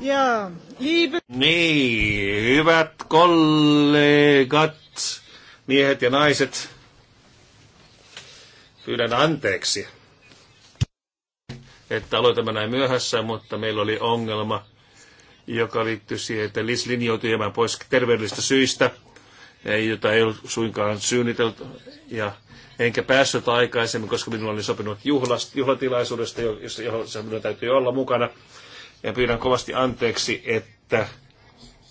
Ja, liebe... Niin, hyvät kollegat, miehet ja naiset, pyydän anteeksi, että aloitamme näin myöhässä, mutta meillä oli ongelma, joka liittyi siihen, että Lislin joutui jäämään pois terveydellisistä syistä, jota ei ollut suinkaan suunniteltu, ja enkä päässyt aikaisemmin, koska minulla oli sopinut juhlast, juhlatilaisuudesta, jossa, jossa minun täytyy olla mukana ja pyydän kovasti anteeksi, että,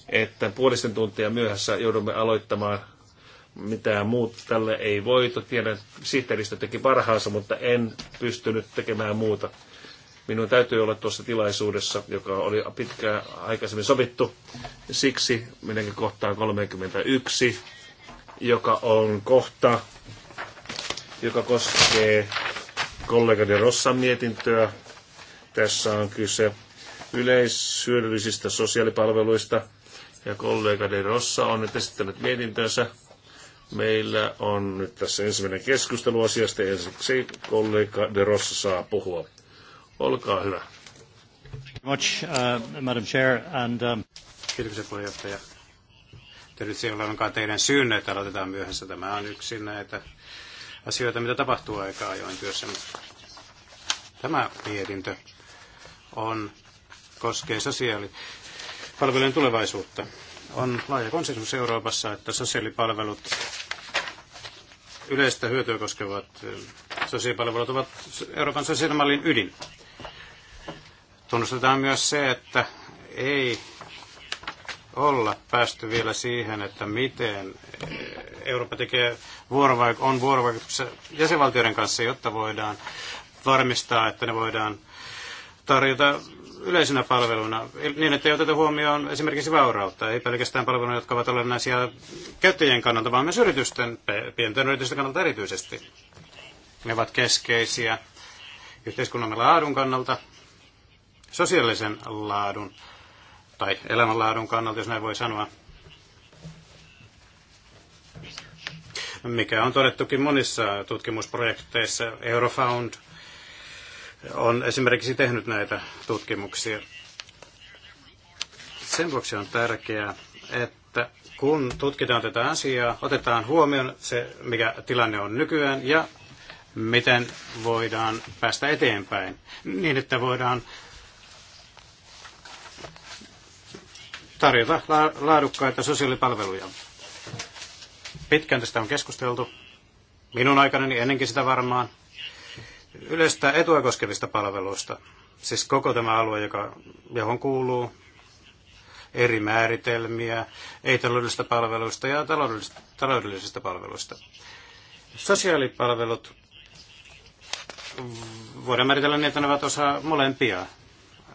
että puolisten tuntia myöhässä joudumme aloittamaan mitään muut tälle ei voitu. Tiedän, sihteeristö teki parhaansa, mutta en pystynyt tekemään muuta. Minun täytyy olla tuossa tilaisuudessa, joka oli pitkään aikaisemmin sovittu. Siksi minäkin kohtaan 31, joka on kohta, joka koskee kollegani Rossan mietintöä. Tässä on kyse yleishyödyllisistä sosiaalipalveluista. Ja De Rossa on nyt esittänyt mietintönsä. Meillä on nyt tässä ensimmäinen keskustelu asiasta ensiksi kollega De Rossa saa puhua. Olkaa hyvä. Much, uh, Madam Chair, and, um... Kiitoksia puheenjohtaja. Tervetuloa olevankaan teidän syynne, että aloitetaan myöhässä. Tämä on yksi näitä asioita, mitä tapahtuu aika ajoin työssä. Tämä mietintö on koskee sosiaalipalvelujen tulevaisuutta. On laaja konsensus Euroopassa, että sosiaalipalvelut, yleistä hyötyä koskevat sosiaalipalvelut ovat Euroopan sosiaalimallin ydin. Tunnustetaan myös se, että ei olla päästy vielä siihen, että miten Eurooppa tekee vuorovaik- on vuorovaikutuksessa jäsenvaltioiden kanssa, jotta voidaan varmistaa, että ne voidaan tarjota yleisenä palveluna, niin että ei oteta huomioon esimerkiksi vaurautta, ei pelkästään palveluja, jotka ovat olennaisia käyttäjien kannalta, vaan myös yritysten, pienten yritysten kannalta erityisesti. Ne ovat keskeisiä yhteiskunnamme laadun kannalta, sosiaalisen laadun tai elämänlaadun kannalta, jos näin voi sanoa. Mikä on todettukin monissa tutkimusprojekteissa, Eurofound – on esimerkiksi tehnyt näitä tutkimuksia. Sen vuoksi on tärkeää, että kun tutkitaan tätä asiaa, otetaan huomioon se, mikä tilanne on nykyään ja miten voidaan päästä eteenpäin niin, että voidaan tarjota laadukkaita sosiaalipalveluja. Pitkään tästä on keskusteltu. Minun aikanani ennenkin sitä varmaan yleistä etua koskevista palveluista. Siis koko tämä alue, joka, johon kuuluu eri määritelmiä, ei-taloudellisista palveluista ja taloudellisista, taloudellisista palveluista. Sosiaalipalvelut voidaan määritellä niin, että ne ovat osa molempia.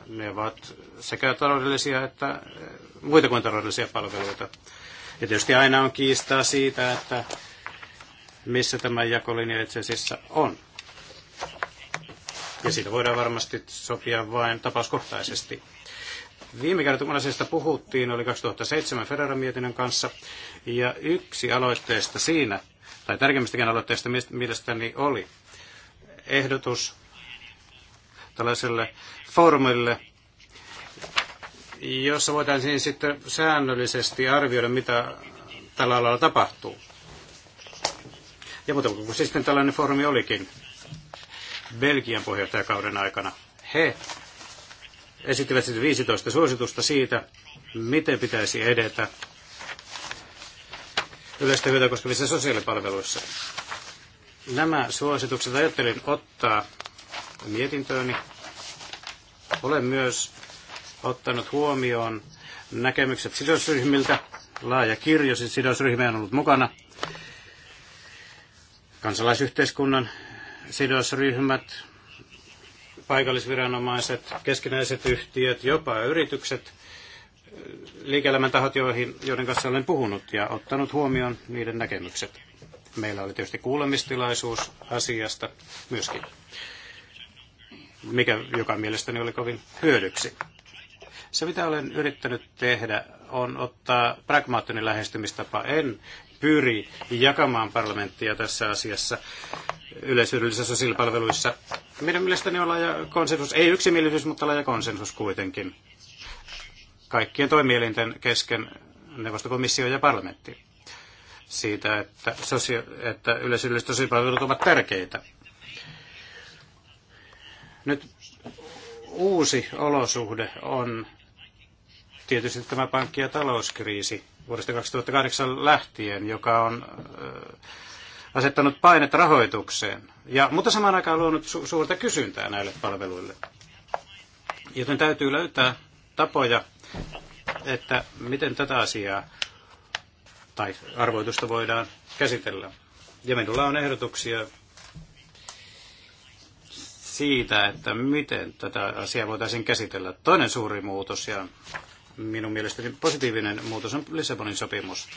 Ne ovat sekä taloudellisia että eh, muita kuin taloudellisia palveluita. Ja tietysti aina on kiistaa siitä, että missä tämä jakolinja itse asiassa on. Ja siitä voidaan varmasti sopia vain tapauskohtaisesti. Viime kerta, kun asiasta puhuttiin, oli 2007 Federan mietinnön kanssa, ja yksi aloitteesta siinä, tai tärkeimmistäkin aloitteista mielestäni oli ehdotus tällaiselle foorumille, jossa voitaisiin sitten säännöllisesti arvioida, mitä tällä alalla tapahtuu. Ja muuten, kun siis sitten tällainen foorumi olikin Belgian puheenjohtajakauden aikana. He esittivät sitten 15 suositusta siitä, miten pitäisi edetä yleistä hyötyä koskevissa sosiaalipalveluissa. Nämä suositukset ajattelin ottaa mietintööni. Olen myös ottanut huomioon näkemykset sidosryhmiltä. Laaja kirjo, siis sidosryhmä on ollut mukana. Kansalaisyhteiskunnan sidosryhmät, paikallisviranomaiset, keskinäiset yhtiöt, jopa yritykset, liike-elämän tahot, joihin, joiden kanssa olen puhunut ja ottanut huomioon niiden näkemykset. Meillä oli tietysti kuulemistilaisuus asiasta myöskin, mikä, joka mielestäni oli kovin hyödyksi. Se, mitä olen yrittänyt tehdä, on ottaa pragmaattinen lähestymistapa. En pyri jakamaan parlamenttia tässä asiassa yleisyydellisissä sosiaalipalveluissa. Meidän mielestäni on laaja konsensus, ei yksimielisyys, mutta laaja konsensus kuitenkin kaikkien toimielinten kesken neuvostokomissio ja parlamentti siitä, että, sosio- että yleisyydelliset sosiaalipalvelut ovat tärkeitä. Nyt uusi olosuhde on tietysti tämä pankki- ja talouskriisi vuodesta 2008 lähtien, joka on asettanut painet rahoitukseen, ja, mutta samaan aikaan luonut su- suurta kysyntää näille palveluille. Joten täytyy löytää tapoja, että miten tätä asiaa tai arvoitusta voidaan käsitellä. Ja minulla on ehdotuksia siitä, että miten tätä asiaa voitaisiin käsitellä. Toinen suuri muutos ja minun mielestäni positiivinen muutos on Lissabonin sopimus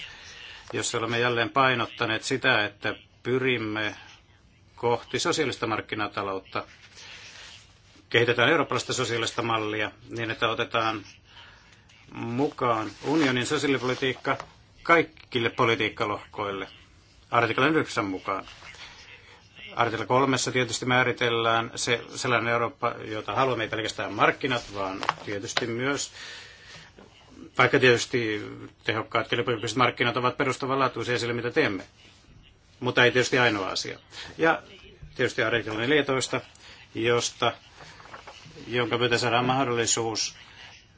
jossa olemme jälleen painottaneet sitä, että pyrimme kohti sosiaalista markkinataloutta. Kehitetään eurooppalaista sosiaalista mallia niin, että otetaan mukaan unionin sosiaalipolitiikka kaikille politiikkalohkoille artiklan 9 mukaan. Artikla kolmessa tietysti määritellään se sellainen Eurooppa, jota haluamme, ei pelkästään markkinat, vaan tietysti myös vaikka tietysti tehokkaat kilpailukykyiset markkinat ovat perustavanlaatuisia sille, mitä teemme. Mutta ei tietysti ainoa asia. Ja tietysti artikla 14, josta, jonka myötä saadaan mahdollisuus,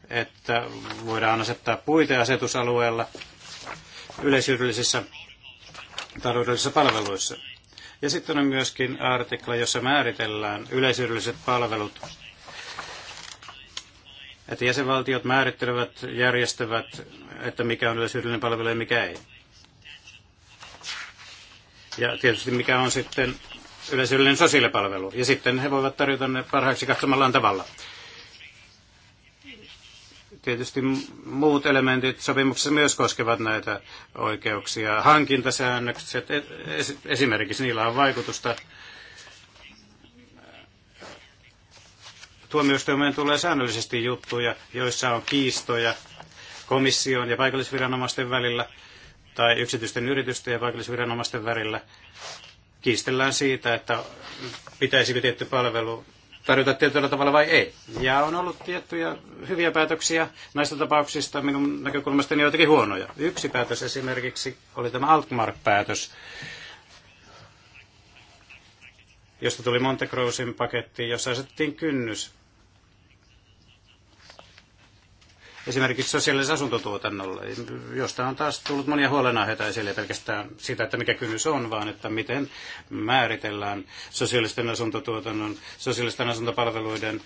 että voidaan asettaa asetusalueella yleishyödyllisissä taloudellisissa palveluissa. Ja sitten on myöskin artikla, jossa määritellään yleishyödylliset palvelut että jäsenvaltiot määrittelevät, järjestävät, että mikä on yleishyödyllinen palvelu ja mikä ei. Ja tietysti mikä on sitten yleishyödyllinen sosiaalipalvelu. Ja sitten he voivat tarjota ne parhaaksi katsomallaan tavalla. Tietysti muut elementit sopimuksessa myös koskevat näitä oikeuksia. Hankintasäännökset, esimerkiksi niillä on vaikutusta tuomioistuimeen tulee säännöllisesti juttuja, joissa on kiistoja komission ja paikallisviranomaisten välillä tai yksityisten yritysten ja paikallisviranomaisten välillä. Kiistellään siitä, että pitäisikö tietty palvelu tarjota tietyllä tavalla vai ei. Ja on ollut tiettyjä hyviä päätöksiä näistä tapauksista, minun näkökulmastani joitakin huonoja. Yksi päätös esimerkiksi oli tämä Altmark-päätös, josta tuli monte Crosin paketti, jossa asetettiin kynnys esimerkiksi sosiaalisen asuntotuotannolle, josta on taas tullut monia huolenaiheita esille, pelkästään sitä, että mikä kynnys on, vaan että miten määritellään sosiaalisten asuntotuotannon, sosiaalisten asuntopalveluiden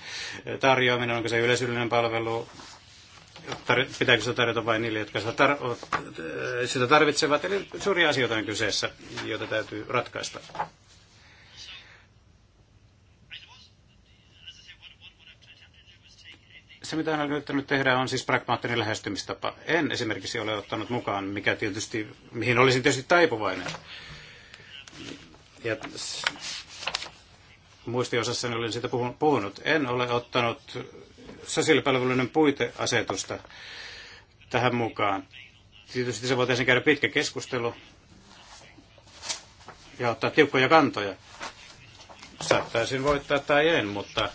tarjoaminen, onko se yleisöllinen palvelu, pitääkö sitä tarjota vain niille, jotka sitä, sitä tarvitsevat. Eli suuria asioita on kyseessä, joita täytyy ratkaista. Se, mitä on yrittänyt tehdä, on siis pragmaattinen lähestymistapa. En esimerkiksi ole ottanut mukaan, mikä tietysti, mihin olisin tietysti taipuvainen. Ja muistiosassani niin olen siitä puhunut. En ole ottanut sosiaalipalveluiden puiteasetusta tähän mukaan. Tietysti se voitaisiin käydä pitkä keskustelu ja ottaa tiukkoja kantoja. Saattaisin voittaa tai en, mutta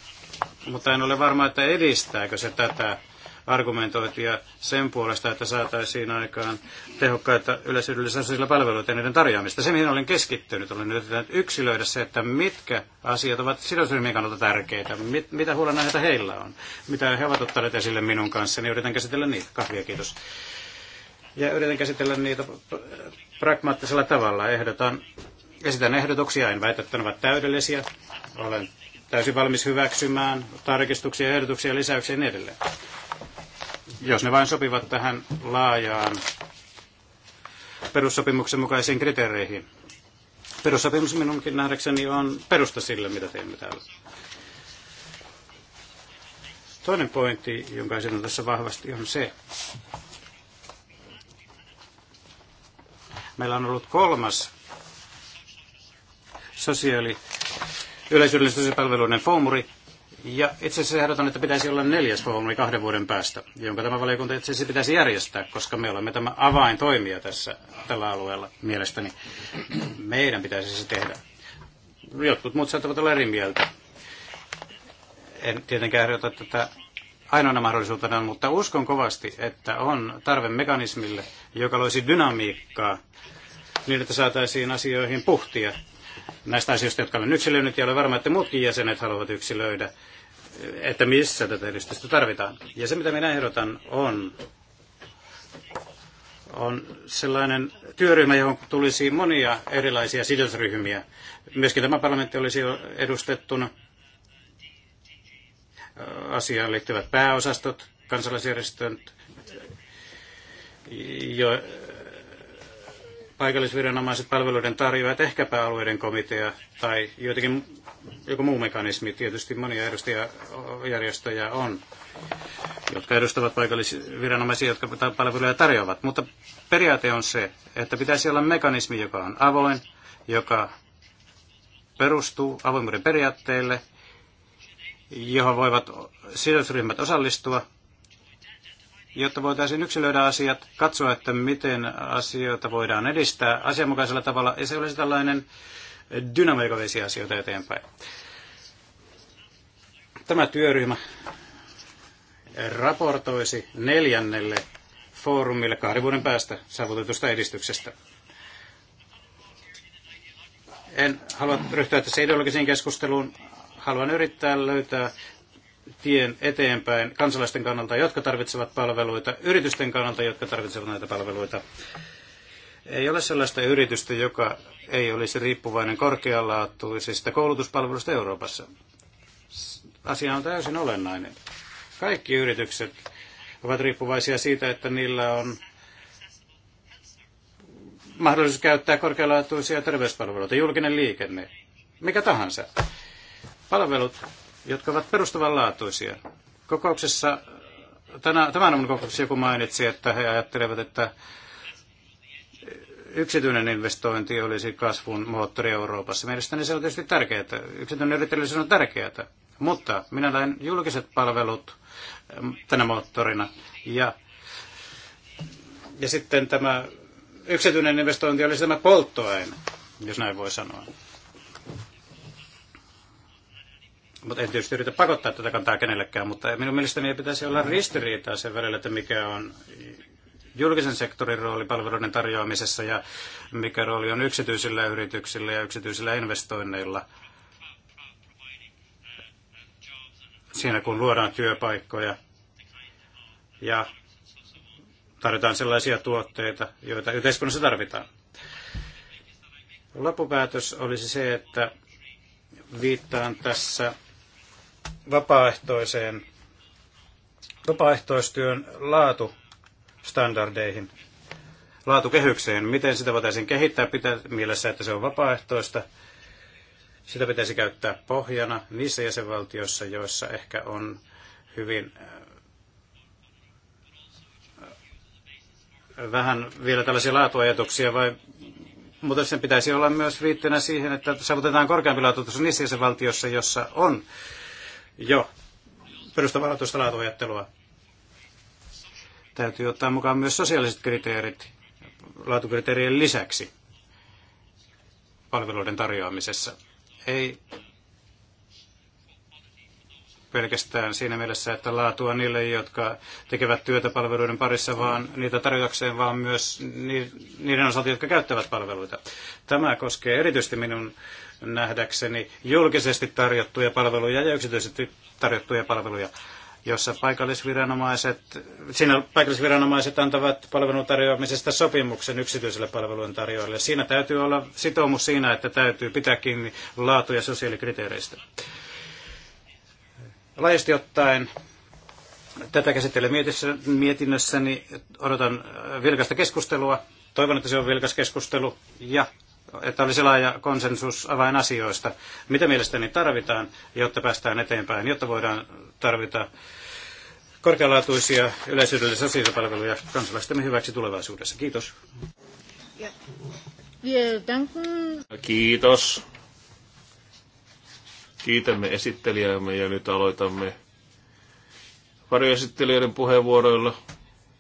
mutta en ole varma, että edistääkö se tätä argumentointia sen puolesta, että saataisiin aikaan tehokkaita yleisyydellisiä sosiaalisia palveluita ja niiden tarjoamista. Se, mihin olen keskittynyt, olen yrittänyt yksilöidä se, että mitkä asiat ovat sidosryhmien kannalta tärkeitä, mit, mitä huolenaiheita heillä on, mitä he ovat ottaneet esille minun kanssa, niin yritän käsitellä niitä. Kahvia, kiitos. Ja yritän käsitellä niitä pragmaattisella tavalla. Ehdotan, esitän ehdotuksia, en väitä, että ne ovat täydellisiä. Olen täysin valmis hyväksymään tarkistuksia, ehdotuksia, lisäyksiä ja niin edelleen. Jos ne vain sopivat tähän laajaan perussopimuksen mukaisiin kriteereihin. Perussopimus minunkin nähdäkseni on perusta sille, mitä teemme täällä. Toinen pointti, jonka esitän tässä vahvasti, on se, meillä on ollut kolmas sosiaali- se palveluiden foomuri. Ja itse asiassa ehdotan, että pitäisi olla neljäs foomuri kahden vuoden päästä, jonka tämä valiokunta itse asiassa pitäisi järjestää, koska me olemme tämä avaintoimija tässä tällä alueella mielestäni. Meidän pitäisi se tehdä. Jotkut muut saattavat olla eri mieltä. En tietenkään ehdota tätä ainoana mahdollisuutena, mutta uskon kovasti, että on tarve mekanismille, joka loisi dynamiikkaa niin, että saataisiin asioihin puhtia näistä asioista, jotka olen yksilöinyt, ja olen varma, että muutkin jäsenet haluavat yksilöidä, että missä tätä edistystä tarvitaan. Ja se, mitä minä ehdotan, on, on sellainen työryhmä, johon tulisi monia erilaisia sidosryhmiä. Myöskin tämä parlamentti olisi edustettuna. Asiaan liittyvät pääosastot, kansalaisjärjestöt, jo, paikallisviranomaiset palveluiden tarjoajat, ehkäpä alueiden komitea tai joitakin, joku muu mekanismi. Tietysti monia edustajajärjestöjä on, jotka edustavat paikallisviranomaisia, jotka palveluja tarjoavat. Mutta periaate on se, että pitäisi olla mekanismi, joka on avoin, joka perustuu avoimuuden periaatteelle, johon voivat sidosryhmät osallistua jotta voitaisiin yksilöidä asiat, katsoa, että miten asioita voidaan edistää asianmukaisella tavalla, ja se olisi tällainen dynamiikka asioita eteenpäin. Tämä työryhmä raportoisi neljännelle foorumille kahden vuoden päästä saavutetusta edistyksestä. En halua ryhtyä tässä ideologiseen keskusteluun. Haluan yrittää löytää tien eteenpäin kansalaisten kannalta, jotka tarvitsevat palveluita, yritysten kannalta, jotka tarvitsevat näitä palveluita. Ei ole sellaista yritystä, joka ei olisi riippuvainen korkealaatuisista koulutuspalveluista Euroopassa. Asia on täysin olennainen. Kaikki yritykset ovat riippuvaisia siitä, että niillä on mahdollisuus käyttää korkealaatuisia terveyspalveluita, julkinen liikenne, mikä tahansa. Palvelut jotka ovat perustavanlaatuisia. Kokouksessa, tänä, tämän aamun kokouksessa joku mainitsi, että he ajattelevat, että yksityinen investointi olisi kasvun moottori Euroopassa. Mielestäni se on tietysti tärkeää. Yksityinen yrittäjyys on tärkeää. Mutta minä näen julkiset palvelut mm, tänä moottorina. Ja, ja sitten tämä yksityinen investointi olisi tämä polttoaine, jos näin voi sanoa. mutta en tietysti yritä pakottaa tätä kantaa kenellekään, mutta minun mielestäni ei pitäisi olla ristiriitaa sen välillä, että mikä on julkisen sektorin rooli palveluiden tarjoamisessa ja mikä rooli on yksityisillä yrityksillä ja yksityisillä investoinneilla siinä, kun luodaan työpaikkoja ja tarjotaan sellaisia tuotteita, joita yhteiskunnassa tarvitaan. Loppupäätös olisi se, että viittaan tässä vapaaehtoiseen, vapaaehtoistyön laatustandardeihin, laatukehykseen. Miten sitä voitaisiin kehittää pitää mielessä, että se on vapaaehtoista. Sitä pitäisi käyttää pohjana niissä jäsenvaltioissa, joissa ehkä on hyvin äh, vähän vielä tällaisia laatuajatuksia, vai, mutta sen pitäisi olla myös viitteenä siihen, että saavutetaan korkeampi laatutus niissä jäsenvaltioissa, jossa on Joo, perustavanlaatuista laatuajattelua. Täytyy ottaa mukaan myös sosiaaliset kriteerit laatukriteerien lisäksi palveluiden tarjoamisessa. Ei pelkästään siinä mielessä, että laatua niille, jotka tekevät työtä palveluiden parissa, vaan niitä tarjotakseen, vaan myös niiden osalta, jotka käyttävät palveluita. Tämä koskee erityisesti minun nähdäkseni julkisesti tarjottuja palveluja ja yksityisesti tarjottuja palveluja jossa paikallisviranomaiset, siinä paikallisviranomaiset antavat palvelun tarjoamisesta sopimuksen yksityiselle palvelun tarjoajalle. Siinä täytyy olla sitoumus siinä, että täytyy pitää kiinni laatu- ja sosiaalikriteereistä. Laajasti ottaen tätä käsittelen mietinnössäni. Odotan äh, vilkasta keskustelua. Toivon, että se on vilkas keskustelu ja että olisi laaja konsensus avainasioista, mitä mielestäni tarvitaan, jotta päästään eteenpäin, jotta voidaan tarvita korkealaatuisia yleisyydellisiä sosiaalipalveluja kansalaistemme hyväksi tulevaisuudessa. Kiitos. Kiitos. Kiitämme esittelijäämme ja nyt aloitamme varjoesittelijöiden puheenvuoroilla.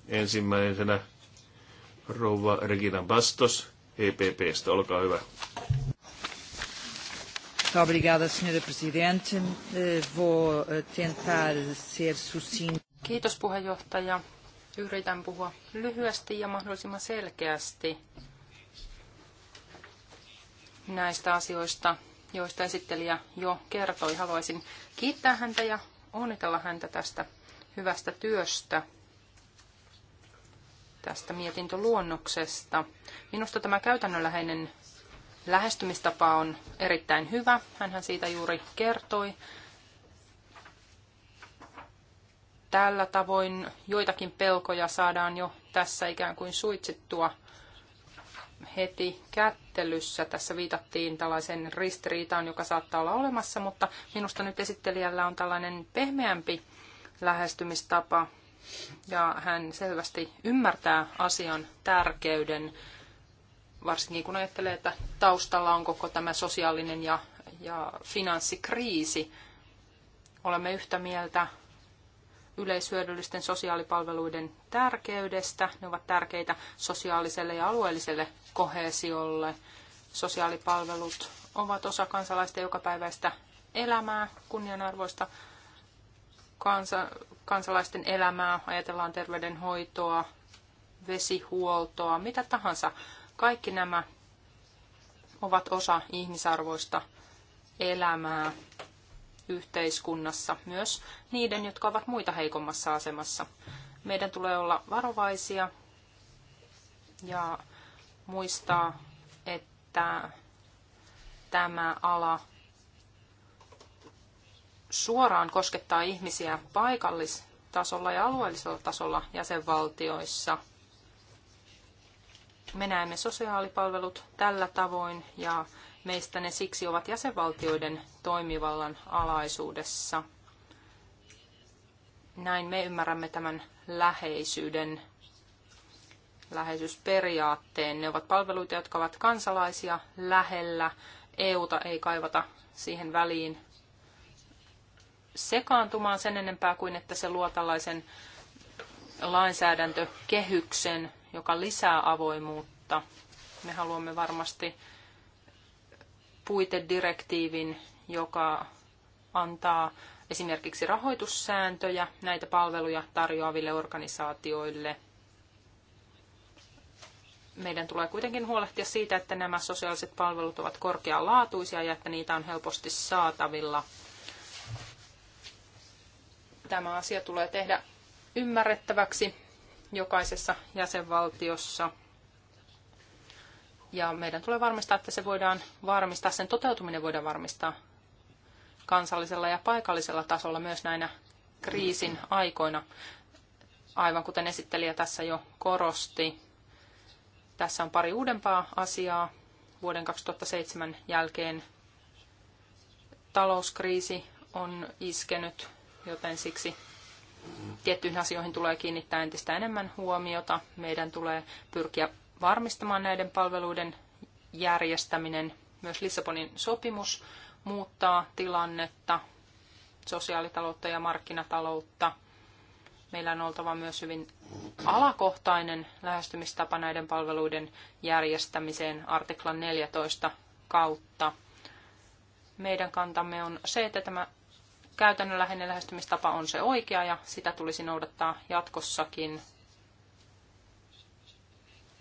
Ensimmäisenä rouva Regina Bastos EPPstä. Olkaa hyvä. Eh, eh, Kiitos puheenjohtaja. Yritän puhua lyhyesti ja mahdollisimman selkeästi näistä asioista, joista esittelijä jo kertoi. Haluaisin kiittää häntä ja onnitella häntä tästä hyvästä työstä, tästä mietintöluonnoksesta. Minusta tämä käytännönläheinen lähestymistapa on erittäin hyvä. Hänhän siitä juuri kertoi. Tällä tavoin joitakin pelkoja saadaan jo tässä ikään kuin suitsittua – heti kättelyssä. Tässä viitattiin tällaisen ristiriitaan, joka saattaa olla olemassa, mutta minusta nyt esittelijällä on tällainen pehmeämpi lähestymistapa ja hän selvästi ymmärtää asian tärkeyden, varsinkin kun ajattelee, että taustalla on koko tämä sosiaalinen ja, ja finanssikriisi. Olemme yhtä mieltä yleishyödyllisten sosiaalipalveluiden tärkeydestä. Ne ovat tärkeitä sosiaaliselle ja alueelliselle kohesiolle. Sosiaalipalvelut ovat osa kansalaisten jokapäiväistä elämää, kunnianarvoista kansa, kansalaisten elämää, ajatellaan terveydenhoitoa, vesihuoltoa, mitä tahansa. Kaikki nämä ovat osa ihmisarvoista elämää yhteiskunnassa, myös niiden, jotka ovat muita heikommassa asemassa. Meidän tulee olla varovaisia ja muistaa, että tämä ala suoraan koskettaa ihmisiä paikallistasolla ja alueellisella tasolla jäsenvaltioissa. Me näemme sosiaalipalvelut tällä tavoin ja meistä ne siksi ovat jäsenvaltioiden toimivallan alaisuudessa. Näin me ymmärrämme tämän läheisyyden, läheisyysperiaatteen. Ne ovat palveluita, jotka ovat kansalaisia lähellä. EUta ei kaivata siihen väliin sekaantumaan sen enempää kuin että se luo tällaisen lainsäädäntökehyksen, joka lisää avoimuutta. Me haluamme varmasti puitedirektiivin, joka antaa esimerkiksi rahoitussääntöjä näitä palveluja tarjoaville organisaatioille. Meidän tulee kuitenkin huolehtia siitä, että nämä sosiaaliset palvelut ovat korkealaatuisia ja että niitä on helposti saatavilla. Tämä asia tulee tehdä ymmärrettäväksi jokaisessa jäsenvaltiossa – ja meidän tulee varmistaa, että se voidaan varmistaa, sen toteutuminen voidaan varmistaa kansallisella ja paikallisella tasolla myös näinä kriisin aikoina. Aivan kuten esittelijä tässä jo korosti, tässä on pari uudempaa asiaa vuoden 2007 jälkeen. Talouskriisi on iskenyt, joten siksi tiettyihin asioihin tulee kiinnittää entistä enemmän huomiota. Meidän tulee pyrkiä varmistamaan näiden palveluiden järjestäminen. Myös Lissabonin sopimus muuttaa tilannetta, sosiaalitaloutta ja markkinataloutta. Meillä on oltava myös hyvin alakohtainen lähestymistapa näiden palveluiden järjestämiseen artiklan 14 kautta. Meidän kantamme on se, että tämä käytännönläheinen lähestymistapa on se oikea ja sitä tulisi noudattaa jatkossakin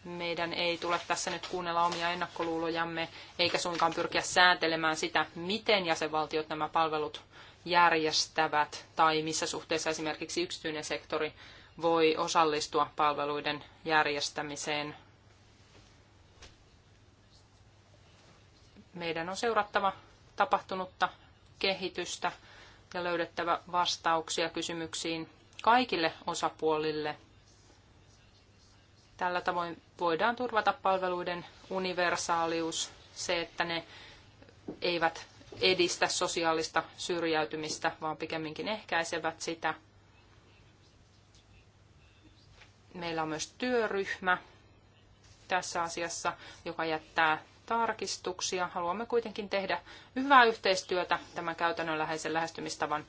meidän ei tule tässä nyt kuunnella omia ennakkoluulojamme, eikä suinkaan pyrkiä sääntelemään sitä, miten jäsenvaltiot nämä palvelut järjestävät tai missä suhteessa esimerkiksi yksityinen sektori voi osallistua palveluiden järjestämiseen. Meidän on seurattava tapahtunutta kehitystä ja löydettävä vastauksia kysymyksiin kaikille osapuolille – Tällä tavoin voidaan turvata palveluiden universaalius, se, että ne eivät edistä sosiaalista syrjäytymistä, vaan pikemminkin ehkäisevät sitä. Meillä on myös työryhmä tässä asiassa, joka jättää tarkistuksia. Haluamme kuitenkin tehdä hyvää yhteistyötä tämän käytännönläheisen lähestymistavan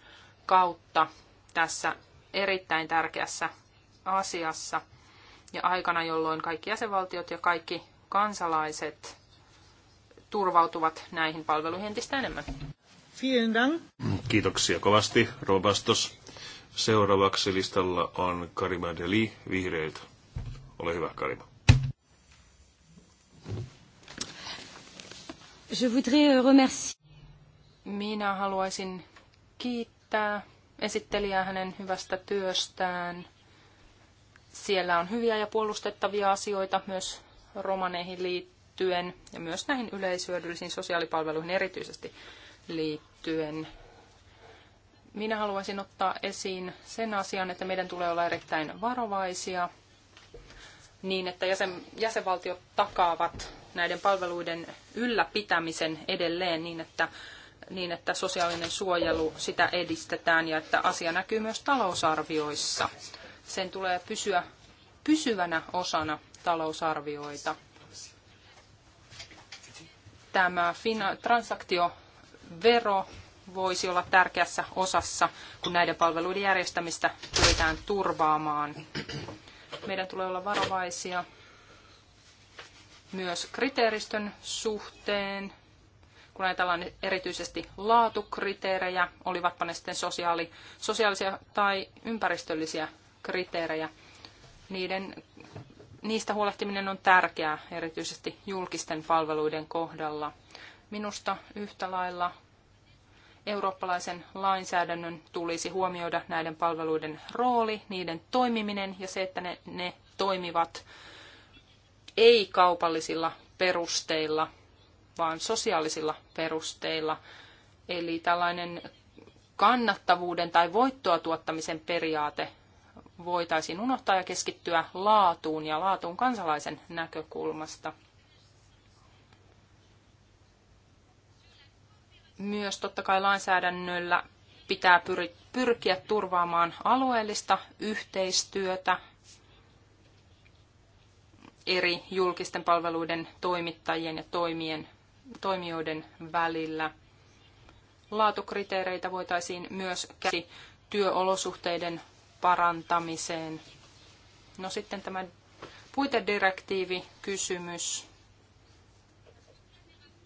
kautta tässä erittäin tärkeässä asiassa – ja aikana, jolloin kaikki jäsenvaltiot ja kaikki kansalaiset turvautuvat näihin palveluihin entistä enemmän. Kiitoksia kovasti, Robastos. Seuraavaksi listalla on Karima Deli Vihreiltä. Ole hyvä, Karima. Je voudrais euh, remercier. Minä haluaisin kiittää esittelijää hänen hyvästä työstään – siellä on hyviä ja puolustettavia asioita myös romaneihin liittyen ja myös näihin yleisyödyllisiin sosiaalipalveluihin erityisesti liittyen. Minä haluaisin ottaa esiin sen asian, että meidän tulee olla erittäin varovaisia niin, että jäsen, jäsenvaltiot takaavat näiden palveluiden ylläpitämisen edelleen niin, että, niin, että sosiaalinen suojelu sitä edistetään ja että asia näkyy myös talousarvioissa. Sen tulee pysyä pysyvänä osana talousarvioita. Tämä transaktiovero voisi olla tärkeässä osassa, kun näiden palveluiden järjestämistä pyritään turvaamaan. Meidän tulee olla varovaisia myös kriteeristön suhteen, kun ajatellaan erityisesti laatukriteerejä, olivatpa ne sitten sosiaali, sosiaalisia tai ympäristöllisiä kriteerejä. Niiden, niistä huolehtiminen on tärkeää, erityisesti julkisten palveluiden kohdalla. Minusta yhtä lailla eurooppalaisen lainsäädännön tulisi huomioida näiden palveluiden rooli, niiden toimiminen ja se, että ne, ne toimivat ei-kaupallisilla perusteilla, vaan sosiaalisilla perusteilla. Eli tällainen kannattavuuden tai voittoa tuottamisen periaate voitaisiin unohtaa ja keskittyä laatuun ja laatuun kansalaisen näkökulmasta. Myös totta kai lainsäädännöllä pitää pyrkiä turvaamaan alueellista yhteistyötä eri julkisten palveluiden toimittajien ja toimien, toimijoiden välillä. Laatukriteereitä voitaisiin myös käsi työolosuhteiden parantamiseen. No sitten tämä puitedirektiivi kysymys.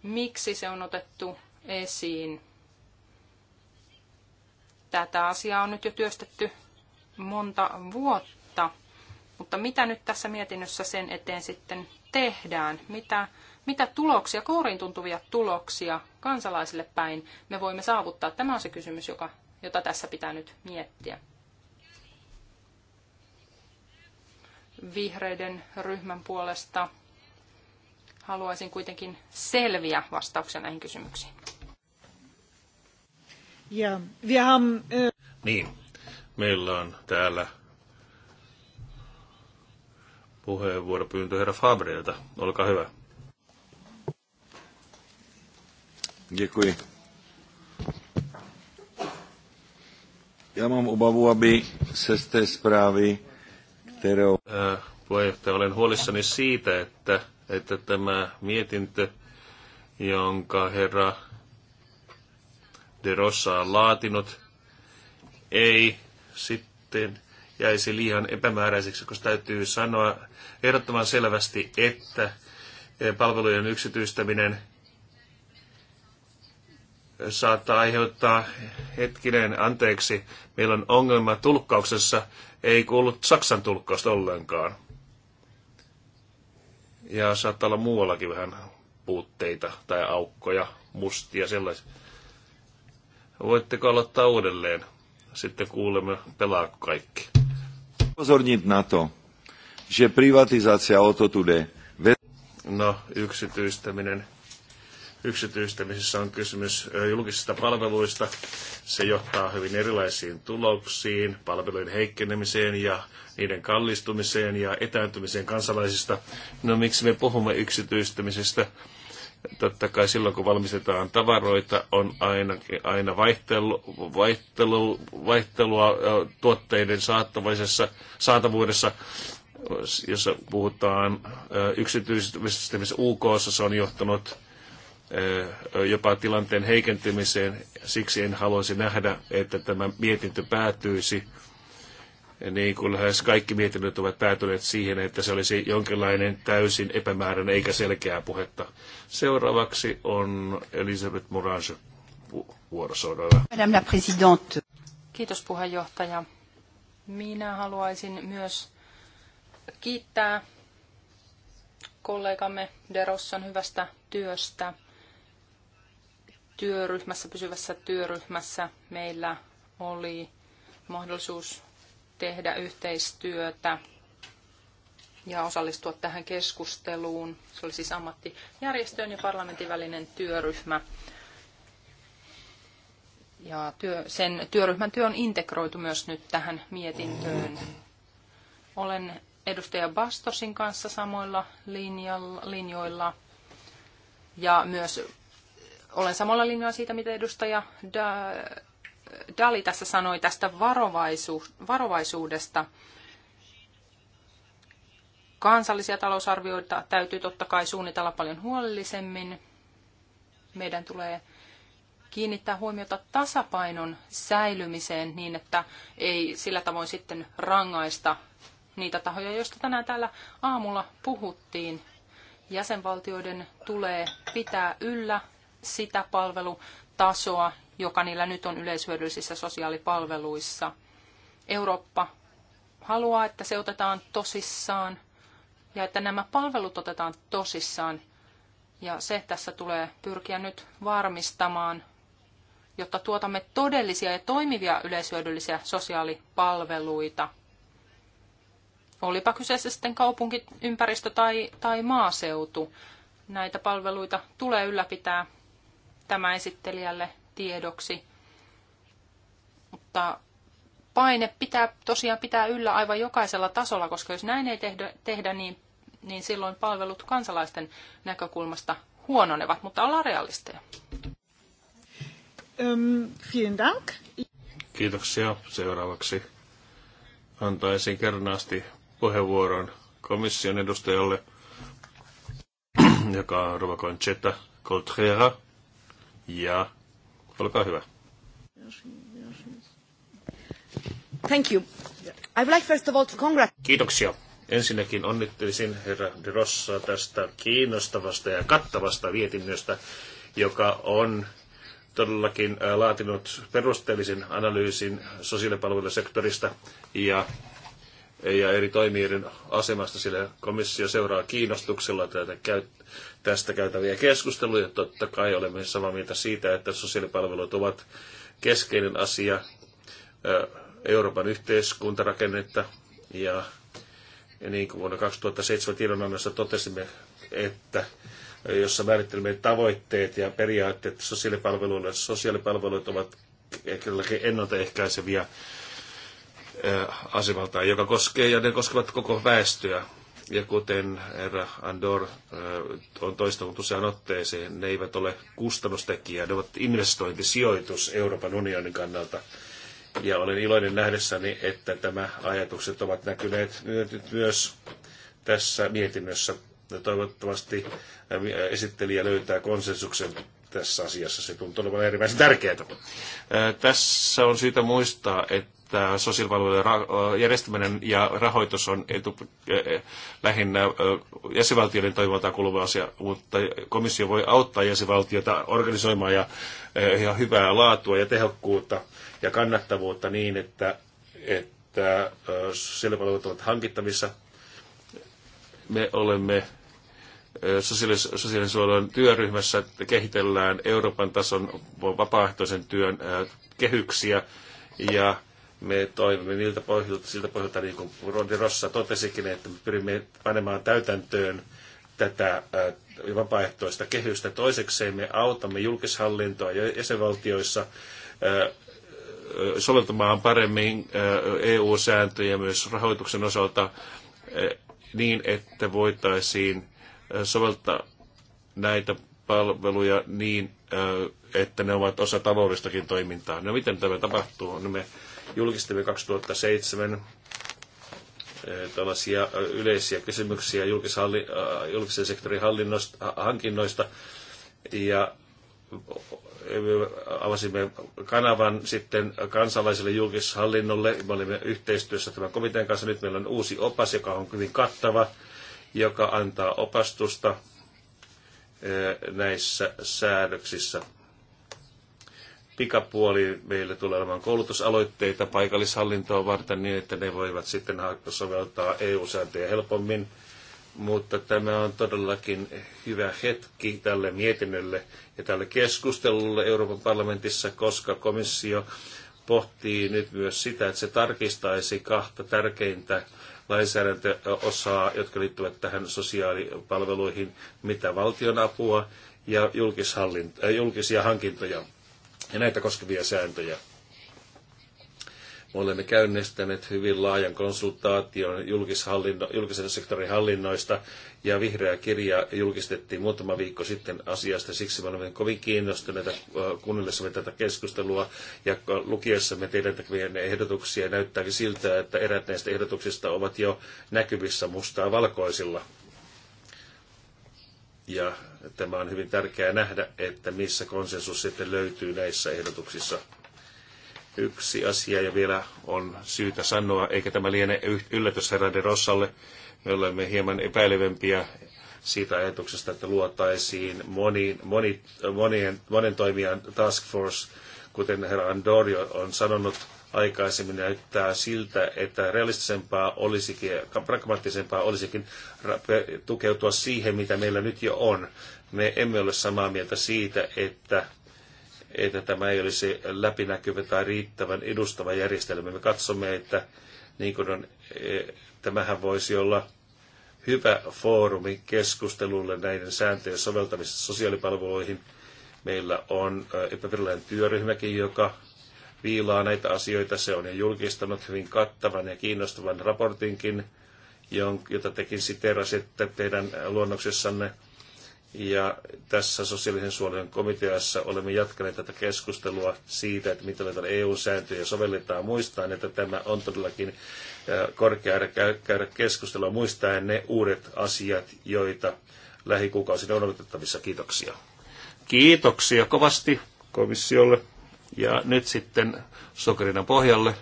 Miksi se on otettu esiin? Tätä asiaa on nyt jo työstetty monta vuotta, mutta mitä nyt tässä mietinnössä sen eteen sitten tehdään? Mitä, mitä tuloksia, kouriin tuntuvia tuloksia kansalaisille päin me voimme saavuttaa? Tämä on se kysymys, joka, jota tässä pitää nyt miettiä. vihreiden ryhmän puolesta. Haluaisin kuitenkin selviä vastauksia näihin kysymyksiin. Ja, wir haben, äh... Niin, meillä on täällä puheenvuoropyyntö herra Fabrilta. Olkaa hyvä. Děkuji. Já mám obavu, aby se z té zprávy Puheenjohtaja, olen huolissani siitä, että, että tämä mietintö, jonka herra De Rossa on laatinut, ei sitten jäisi liian epämääräiseksi, koska täytyy sanoa ehdottoman selvästi, että palvelujen yksityistäminen saattaa aiheuttaa, hetkinen, anteeksi, meillä on ongelma tulkkauksessa, ei kuullut Saksan tulkkausta ollenkaan. Ja saattaa olla muuallakin vähän puutteita tai aukkoja, mustia, sellaisia. Voitteko aloittaa uudelleen? Sitten kuulemme, pelaako kaikki. Pozornit NATO, že privatizacja oto tulee. No, yksityistäminen yksityistämisessä on kysymys julkisista palveluista. Se johtaa hyvin erilaisiin tuloksiin, palvelujen heikkenemiseen ja niiden kallistumiseen ja etääntymiseen kansalaisista. No miksi me puhumme yksityistämisestä? Totta kai silloin, kun valmistetaan tavaroita, on aina, aina vaihtelu, vaihtelu, vaihtelua tuotteiden saatavuudessa jos puhutaan yksityistämisestä, missä UK se on johtanut Eh, jopa tilanteen heikentymiseen. Siksi en haluaisi nähdä, että tämä mietintö päätyisi, niin kuin lähes kaikki mietinnöt ovat päätyneet siihen, että se olisi jonkinlainen täysin epämääräinen eikä selkeää puhetta. Seuraavaksi on Elisabeth Morange vuorosodalla. Madame la Présidente. Kiitos puheenjohtaja. Minä haluaisin myös kiittää kollegamme Derosson hyvästä työstä työryhmässä, pysyvässä työryhmässä meillä oli mahdollisuus tehdä yhteistyötä ja osallistua tähän keskusteluun. Se oli siis ammattijärjestöön ja parlamentin välinen työryhmä. Ja työ, sen työryhmän työ on integroitu myös nyt tähän mietintöön. Olen edustaja Bastosin kanssa samoilla linjoilla ja myös olen samalla linjalla siitä, mitä edustaja Dali tässä sanoi tästä varovaisuudesta. Kansallisia talousarvioita täytyy totta kai suunnitella paljon huolellisemmin. Meidän tulee kiinnittää huomiota tasapainon säilymiseen niin, että ei sillä tavoin sitten rangaista niitä tahoja, joista tänään täällä aamulla puhuttiin. Jäsenvaltioiden tulee pitää yllä sitä palvelutasoa, joka niillä nyt on yleishyödyllisissä sosiaalipalveluissa. Eurooppa haluaa, että se otetaan tosissaan ja että nämä palvelut otetaan tosissaan. Ja se tässä tulee pyrkiä nyt varmistamaan, jotta tuotamme todellisia ja toimivia yleishyödyllisiä sosiaalipalveluita. Olipa kyseessä sitten kaupunkiympäristö tai, tai maaseutu, näitä palveluita tulee ylläpitää tämä esittelijälle tiedoksi. Mutta paine pitää tosiaan pitää yllä aivan jokaisella tasolla, koska jos näin ei tehdä, tehdä niin, niin silloin palvelut kansalaisten näkökulmasta huononevat, mutta ollaan realisteja. Um, vielen dank. Kiitoksia. Seuraavaksi antaisin kernaasti puheenvuoron komission edustajalle, joka on Ruvakoin Cheta Coltrera ja olkaa hyvä. Thank you. I would like first of all to congratulate. Kiitoksia. Ensinnäkin onnittelisin herra De Rossa tästä kiinnostavasta ja kattavasta vietinnöstä, joka on todellakin äh, laatinut perusteellisen analyysin sosiaalipalvelusektorista ja ja eri toimijoiden asemasta, sillä komissio seuraa kiinnostuksella tätä käyt- tästä käytäviä keskusteluja. Totta kai olemme samaa mieltä siitä, että sosiaalipalvelut ovat keskeinen asia Euroopan yhteiskuntarakennetta ja niin kuin vuonna 2007 tiedonannossa totesimme, että jossa määrittelemme tavoitteet ja periaatteet sosiaalipalveluille. Sosiaalipalvelut ovat ennaltaehkäiseviä Eh, asemaltaan, joka koskee ja ne koskevat koko väestöä. Ja kuten herra Andor eh, on toistanut useaan otteeseen, ne eivät ole kustannustekijä, ne ovat investointisijoitus Euroopan unionin kannalta. Ja olen iloinen nähdessäni, että tämä ajatukset ovat näkyneet nyt myös tässä mietinnössä. Ja toivottavasti eh, esittelijä löytää konsensuksen tässä asiassa. Se tuntuu olevan erittäin tärkeää. Tässä on syytä muistaa, että tämä sosiaalipalvelujen järjestäminen ja rahoitus on etu, lähinnä jäsenvaltioiden toimivaltaan kuuluva asia, mutta komissio voi auttaa jäsenvaltiota organisoimaan ja, ja hyvää laatua ja tehokkuutta ja kannattavuutta niin, että, että sosiaalipalvelut ovat hankittavissa. Me olemme sosiaalisen, työryhmässä kehitellään Euroopan tason vapaaehtoisen työn kehyksiä ja me toivomme niiltä pohjilta, siltä pohjalta, niin kuin Rondi Rossa totesikin, että me pyrimme panemaan täytäntöön tätä äh, vapaaehtoista kehystä. Toisekseen me autamme julkishallintoa ja jäsenvaltioissa äh, soveltamaan paremmin äh, EU-sääntöjä myös rahoituksen osalta niin, että voitaisiin soveltaa näitä palveluja niin, että ne ovat osa taloudellistakin toimintaa. No miten tämä tapahtuu? No me julkistimme 2007 eh, tällaisia eh, yleisiä kysymyksiä eh, julkisen sektorin hallinnosta, hankinnoista ja avasimme kanavan sitten kansalaiselle julkishallinnolle. Me olimme yhteistyössä tämän komitean kanssa. Nyt meillä on uusi opas, joka on hyvin kattava, joka antaa opastusta näissä säädöksissä pikapuoli meillä tulee olemaan koulutusaloitteita paikallishallintoa varten niin, että ne voivat sitten soveltaa EU-sääntöjä helpommin. Mutta tämä on todellakin hyvä hetki tälle mietinnölle ja tälle keskustelulle Euroopan parlamentissa, koska komissio pohtii nyt myös sitä, että se tarkistaisi kahta tärkeintä lainsäädäntöosaa, jotka liittyvät tähän sosiaalipalveluihin, mitä valtionapua ja äh, julkisia hankintoja ja näitä koskevia sääntöjä. Me olemme käynnistäneet hyvin laajan konsultaation julkisen sektorin hallinnoista ja vihreä kirja julkistettiin muutama viikko sitten asiasta. Siksi me olemme kovin kiinnostuneita äh, kuunnellessamme tätä keskustelua ja lukiessamme teidän tekevien ehdotuksia. Näyttääkin siltä, että erät näistä ehdotuksista ovat jo näkyvissä mustaa valkoisilla. Ja tämä on hyvin tärkeää nähdä, että missä konsensus sitten löytyy näissä ehdotuksissa. Yksi asia ja vielä on syytä sanoa, eikä tämä liene yllätys herra de Rossalle. Me olemme hieman epäilevempiä siitä ajatuksesta, että luotaisiin moni, moni, monien, monen toimijan task force, kuten herra Andorio on sanonut, aikaisemmin näyttää siltä, että realistisempaa olisikin, pragmaattisempaa olisikin tukeutua siihen, mitä meillä nyt jo on. Me emme ole samaa mieltä siitä, että että tämä ei olisi läpinäkyvä tai riittävän edustava järjestelmä. Me katsomme, että niin kuin on, e, tämähän voisi olla hyvä foorumi keskustelulle näiden sääntöjen soveltamisesta sosiaalipalveluihin. Meillä on e, epävirallinen työryhmäkin, joka viilaa näitä asioita. Se on jo julkistanut hyvin kattavan ja kiinnostavan raportinkin, jota tekin siterasitte teidän luonnoksessanne. Ja tässä sosiaalisen suojelun komiteassa olemme jatkaneet tätä keskustelua siitä, että mitä näitä EU-sääntöjä sovelletaan muistaen, että tämä on todellakin korkea käydä keskustelua muistaen ne uudet asiat, joita lähikuukausina on odotettavissa. Kiitoksia. Kiitoksia kovasti komissiolle. Ja nyt sitten sokerina pohjalle.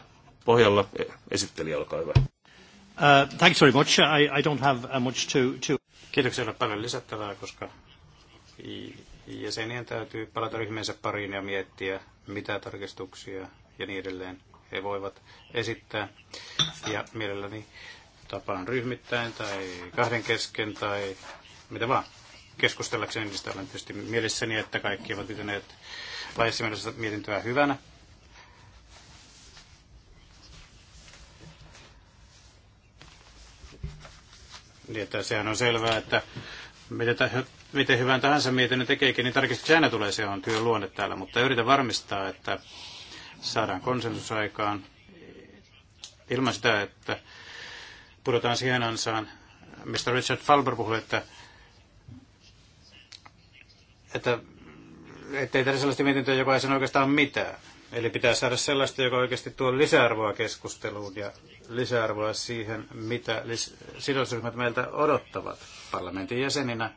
Pohjalla esittelijä, olkaa hyvä. Uh, thanks very much. I, I don't have uh, much to, to... Kiitoksia, ole paljon lisättävää, koska jäsenien täytyy palata ryhmänsä pariin ja miettiä, mitä tarkistuksia ja niin edelleen he voivat esittää. Ja mielelläni tapaan ryhmittäin tai kahden kesken tai mitä vaan keskustellakseni niistä olen tietysti mielessäni, että kaikki ovat pitäneet laajassa mielessä mietintöä hyvänä. Niin, että sehän on selvää, että miten, täh- miten hyvän tahansa mietinnön tekeekin, niin tarkistuksia aina tulee, se on työn luonne täällä. Mutta yritän varmistaa, että saadaan konsensus aikaan ilman sitä, että pudotaan siihen ansaan, Mr. Richard Falber puhui, että, että ettei tehdä sellaista mietintöä, joka ei sano oikeastaan mitään. Eli pitää saada sellaista, joka oikeasti tuo lisäarvoa keskusteluun ja lisäarvoa siihen, mitä lis- sidosryhmät meiltä odottavat parlamentin jäseninä.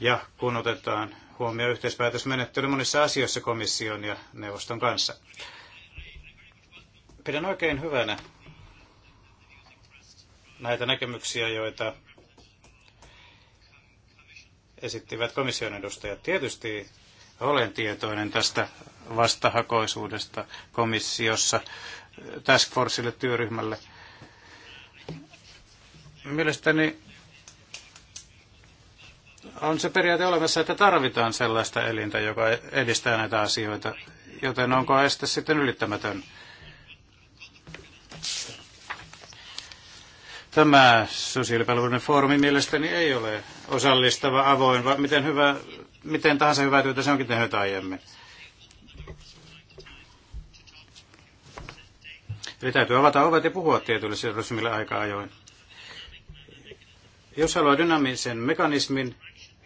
Ja kun otetaan huomioon yhteispäätösmenettely monissa asioissa komission ja neuvoston kanssa. Pidän oikein hyvänä näitä näkemyksiä, joita esittivät komission edustajat. Tietysti olen tietoinen tästä vastahakoisuudesta komissiossa äh, Task Forceille työryhmälle. Mielestäni on se periaate olemassa, että tarvitaan sellaista elintä, joka edistää näitä asioita, joten onko este sitten ylittämätön? Tämä sosiaalipalveluiden foorumi mielestäni ei ole osallistava, avoin, vaan miten, hyvä, miten tahansa hyvää työtä se onkin tehnyt aiemmin. Eli täytyy avata ovet ja puhua tietyille sidosryhmille aika ajoin. Jos haluaa dynaamisen mekanismin,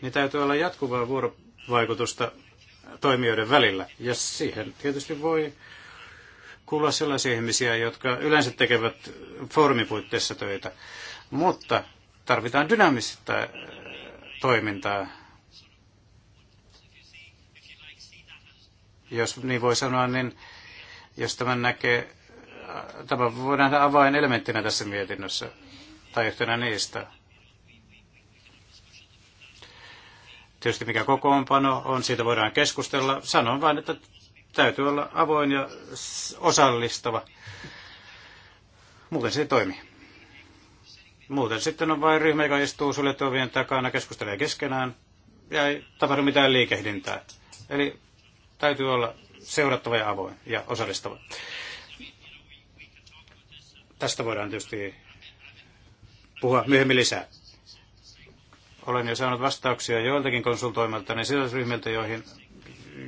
niin täytyy olla jatkuvaa vuorovaikutusta toimijoiden välillä. Ja siihen tietysti voi kuulla sellaisia ihmisiä, jotka yleensä tekevät foorumin puitteissa töitä. Mutta tarvitaan dynaamista äh, toimintaa. Jos niin voi sanoa, niin jos tämän näkee, äh, tämä voidaan nähdä avainelementtinä tässä mietinnössä, tai yhtenä niistä. Tietysti mikä kokoonpano on, siitä voidaan keskustella. Sanon vain, että Täytyy olla avoin ja osallistava. Muuten se ei toimi. Muuten sitten on vain ryhmä, joka istuu suljettuvien takana, keskustelee keskenään ja ei tapahdu mitään liikehdintää. Eli täytyy olla seurattava ja avoin ja osallistava. Tästä voidaan tietysti puhua myöhemmin lisää. Olen jo saanut vastauksia joiltakin konsultoimilta ja sidosryhmiltä, joihin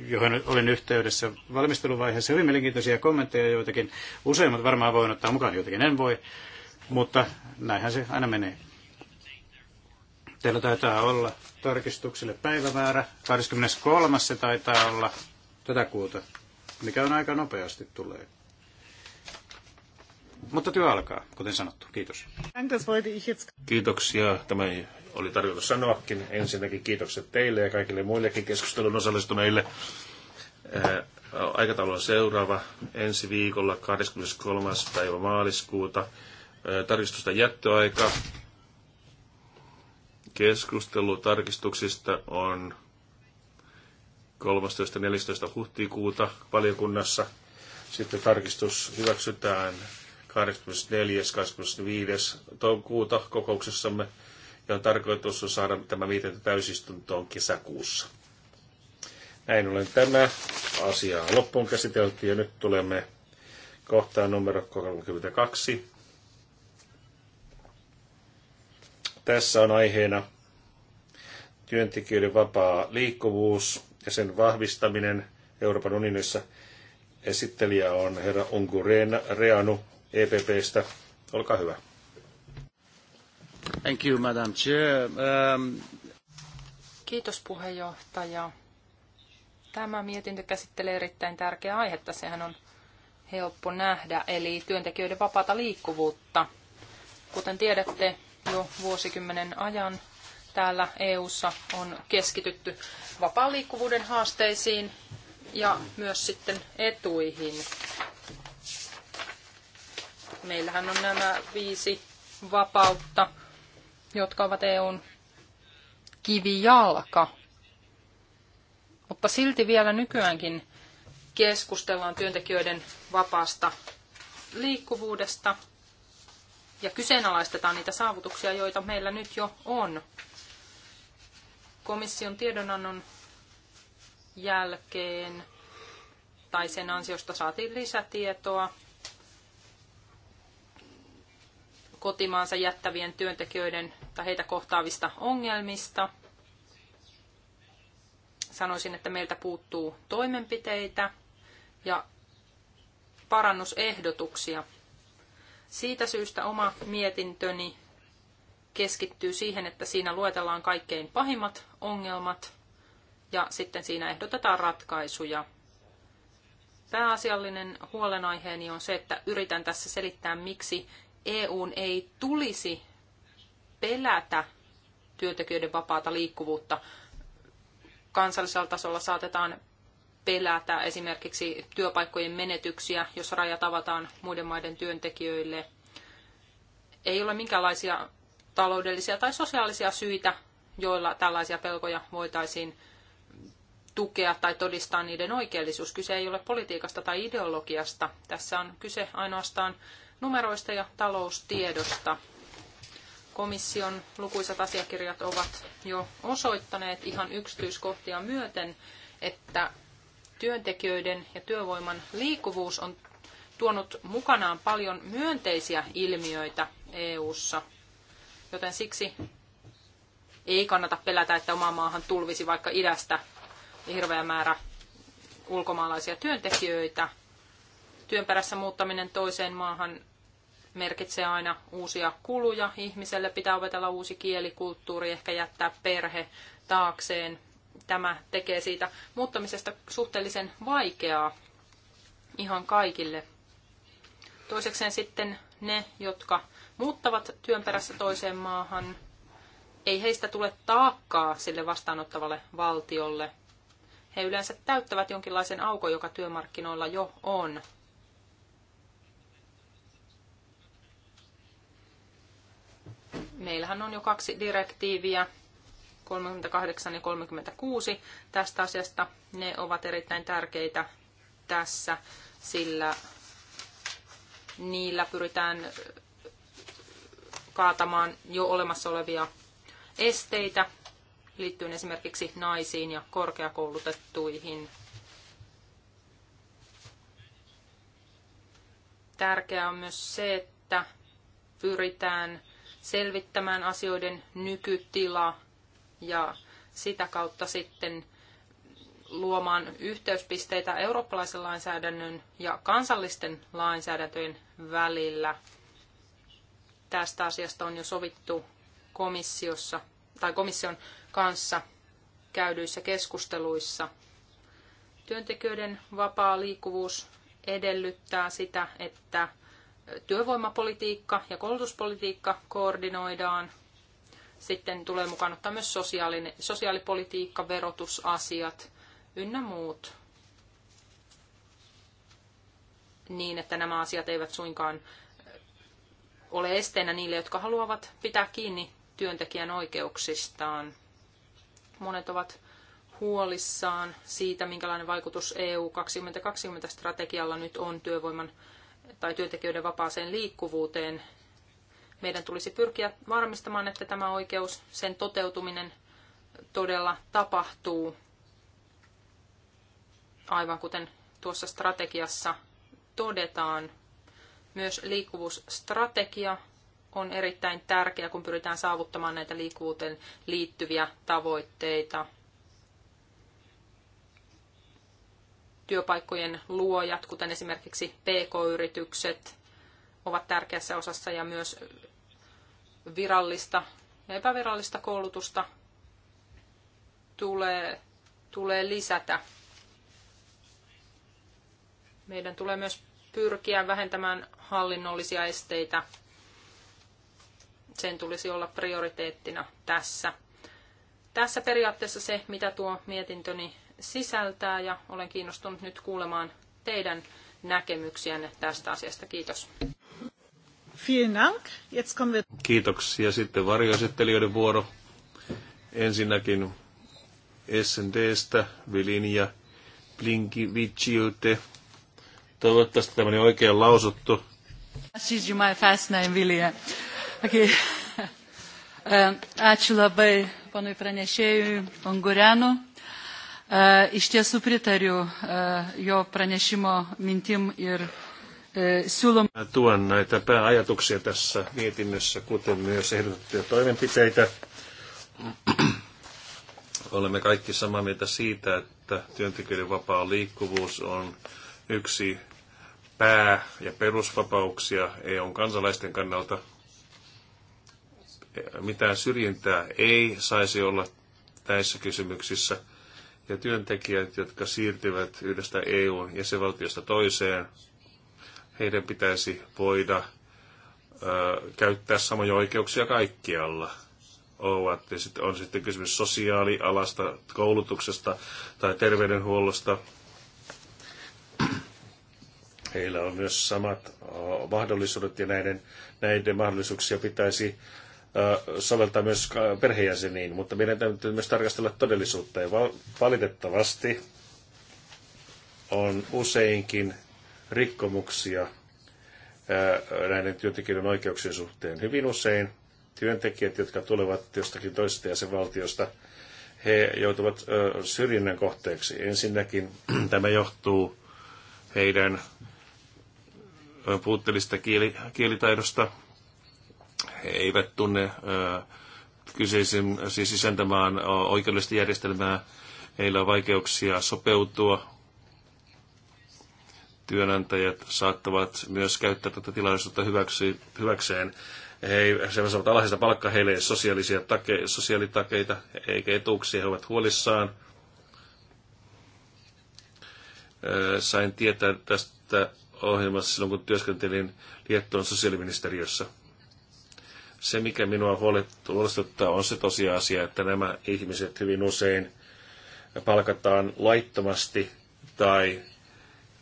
johon olin yhteydessä valmisteluvaiheessa. Hyvin mielenkiintoisia kommentteja joitakin. Useimmat varmaan voin ottaa mukaan, joitakin en voi, mutta näinhän se aina menee. Teillä taitaa olla tarkistukselle päivämäärä. 23. se taitaa olla tätä kuuta, mikä on aika nopeasti tulee. Mutta työ alkaa, kuten sanottu. Kiitos. Kiitoksia. Tämä ei oli tarkoitus sanoakin. Ensinnäkin kiitokset teille ja kaikille muillekin keskustelun osallistuneille. Aikataulu on seuraava ensi viikolla 23. päivä maaliskuuta. Tarkistusta jättöaika. Keskustelu tarkistuksista on 13.14. huhtikuuta valiokunnassa. Sitten tarkistus hyväksytään 24.-25. toukokuuta kokouksessamme ja on tarkoitus on saada tämä mietintö täysistuntoon kesäkuussa. Näin ollen tämä asia on loppuun käsitelty ja nyt tulemme kohtaan numero 32. Tässä on aiheena työntekijöiden vapaa liikkuvuus ja sen vahvistaminen Euroopan unionissa. Esittelijä on herra Ungurena Reanu EPPstä. Olkaa hyvä. Thank you, Madam Chair. Um... Kiitos puheenjohtaja. Tämä mietintö käsittelee erittäin tärkeää aihetta. Sehän on helppo nähdä, eli työntekijöiden vapaata liikkuvuutta. Kuten tiedätte, jo vuosikymmenen ajan täällä EU:ssa on keskitytty vapaan liikkuvuuden haasteisiin ja myös sitten etuihin. Meillähän on nämä viisi vapautta jotka ovat EUn kivijalka. Mutta silti vielä nykyäänkin keskustellaan työntekijöiden vapaasta liikkuvuudesta ja kyseenalaistetaan niitä saavutuksia, joita meillä nyt jo on. Komission tiedonannon jälkeen tai sen ansiosta saatiin lisätietoa kotimaansa jättävien työntekijöiden tai heitä kohtaavista ongelmista. Sanoisin, että meiltä puuttuu toimenpiteitä ja parannusehdotuksia. Siitä syystä oma mietintöni keskittyy siihen, että siinä luetellaan kaikkein pahimmat ongelmat ja sitten siinä ehdotetaan ratkaisuja. Pääasiallinen huolenaiheeni on se, että yritän tässä selittää, miksi EUn ei tulisi pelätä työntekijöiden vapaata liikkuvuutta. Kansallisella tasolla saatetaan pelätä esimerkiksi työpaikkojen menetyksiä, jos rajat avataan muiden maiden työntekijöille. Ei ole minkäänlaisia taloudellisia tai sosiaalisia syitä, joilla tällaisia pelkoja voitaisiin tukea tai todistaa niiden oikeellisuus. Kyse ei ole politiikasta tai ideologiasta. Tässä on kyse ainoastaan numeroista ja taloustiedosta komission lukuisat asiakirjat ovat jo osoittaneet ihan yksityiskohtia myöten, että työntekijöiden ja työvoiman liikkuvuus on tuonut mukanaan paljon myönteisiä ilmiöitä EU:ssa. Joten siksi ei kannata pelätä, että omaan maahan tulvisi vaikka idästä hirveä määrä ulkomaalaisia työntekijöitä. Työn perässä muuttaminen toiseen maahan merkitsee aina uusia kuluja. Ihmiselle pitää opetella uusi kieli, kulttuuri, ehkä jättää perhe taakseen. Tämä tekee siitä muuttamisesta suhteellisen vaikeaa ihan kaikille. Toisekseen sitten ne, jotka muuttavat työn perässä toiseen maahan, ei heistä tule taakkaa sille vastaanottavalle valtiolle. He yleensä täyttävät jonkinlaisen aukon, joka työmarkkinoilla jo on. Meillähän on jo kaksi direktiiviä, 38 ja 36 tästä asiasta. Ne ovat erittäin tärkeitä tässä, sillä niillä pyritään kaatamaan jo olemassa olevia esteitä liittyen esimerkiksi naisiin ja korkeakoulutettuihin. Tärkeää on myös se, että pyritään selvittämään asioiden nykytila ja sitä kautta sitten luomaan yhteyspisteitä eurooppalaisen lainsäädännön ja kansallisten lainsäädäntöjen välillä. Tästä asiasta on jo sovittu komissiossa tai komission kanssa käydyissä keskusteluissa. Työntekijöiden vapaa liikkuvuus edellyttää sitä, että työvoimapolitiikka ja koulutuspolitiikka koordinoidaan. Sitten tulee mukaan ottaa myös sosiaalipolitiikka, verotusasiat ynnä muut niin, että nämä asiat eivät suinkaan ole esteenä niille, jotka haluavat pitää kiinni työntekijän oikeuksistaan. Monet ovat huolissaan siitä, minkälainen vaikutus EU 2020-strategialla nyt on työvoiman tai työntekijöiden vapaaseen liikkuvuuteen, meidän tulisi pyrkiä varmistamaan, että tämä oikeus, sen toteutuminen todella tapahtuu, aivan kuten tuossa strategiassa todetaan. Myös liikkuvuusstrategia on erittäin tärkeä, kun pyritään saavuttamaan näitä liikkuvuuteen liittyviä tavoitteita – työpaikkojen luojat, kuten esimerkiksi PK-yritykset, ovat tärkeässä osassa ja myös virallista ja epävirallista koulutusta tulee, tulee lisätä. Meidän tulee myös pyrkiä vähentämään hallinnollisia esteitä. Sen tulisi olla prioriteettina tässä. Tässä periaatteessa se, mitä tuo mietintöni sisältää ja olen kiinnostunut nyt kuulemaan teidän näkemyksiänne tästä asiasta. Kiitos. Kiitoksia. Sitten varjoesittelijöiden vuoro. Ensinnäkin SNDstä Blinki, Blinkiviciute. Toivottavasti tämmöinen oikein lausuttu. She's my fast name, Vilja. Okay. Ačiū labai um, panui pranešėjui Ungurenu. E, iš tiesų pritariu e, jo pranešimo mintim ir e, siūlom. Tuon näitä pääajatuksia tässä mietinnössä, kuten myös ehdotettuja toimenpiteitä. Olemme kaikki samaa mieltä siitä, että työntekijöiden vapaa liikkuvuus on yksi pää- ja perusvapauksia EUn kansalaisten kannalta. Mitään syrjintää ei saisi olla näissä kysymyksissä – ja työntekijät, jotka siirtyvät yhdestä EU-jäsenvaltiosta toiseen, heidän pitäisi voida ö, käyttää samoja oikeuksia kaikkialla. Ovat, ja sit, on sitten kysymys sosiaalialasta, koulutuksesta tai terveydenhuollosta. Heillä on myös samat mahdollisuudet ja näiden, näiden mahdollisuuksia pitäisi soveltaa myös perheenjäseniin, mutta meidän täytyy myös tarkastella todellisuutta. Ja valitettavasti on useinkin rikkomuksia näiden työntekijöiden oikeuksien suhteen. Hyvin usein työntekijät, jotka tulevat jostakin toisesta jäsenvaltiosta, he joutuvat syrjinnän kohteeksi. Ensinnäkin tämä johtuu heidän puutteellista kieli, kielitaidosta, he eivät tunne kyseisen siis isäntämaan oikeudellista järjestelmää. Heillä on vaikeuksia sopeutua. Työnantajat saattavat myös käyttää tätä tilaisuutta hyväksi, hyväkseen. He saavat alhaista palkkaa, heillä ei sosiaalisia take, sosiaalitakeita eikä etuuksia, he ovat huolissaan. Sain tietää tästä ohjelmassa silloin, kun työskentelin Liettuan sosiaaliministeriössä – se, mikä minua huolestuttaa, on se tosiasia, että nämä ihmiset hyvin usein palkataan laittomasti tai,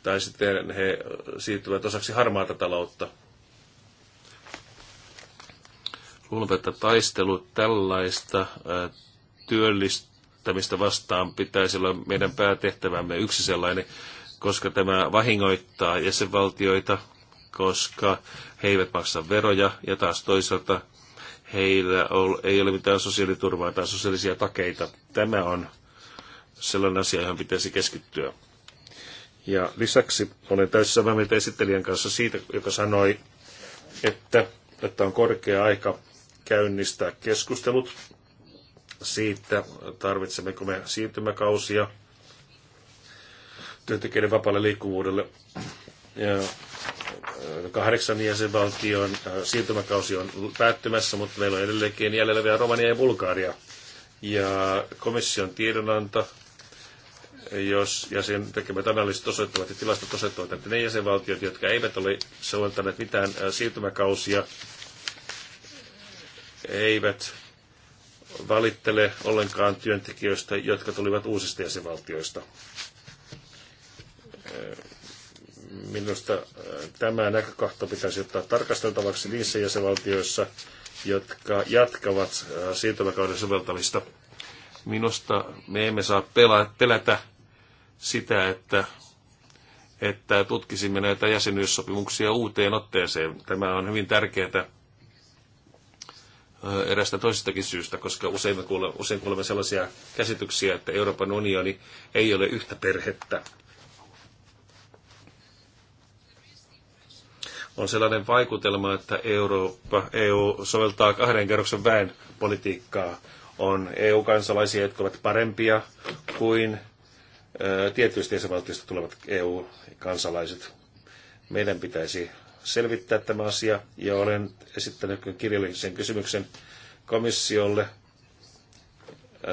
tai sitten he siirtyvät osaksi harmaata taloutta. Luulenpa, että taistelu tällaista työllistämistä vastaan pitäisi olla meidän päätehtävämme yksi sellainen, koska tämä vahingoittaa jäsenvaltioita – koska he eivät maksa veroja ja taas toisaalta heillä ei ole mitään sosiaaliturvaa tai sosiaalisia takeita. Tämä on sellainen asia, johon pitäisi keskittyä. Ja lisäksi olen täysin samaa mieltä esittelijän kanssa siitä, joka sanoi, että, että on korkea aika käynnistää keskustelut siitä, tarvitsemmeko me siirtymäkausia työntekijöiden vapaalle liikkuvuudelle. Ja kahdeksan jäsenvaltion äh, siirtymäkausi on päättymässä, mutta meillä on edelleenkin jäljellä vielä Romania ja Bulgaria. Ja komission tiedonanto, jos jäsen tekemät analyysit osoittavat ja tilastot osoittavat, että ne jäsenvaltiot, jotka eivät ole soveltaneet mitään äh, siirtymäkausia, eivät valittele ollenkaan työntekijöistä, jotka tulivat uusista jäsenvaltioista äh, Minusta äh, tämä näkökohta pitäisi ottaa tarkasteltavaksi niissä jäsenvaltioissa, jotka jatkavat äh, siirtymäkauden soveltamista. Minusta me emme saa pelätä sitä, että, että tutkisimme näitä jäsenyyssopimuksia uuteen otteeseen. Tämä on hyvin tärkeää äh, erästä toisestakin syystä, koska usein, kuule, usein kuulemme sellaisia käsityksiä, että Euroopan unioni ei ole yhtä perhettä. on sellainen vaikutelma, että Eurooppa, EU soveltaa kahden kerroksen väen politiikkaa. On EU-kansalaisia, jotka ovat parempia kuin tietysti jäsenvaltioista tulevat EU-kansalaiset. Meidän pitäisi selvittää tämä asia ja olen esittänyt kirjallisen kysymyksen komissiolle.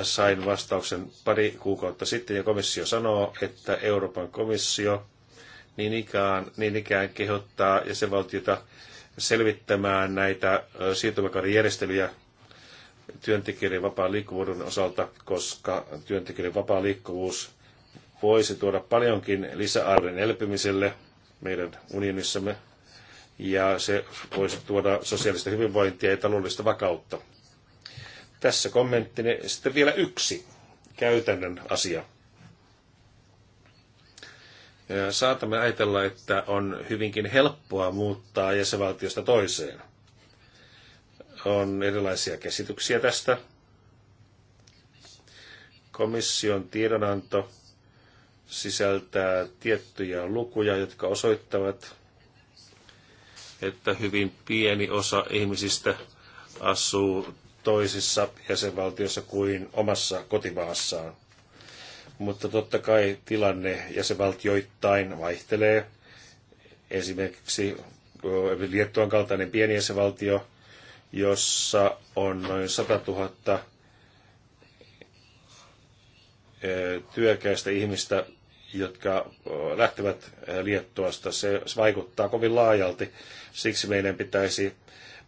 Sain vastauksen pari kuukautta sitten ja komissio sanoo, että Euroopan komissio niin ikään, niin ikään kehottaa jäsenvaltiota selvittämään näitä siirtymäkauden järjestelyjä työntekijöiden vapaan liikkuvuuden osalta, koska työntekijöiden vapaa liikkuvuus voisi tuoda paljonkin lisäarven elpymiselle meidän unionissamme, ja se voisi tuoda sosiaalista hyvinvointia ja taloudellista vakautta. Tässä kommenttini. Sitten vielä yksi käytännön asia saatamme ajatella, että on hyvinkin helppoa muuttaa jäsenvaltiosta toiseen. On erilaisia käsityksiä tästä. Komission tiedonanto sisältää tiettyjä lukuja, jotka osoittavat, että hyvin pieni osa ihmisistä asuu toisissa jäsenvaltiossa kuin omassa kotimaassaan mutta totta kai tilanne jäsenvaltioittain vaihtelee. Esimerkiksi Liettuan kaltainen pieni jäsenvaltio, jossa on noin 100 000 työkäistä ihmistä, jotka lähtevät Liettuasta. Se vaikuttaa kovin laajalti. Siksi meidän pitäisi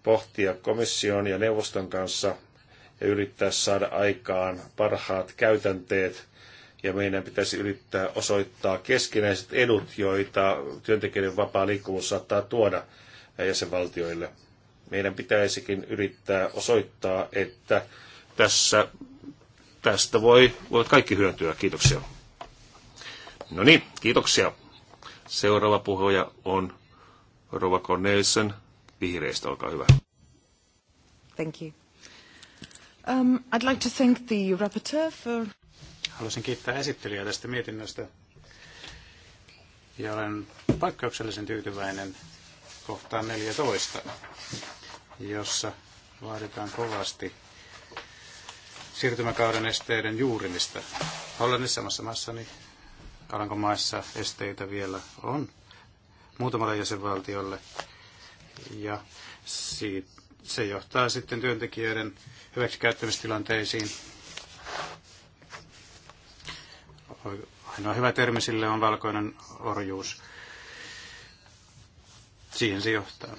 pohtia komission ja neuvoston kanssa ja yrittää saada aikaan parhaat käytänteet – ja meidän pitäisi yrittää osoittaa keskinäiset edut, joita työntekijöiden vapaa liikkuvuus saattaa tuoda jäsenvaltioille. Meidän pitäisikin yrittää osoittaa, että tässä, tästä voi, voi kaikki hyötyä. Kiitoksia. No niin, kiitoksia. Seuraava puhuja on Rova Cornelissen vihreistä. Olkaa hyvä. Thank you. Um, I'd like to thank the rapporteur for... Haluaisin kiittää esittelijää tästä mietinnöstä ja olen paikkauksellisen tyytyväinen kohtaan 14, jossa vaaditaan kovasti siirtymäkauden esteiden juurimista. Hollannissa samassa maassani Alankomaissa esteitä vielä on muutamalle jäsenvaltiolle ja siitä, se johtaa sitten työntekijöiden hyväksikäyttämistilanteisiin ainoa hyvä termi sille on valkoinen orjuus. Siihen se johtaa.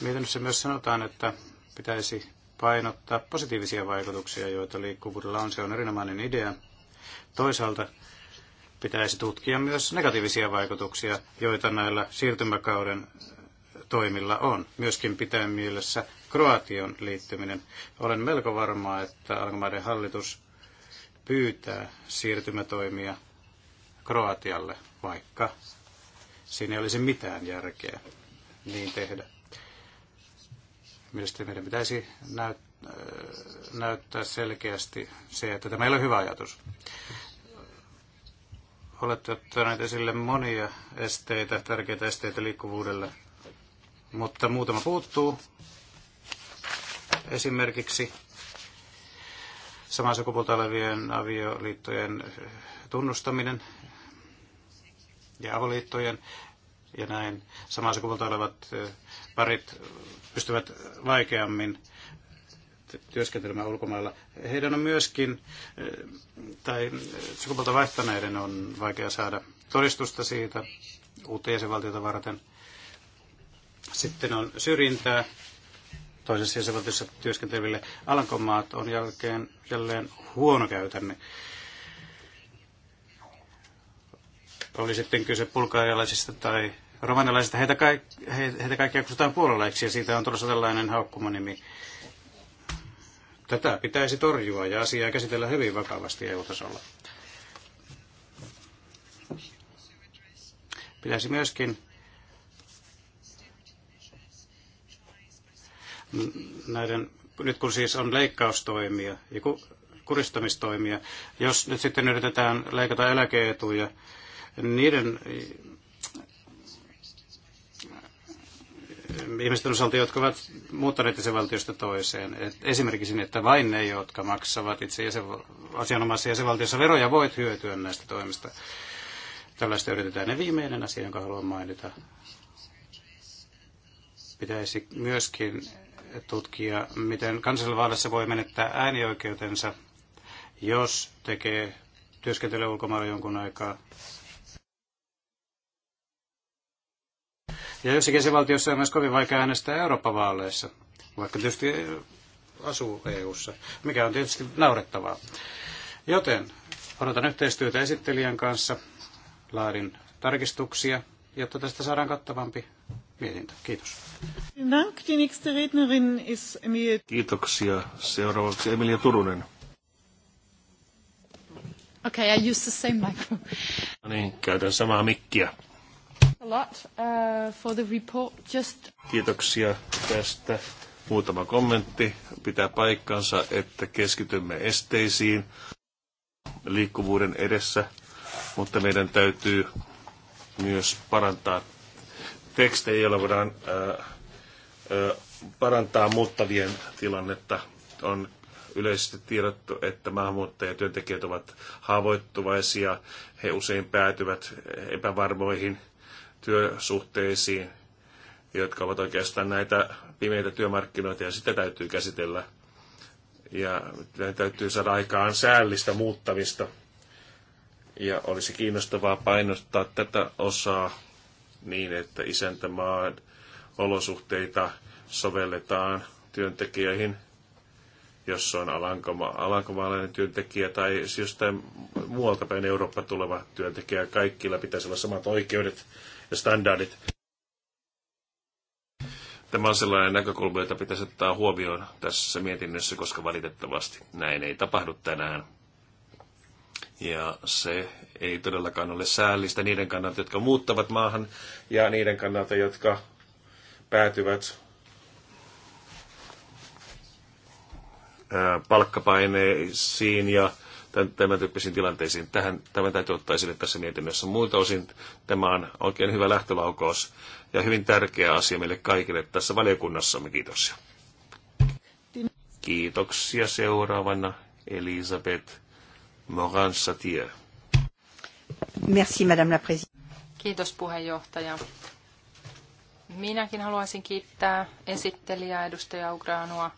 Mietinnössä myös sanotaan, että pitäisi painottaa positiivisia vaikutuksia, joita liikkuvuudella on. Se on erinomainen idea. Toisaalta pitäisi tutkia myös negatiivisia vaikutuksia, joita näillä siirtymäkauden toimilla on. Myöskin pitää mielessä Kroatian liittyminen. Olen melko varma, että Alkomaiden hallitus pyytää siirtymätoimia Kroatialle, vaikka siinä ei olisi mitään järkeä niin tehdä. Mielestäni meidän pitäisi näyt, äh, näyttää selkeästi se, että tämä ei ole hyvä ajatus. Olette ottaneet esille monia esteitä, tärkeitä esteitä liikkuvuudelle, mutta muutama puuttuu. Esimerkiksi samaa sukupuolta olevien avioliittojen tunnustaminen ja avoliittojen ja näin samaa sukupuolta olevat parit pystyvät vaikeammin työskentelemään ulkomailla. Heidän on myöskin, tai sukupuolta vaihtaneiden on vaikea saada todistusta siitä uutta jäsenvaltiota varten. Sitten on syrjintää toisessa jäsenvaltiossa työskenteleville Alankomaat on jälkeen jälleen huono käytänne. Oli sitten kyse pulkaajalaisista tai romanialaisista, heitä, kaik, heitä kaikkia kutsutaan puolalaiksi ja siitä on tulossa tällainen haukkumanimi. Tätä pitäisi torjua ja asiaa käsitellä hyvin vakavasti EU-tasolla. Pitäisi myöskin näiden, nyt kun siis on leikkaustoimia ja kuristamistoimia, jos nyt sitten yritetään leikata eläkeetuja, niiden ihmisten osalta, jotka ovat muuttaneet jäsenvaltiosta toiseen. Et esimerkiksi niin, että vain ne, jotka maksavat itse jäsen, asianomaisessa jäsenvaltiossa veroja, voit hyötyä näistä toimista. Tällaista yritetään. Ja viimeinen asia, jonka haluan mainita, pitäisi myöskin tutkia, miten kansallisessa voi menettää äänioikeutensa, jos tekee työskentelee ulkomailla jonkun aikaa. Ja jossakin jäsenvaltiossa on myös kovin vaikea äänestää Eurooppa-vaaleissa, vaikka tietysti asuu EU-ssa, mikä on tietysti naurettavaa. Joten odotan yhteistyötä esittelijän kanssa, laadin tarkistuksia, jotta tästä saadaan kattavampi mietintö. Kiitos. Kiitoksia. Seuraavaksi Emilia Turunen. Okay, I use the same microphone. No niin, käytän samaa mikkiä. A lot, uh, for the report. Just... Kiitoksia tästä. Muutama kommentti. Pitää paikkansa, että keskitymme esteisiin liikkuvuuden edessä, mutta meidän täytyy myös parantaa tekstejä, joilla voidaan parantaa muuttavien tilannetta. On yleisesti tiedottu, että maahanmuuttajatyöntekijät ovat haavoittuvaisia. He usein päätyvät epävarmoihin työsuhteisiin, jotka ovat oikeastaan näitä pimeitä työmarkkinoita, ja sitä täytyy käsitellä. Ja täytyy saada aikaan säällistä muuttamista. Ja olisi kiinnostavaa painostaa tätä osaa niin, että isäntämaan olosuhteita sovelletaan työntekijöihin, jos on alankoma, alankomaalainen työntekijä tai siis jos muualta päin Eurooppa tuleva työntekijä. Kaikilla pitäisi olla samat oikeudet ja standardit. Tämä on sellainen näkökulma, jota pitäisi ottaa huomioon tässä mietinnössä, koska valitettavasti näin ei tapahdu tänään. Ja se ei todellakaan ole säällistä niiden kannalta, jotka muuttavat maahan ja niiden kannalta, jotka päätyvät palkkapaineisiin ja tämän tyyppisiin tilanteisiin. Tähän, tämän täytyy ottaa esille tässä mietinnössä. Muilta osin tämä on oikein hyvä lähtölaukaus ja hyvin tärkeä asia meille kaikille tässä valiokunnassamme. Kiitoksia. Kiitoksia seuraavana Elisabeth Moran Satie. Merci, Madame la Présidente. Kiitos puheenjohtaja. Minäkin haluaisin kiittää esittelijää edustaja Ugraanua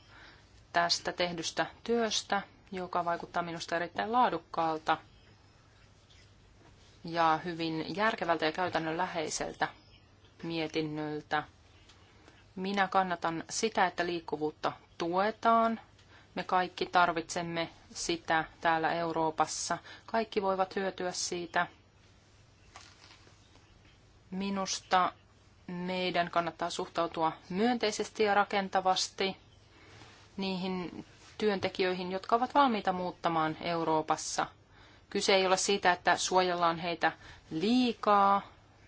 tästä tehdystä työstä, joka vaikuttaa minusta erittäin laadukkaalta ja hyvin järkevältä ja käytännönläheiseltä mietinnöltä. Minä kannatan sitä, että liikkuvuutta tuetaan me kaikki tarvitsemme sitä täällä Euroopassa. Kaikki voivat hyötyä siitä. Minusta meidän kannattaa suhtautua myönteisesti ja rakentavasti niihin työntekijöihin, jotka ovat valmiita muuttamaan Euroopassa. Kyse ei ole siitä, että suojellaan heitä liikaa.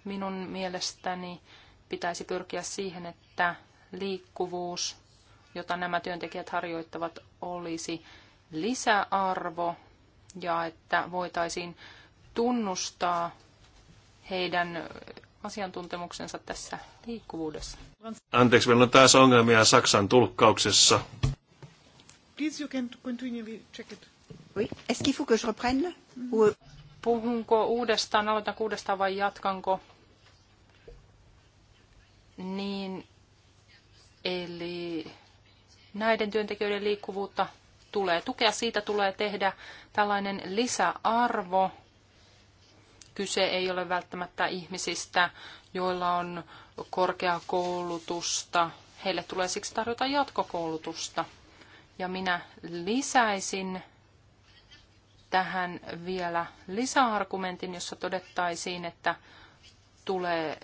Minun mielestäni pitäisi pyrkiä siihen, että liikkuvuus jota nämä työntekijät harjoittavat, olisi lisäarvo ja että voitaisiin tunnustaa heidän asiantuntemuksensa tässä liikkuvuudessa. Anteeksi, meillä on taas ongelmia Saksan tulkkauksessa. Please you can continue, check it. Oui. Est-ce qu'il faut que je reprenne? Mm-hmm. Puhunko uudestaan, aloitan uudestaan vai jatkanko? Niin, eli Näiden työntekijöiden liikkuvuutta tulee tukea. Siitä tulee tehdä tällainen lisäarvo. Kyse ei ole välttämättä ihmisistä, joilla on korkeakoulutusta. Heille tulee siksi tarjota jatkokoulutusta. Ja minä lisäisin tähän vielä lisäargumentin, jossa todettaisiin, että tulee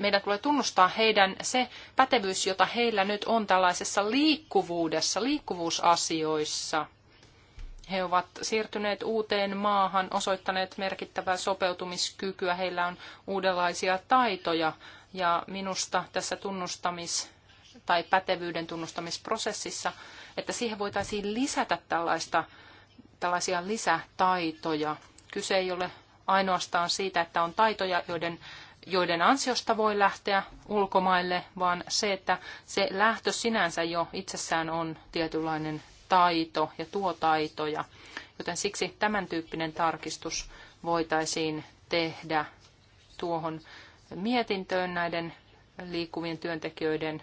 meidän tulee tunnustaa heidän se pätevyys, jota heillä nyt on tällaisessa liikkuvuudessa, liikkuvuusasioissa. He ovat siirtyneet uuteen maahan, osoittaneet merkittävää sopeutumiskykyä, heillä on uudenlaisia taitoja ja minusta tässä tunnustamis- tai pätevyyden tunnustamisprosessissa, että siihen voitaisiin lisätä tällaista, tällaisia lisätaitoja. Kyse ei ole ainoastaan siitä, että on taitoja, joiden joiden ansiosta voi lähteä ulkomaille, vaan se, että se lähtö sinänsä jo itsessään on tietynlainen taito ja tuo taitoja. Joten siksi tämän tyyppinen tarkistus voitaisiin tehdä tuohon mietintöön näiden liikkuvien työntekijöiden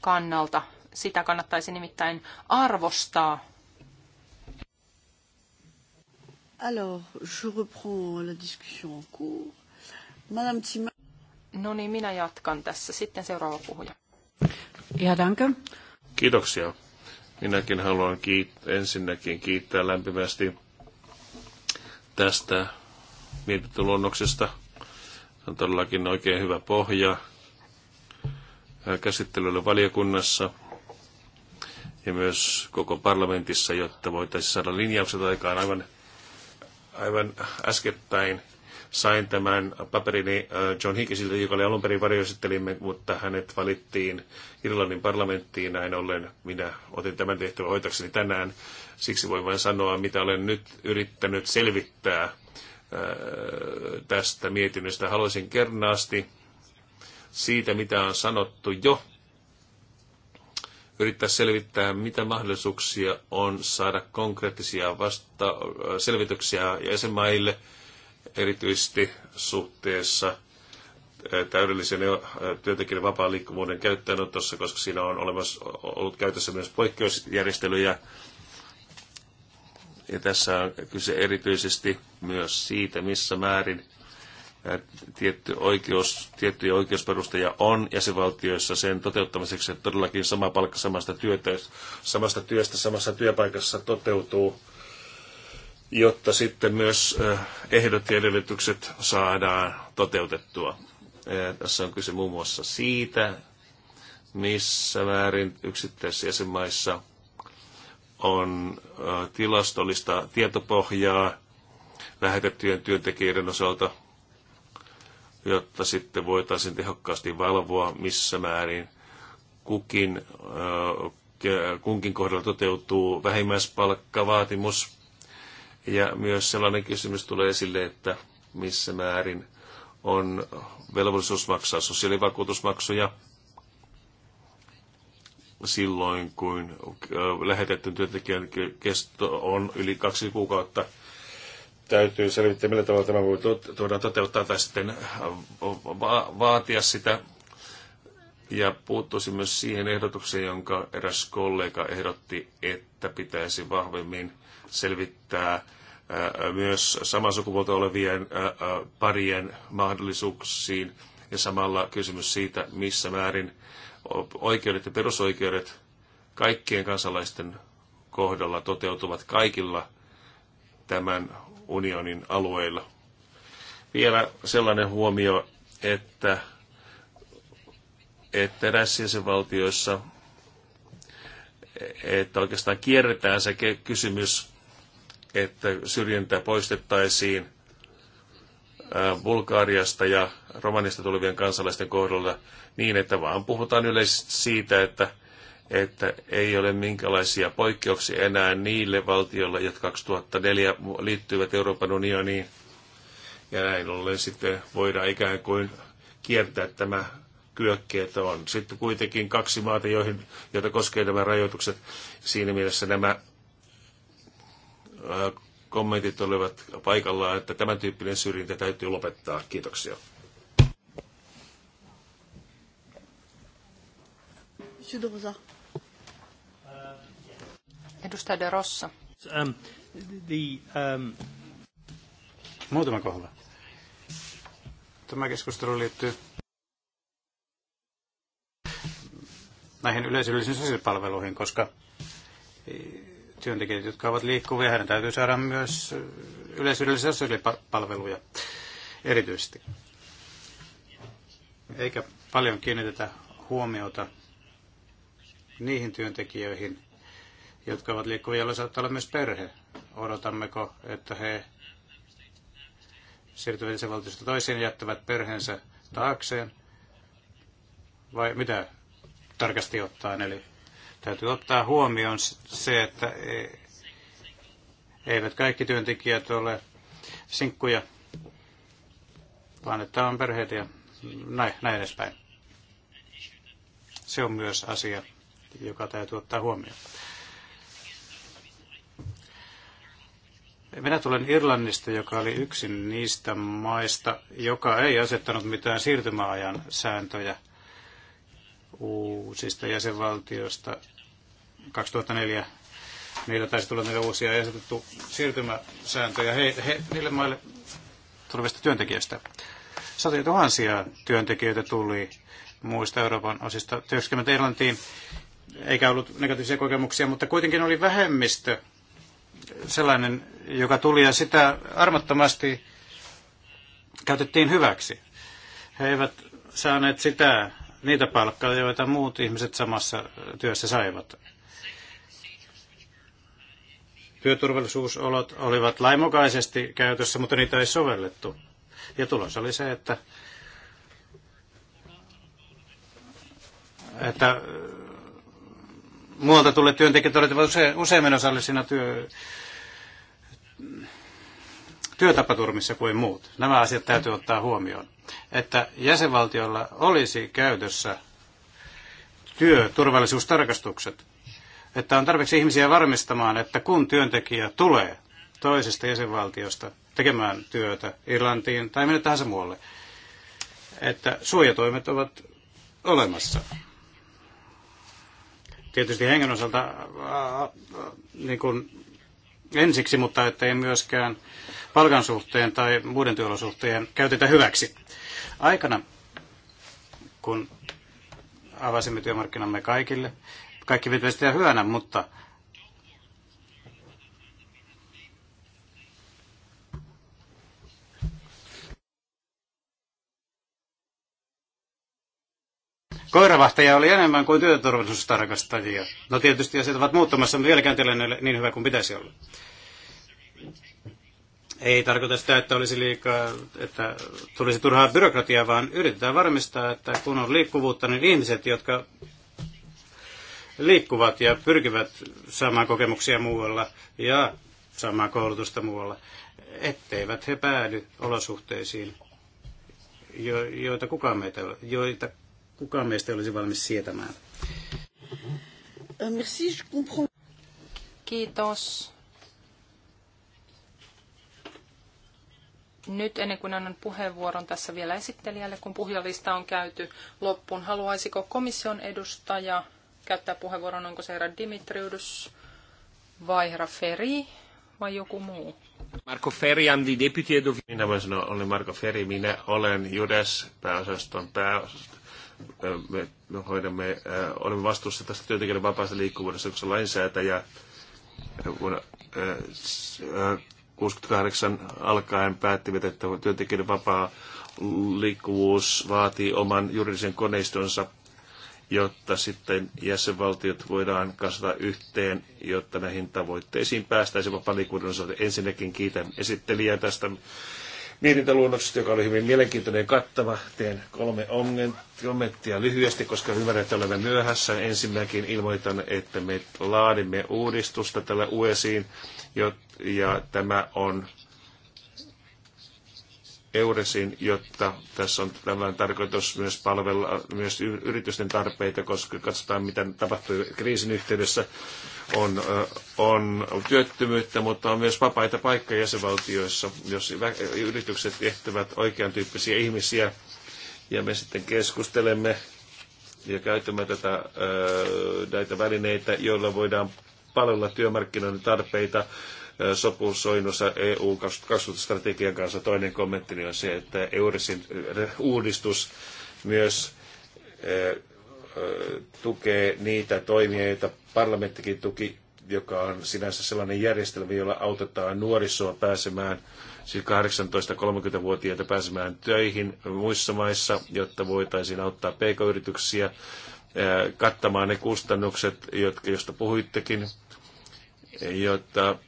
kannalta. Sitä kannattaisi nimittäin arvostaa. Alors, je reprends la discussion en cours. No niin, minä jatkan tässä. Sitten seuraava puhuja. Ja danke. Kiitoksia. Minäkin haluan kiit- ensinnäkin kiittää lämpimästi tästä mietintöluonnoksesta. Se on todellakin oikein hyvä pohja käsittelylle valiokunnassa ja myös koko parlamentissa, jotta voitaisiin saada linjaukset aikaan aivan, aivan äskettäin Sain tämän paperini äh, John Hickisiltä, joka oli alun perin varjoesittelimme, mutta hänet valittiin Irlannin parlamenttiin. Näin ollen minä otin tämän tehtävän hoitakseni tänään. Siksi voin vain sanoa, mitä olen nyt yrittänyt selvittää äh, tästä mietinnöstä. Haluaisin kernaasti siitä, mitä on sanottu jo yrittää selvittää, mitä mahdollisuuksia on saada konkreettisia vasta- äh, selvityksiä jäsenmaille erityisesti suhteessa täydellisen työntekijän vapaan liikkuvuuden käyttöönotossa, koska siinä on olemassa, ollut käytössä myös poikkeusjärjestelyjä. Ja tässä on kyse erityisesti myös siitä, missä määrin tietty oikeus, tiettyjä oikeusperusteja on jäsenvaltioissa sen toteuttamiseksi, että todellakin sama palkka samasta, työtä, samasta työstä samassa työpaikassa toteutuu jotta sitten myös ehdot ja edellytykset saadaan toteutettua. Tässä on kyse muun muassa siitä, missä määrin yksittäisissä jäsenmaissa on tilastollista tietopohjaa lähetettyjen työntekijöiden osalta, jotta sitten voitaisiin tehokkaasti valvoa, missä määrin kukin, kunkin kohdalla toteutuu vähimmäispalkkavaatimus ja myös sellainen kysymys tulee esille, että missä määrin on velvollisuus maksaa sosiaalivakuutusmaksuja silloin, kun lähetetty työntekijän kesto on yli kaksi kuukautta. Täytyy selvittää, millä tavalla tämä voi tuoda toteuttaa tai sitten va- vaatia sitä. Ja puuttuisin myös siihen ehdotukseen, jonka eräs kollega ehdotti, että pitäisi vahvemmin selvittää myös samaa sukupuolta olevien parien mahdollisuuksiin ja samalla kysymys siitä, missä määrin oikeudet ja perusoikeudet kaikkien kansalaisten kohdalla toteutuvat kaikilla tämän unionin alueilla. Vielä sellainen huomio, että, että eräissä jäsenvaltioissa e- että oikeastaan kierretään se kysymys että syrjintä poistettaisiin Bulgaariasta ja Romanista tulevien kansalaisten kohdalla niin, että vaan puhutaan yleisesti siitä, että, että ei ole minkälaisia poikkeuksia enää niille valtioille, jotka 2004 liittyivät Euroopan unioniin. Ja näin ollen sitten voidaan ikään kuin kiertää tämä kyökki, että on sitten kuitenkin kaksi maata, joihin, joita koskee nämä rajoitukset. Siinä mielessä nämä kommentit olivat paikallaan, että tämän tyyppinen syrjintä täytyy lopettaa. Kiitoksia. Edustaja De Rossa. Um, the, um... Muutama kohda. Tämä keskustelu liittyy näihin yleisöllisiin sosiaalipalveluihin, koska työntekijät, jotka ovat liikkuvia, heidän täytyy saada myös yleisyydellisiä sosiaalipalveluja erityisesti. Eikä paljon kiinnitetä huomiota niihin työntekijöihin, jotka ovat liikkuvia, joilla saattaa olla myös perhe. Odotammeko, että he siirtyvät jäsenvaltiosta toiseen ja jättävät perheensä taakseen? Vai mitä tarkasti ottaen? Eli Täytyy ottaa huomioon se, että e, eivät kaikki työntekijät ole sinkkuja, vaan että on perheitä ja näin, näin edespäin. Se on myös asia, joka täytyy ottaa huomioon. Minä tulen Irlannista, joka oli yksi niistä maista, joka ei asettanut mitään siirtymäajan sääntöjä uusista jäsenvaltioista. 2004 niillä taisi tulla niitä uusia esitetty siirtymäsääntöjä he, he, niille maille tulevista työntekijöistä. Satoja tuhansia työntekijöitä tuli muista Euroopan osista 90 Irlantiin, eikä ollut negatiivisia kokemuksia, mutta kuitenkin oli vähemmistö sellainen, joka tuli ja sitä armottomasti käytettiin hyväksi. He eivät saaneet sitä niitä palkkoja, joita muut ihmiset samassa työssä saivat. Työturvallisuusolot olivat lainmukaisesti käytössä, mutta niitä ei sovellettu. Ja tulos oli se, että, että muualta tulleet työntekijät olivat use, useimmin osallisina työ, työtapaturmissa kuin muut. Nämä asiat täytyy ottaa huomioon että jäsenvaltiolla olisi käytössä työturvallisuustarkastukset, että on tarpeeksi ihmisiä varmistamaan, että kun työntekijä tulee toisesta jäsenvaltiosta tekemään työtä Irlantiin tai minne tahansa muualle, että suojatoimet ovat olemassa. Tietysti hengen osalta niin kuin ensiksi, mutta ettei myöskään palkan suhteen tai muiden työolosuhteen käytetä hyväksi. Aikana, kun avasimme työmarkkinamme kaikille, kaikki pitäisi sitä hyönä, mutta koiravahtajia oli enemmän kuin työturvallisuustarkastajia. No tietysti asiat ovat muuttumassa, mutta vieläkään tilanne niin hyvä kuin pitäisi olla. Ei tarkoita sitä, että olisi liikaa, että tulisi turhaa byrokratiaa, vaan yritetään varmistaa, että kun on liikkuvuutta, niin ihmiset, jotka liikkuvat ja pyrkivät saamaan kokemuksia muualla ja saamaan koulutusta muualla, etteivät he päädy olosuhteisiin, jo, joita, kukaan meitä, joita kukaan meistä olisi valmis sietämään. Kiitos. Nyt ennen kuin annan puheenvuoron tässä vielä esittelijälle, kun puhujalista on käyty loppuun, haluaisiko komission edustaja käyttää puheenvuoron, onko se herra Dimitriudus vai herra Feri vai joku muu? Marko Ferri, I'm the deputy of... Minä voin sanoa, olen Marko Ferri, minä olen Judes pääosaston pääosaston. Me, me hoidamme, äh, olemme vastuussa tästä työntekijöiden vapaasta liikkuvuudesta, koska lainsäätäjä vuonna äh, 68 alkaen päättivät, että työntekijöiden vapaa liikkuvuus vaatii oman juridisen koneistonsa, jotta sitten jäsenvaltiot voidaan kasata yhteen, jotta näihin tavoitteisiin päästäisiin vapaan liikkuvuuden osalta. Ensinnäkin kiitän esittelijää tästä mietintäluonnoksesta, joka oli hyvin mielenkiintoinen ja kattava. Teen kolme kommenttia lyhyesti, koska ymmärrän, että olemme myöhässä. Ensinnäkin ilmoitan, että me laadimme uudistusta tällä UESiin ja tämä on Euresin, jotta tässä on tämän tarkoitus myös palvella myös yritysten tarpeita, koska katsotaan, mitä tapahtuu kriisin yhteydessä. On, on työttömyyttä, mutta on myös vapaita paikkoja jäsenvaltioissa, jos yritykset tehtävät oikean tyyppisiä ihmisiä. Ja me sitten keskustelemme ja käytämme tätä, näitä välineitä, joilla voidaan palvella työmarkkinoiden tarpeita sopusoinnussa EU 2020-strategian kanssa. Toinen kommentti on se, että Eurisin uudistus myös tukee niitä toimia, joita parlamenttikin tuki, joka on sinänsä sellainen järjestelmä, jolla autetaan nuorisoa pääsemään, siis 18-30-vuotiaita pääsemään töihin muissa maissa, jotta voitaisiin auttaa pk-yrityksiä Eh, kattamaan ne kustannukset, jotka, josta puhuittekin, jotta,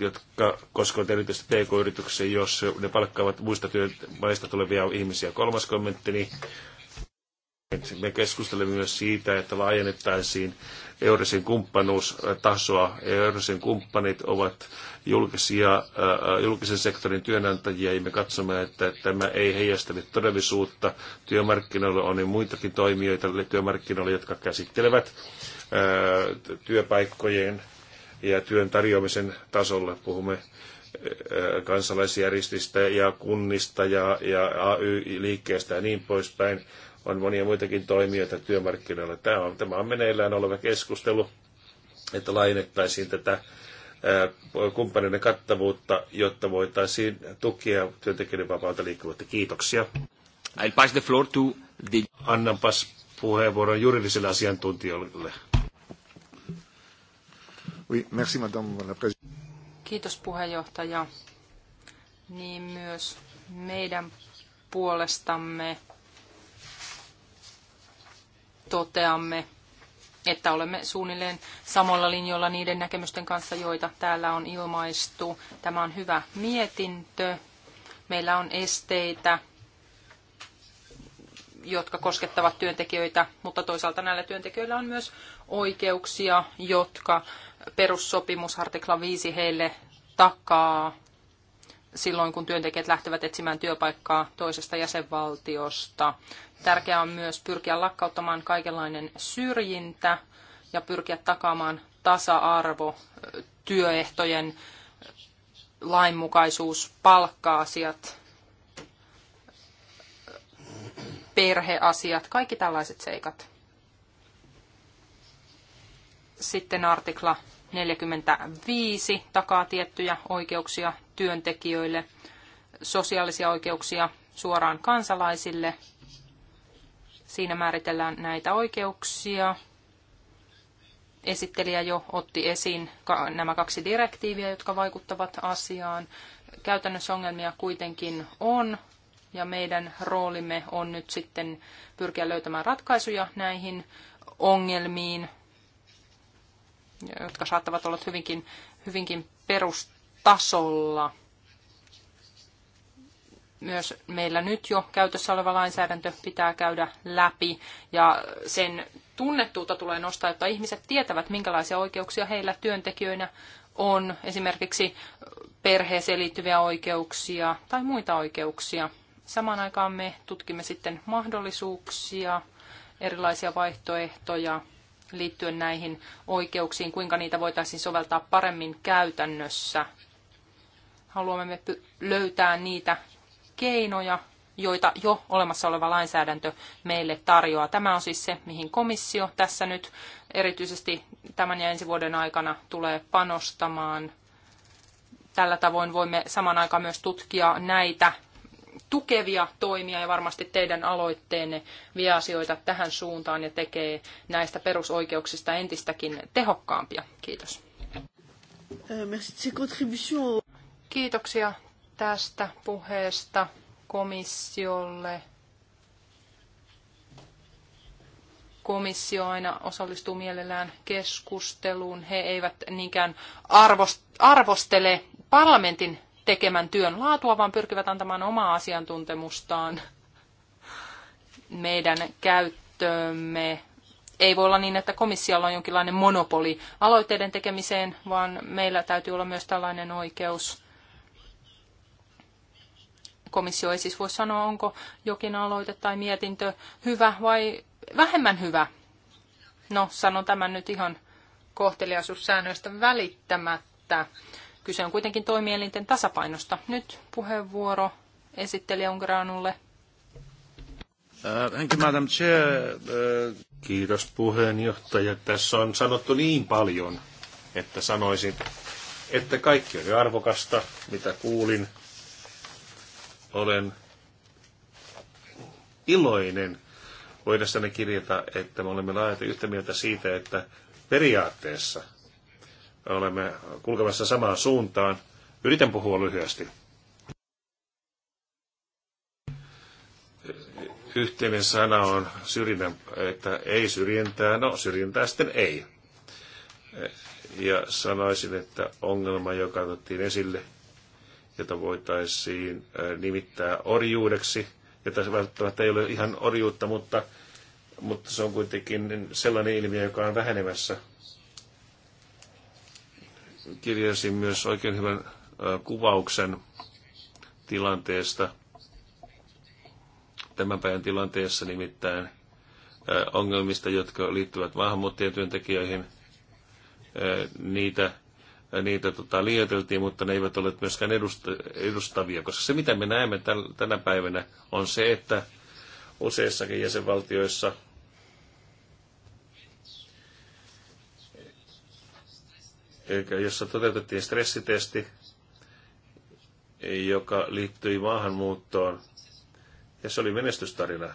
jotka koskevat erityisesti pk-yrityksiä, jos ne palkkaavat muista työmaista tulevia ihmisiä. Kolmas kommentti, niin me keskustelemme myös siitä, että laajennettaisiin Eurisin kumppanuustasoa. Eurisin kumppanit ovat julkisia, äh, julkisen sektorin työnantajia ja me katsomme, että tämä ei heijastele todellisuutta. Työmarkkinoilla on niin muitakin toimijoita työmarkkinoilla, jotka käsittelevät äh, työpaikkojen ja työn tarjoamisen tasolla. Puhumme äh, kansalaisjärjestistä ja kunnista ja, ja AY-liikkeestä ja niin poispäin on monia muitakin toimijoita työmarkkinoilla. Tämä on, tämä on meneillään oleva keskustelu, että laajennettaisiin tätä kumppaneiden kattavuutta, jotta voitaisiin tukea työntekijöiden vapaata liikkuvuutta. Kiitoksia. I'll pass the floor to the... Annanpas puheenvuoron juridiselle asiantuntijoille. Oui, merci, madame la Kiitos puheenjohtaja. Niin myös meidän puolestamme toteamme, että olemme suunnilleen samalla linjoilla niiden näkemysten kanssa, joita täällä on ilmaistu. Tämä on hyvä mietintö. Meillä on esteitä, jotka koskettavat työntekijöitä, mutta toisaalta näillä työntekijöillä on myös oikeuksia, jotka perussopimusartikla 5 heille takaa silloin, kun työntekijät lähtevät etsimään työpaikkaa toisesta jäsenvaltiosta. Tärkeää on myös pyrkiä lakkauttamaan kaikenlainen syrjintä ja pyrkiä takaamaan tasa-arvo, työehtojen lainmukaisuus, palkka-asiat, perheasiat, kaikki tällaiset seikat. Sitten artikla 45 takaa tiettyjä oikeuksia työntekijöille, sosiaalisia oikeuksia suoraan kansalaisille. Siinä määritellään näitä oikeuksia. Esittelijä jo otti esiin nämä kaksi direktiiviä, jotka vaikuttavat asiaan. Käytännössä ongelmia kuitenkin on, ja meidän roolimme on nyt sitten pyrkiä löytämään ratkaisuja näihin ongelmiin, jotka saattavat olla hyvinkin, hyvinkin perusteltuja tasolla. Myös meillä nyt jo käytössä oleva lainsäädäntö pitää käydä läpi ja sen tunnettuutta tulee nostaa, jotta ihmiset tietävät, minkälaisia oikeuksia heillä työntekijöinä on, esimerkiksi perheeseen liittyviä oikeuksia tai muita oikeuksia. Samaan aikaan me tutkimme sitten mahdollisuuksia, erilaisia vaihtoehtoja liittyen näihin oikeuksiin, kuinka niitä voitaisiin soveltaa paremmin käytännössä – haluamme löytää niitä keinoja, joita jo olemassa oleva lainsäädäntö meille tarjoaa. Tämä on siis se, mihin komissio tässä nyt erityisesti tämän ja ensi vuoden aikana tulee panostamaan. Tällä tavoin voimme saman aikaan myös tutkia näitä tukevia toimia ja varmasti teidän aloitteenne vie asioita tähän suuntaan ja tekee näistä perusoikeuksista entistäkin tehokkaampia. Kiitos. Euh, Kiitoksia tästä puheesta komissiolle. Komissio aina osallistuu mielellään keskusteluun. He eivät niinkään arvostele parlamentin tekemän työn laatua, vaan pyrkivät antamaan omaa asiantuntemustaan meidän käyttöömme. Ei voi olla niin, että komissiolla on jonkinlainen monopoli aloitteiden tekemiseen, vaan meillä täytyy olla myös tällainen oikeus. Komissio ei siis voi sanoa, onko jokin aloite tai mietintö hyvä vai vähemmän hyvä. No, sanon tämän nyt ihan kohteliaisuussäännöistä välittämättä. Kyse on kuitenkin toimielinten tasapainosta. Nyt puheenvuoro esittelijä Ungranulle. Uh, uh, Kiitos puheenjohtaja. Tässä on sanottu niin paljon, että sanoisin, että kaikki oli arvokasta, mitä kuulin olen iloinen voidessani kirjata, että me olemme laajalti yhtä mieltä siitä, että periaatteessa olemme kulkemassa samaan suuntaan. Yritän puhua lyhyesti. Yhteinen sana on syrjintä, että ei syrjintää, no syrjintää sitten ei. Ja sanoisin, että ongelma, joka otettiin esille, jota voitaisiin nimittää orjuudeksi, jota se välttämättä ei ole ihan orjuutta, mutta, mutta se on kuitenkin sellainen ilmiö, joka on vähenemässä. Kirjasin myös oikein hyvän kuvauksen tilanteesta, tämän päivän tilanteessa nimittäin ongelmista, jotka liittyvät maahanmuuttajatyöntekijöihin, niitä niitä tota, liioiteltiin, mutta ne eivät ole myöskään edustavia, koska se mitä me näemme täl, tänä päivänä on se, että useissakin jäsenvaltioissa jossa toteutettiin stressitesti, joka liittyi maahanmuuttoon. Ja se oli menestystarina.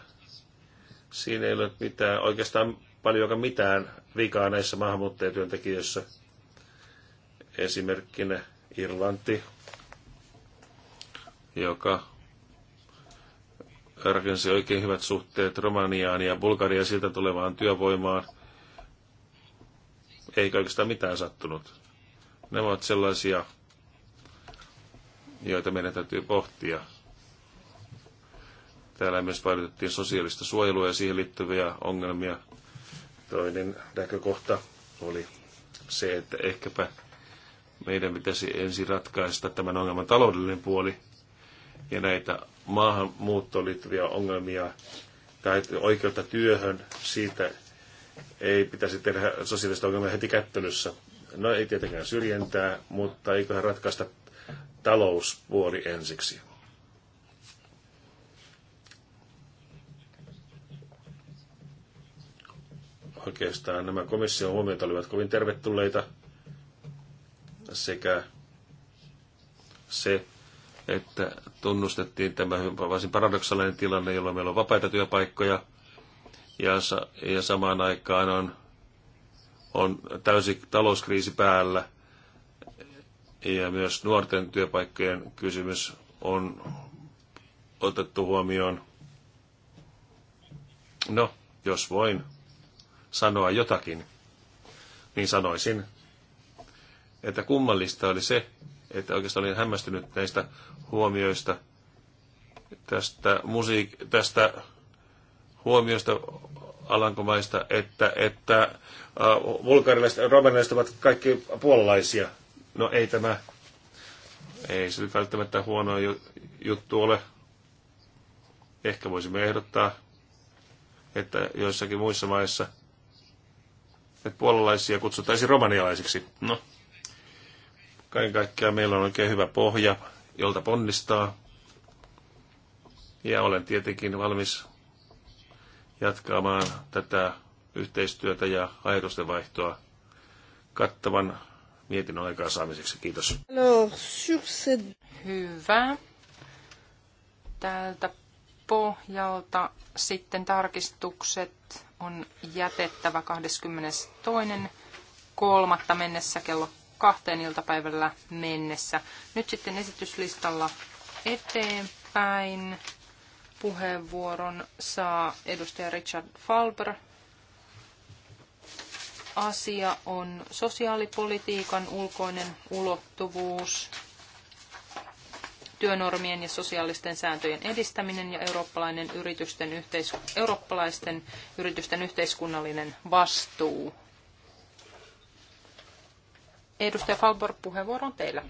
Siinä ei ole mitään, oikeastaan paljon mitään vikaa näissä maahanmuuttajatyöntekijöissä. Esimerkkinä Irlanti, joka rakensi oikein hyvät suhteet Romaniaan ja Bulgariaan siltä tulevaan työvoimaan. Ei oikeastaan mitään sattunut. Ne ovat sellaisia, joita meidän täytyy pohtia. Täällä myös painotettiin sosiaalista suojelua ja siihen liittyviä ongelmia. Toinen näkökohta oli se, että ehkäpä meidän pitäisi ensin ratkaista tämän ongelman taloudellinen puoli ja näitä maahanmuuttoon liittyviä ongelmia tai oikeutta työhön, siitä ei pitäisi tehdä sosiaalista ongelmaa heti kättelyssä. No ei tietenkään syrjentää, mutta eiköhän ratkaista talouspuoli ensiksi. Oikeastaan nämä komission huomiot olivat kovin tervetulleita sekä se, että tunnustettiin tämä varsin paradoksaalinen tilanne, jolloin meillä on vapaita työpaikkoja ja, sa- ja samaan aikaan on, on täysi talouskriisi päällä ja myös nuorten työpaikkojen kysymys on otettu huomioon. No, jos voin sanoa jotakin, niin sanoisin, että kummallista oli se, että oikeastaan olin hämmästynyt näistä huomioista, tästä, musiik- tästä huomioista Alankomaista, että, että äh, vulgaarilaiset ja romanilaiset ovat kaikki puolalaisia. No ei tämä, ei se nyt välttämättä huono juttu ole. Ehkä voisimme ehdottaa, että joissakin muissa maissa, että puolalaisia kutsuttaisiin romanialaisiksi. No, Kaiken kaikkiaan meillä on oikein hyvä pohja, jolta ponnistaa. Ja olen tietenkin valmis jatkamaan tätä yhteistyötä ja ajatusten vaihtoa kattavan mietinnön aikaansaamiseksi. Kiitos. Hyvä. Tältä pohjalta sitten tarkistukset on jätettävä 22.3. mennessä kello kahteen iltapäivällä mennessä. Nyt sitten esityslistalla eteenpäin. Puheenvuoron saa edustaja Richard Falber. Asia on sosiaalipolitiikan ulkoinen ulottuvuus, työnormien ja sosiaalisten sääntöjen edistäminen ja eurooppalainen yritysten yhteis- eurooppalaisten yritysten yhteiskunnallinen vastuu. Edustaja Falborg, puheenvuoro on teillä.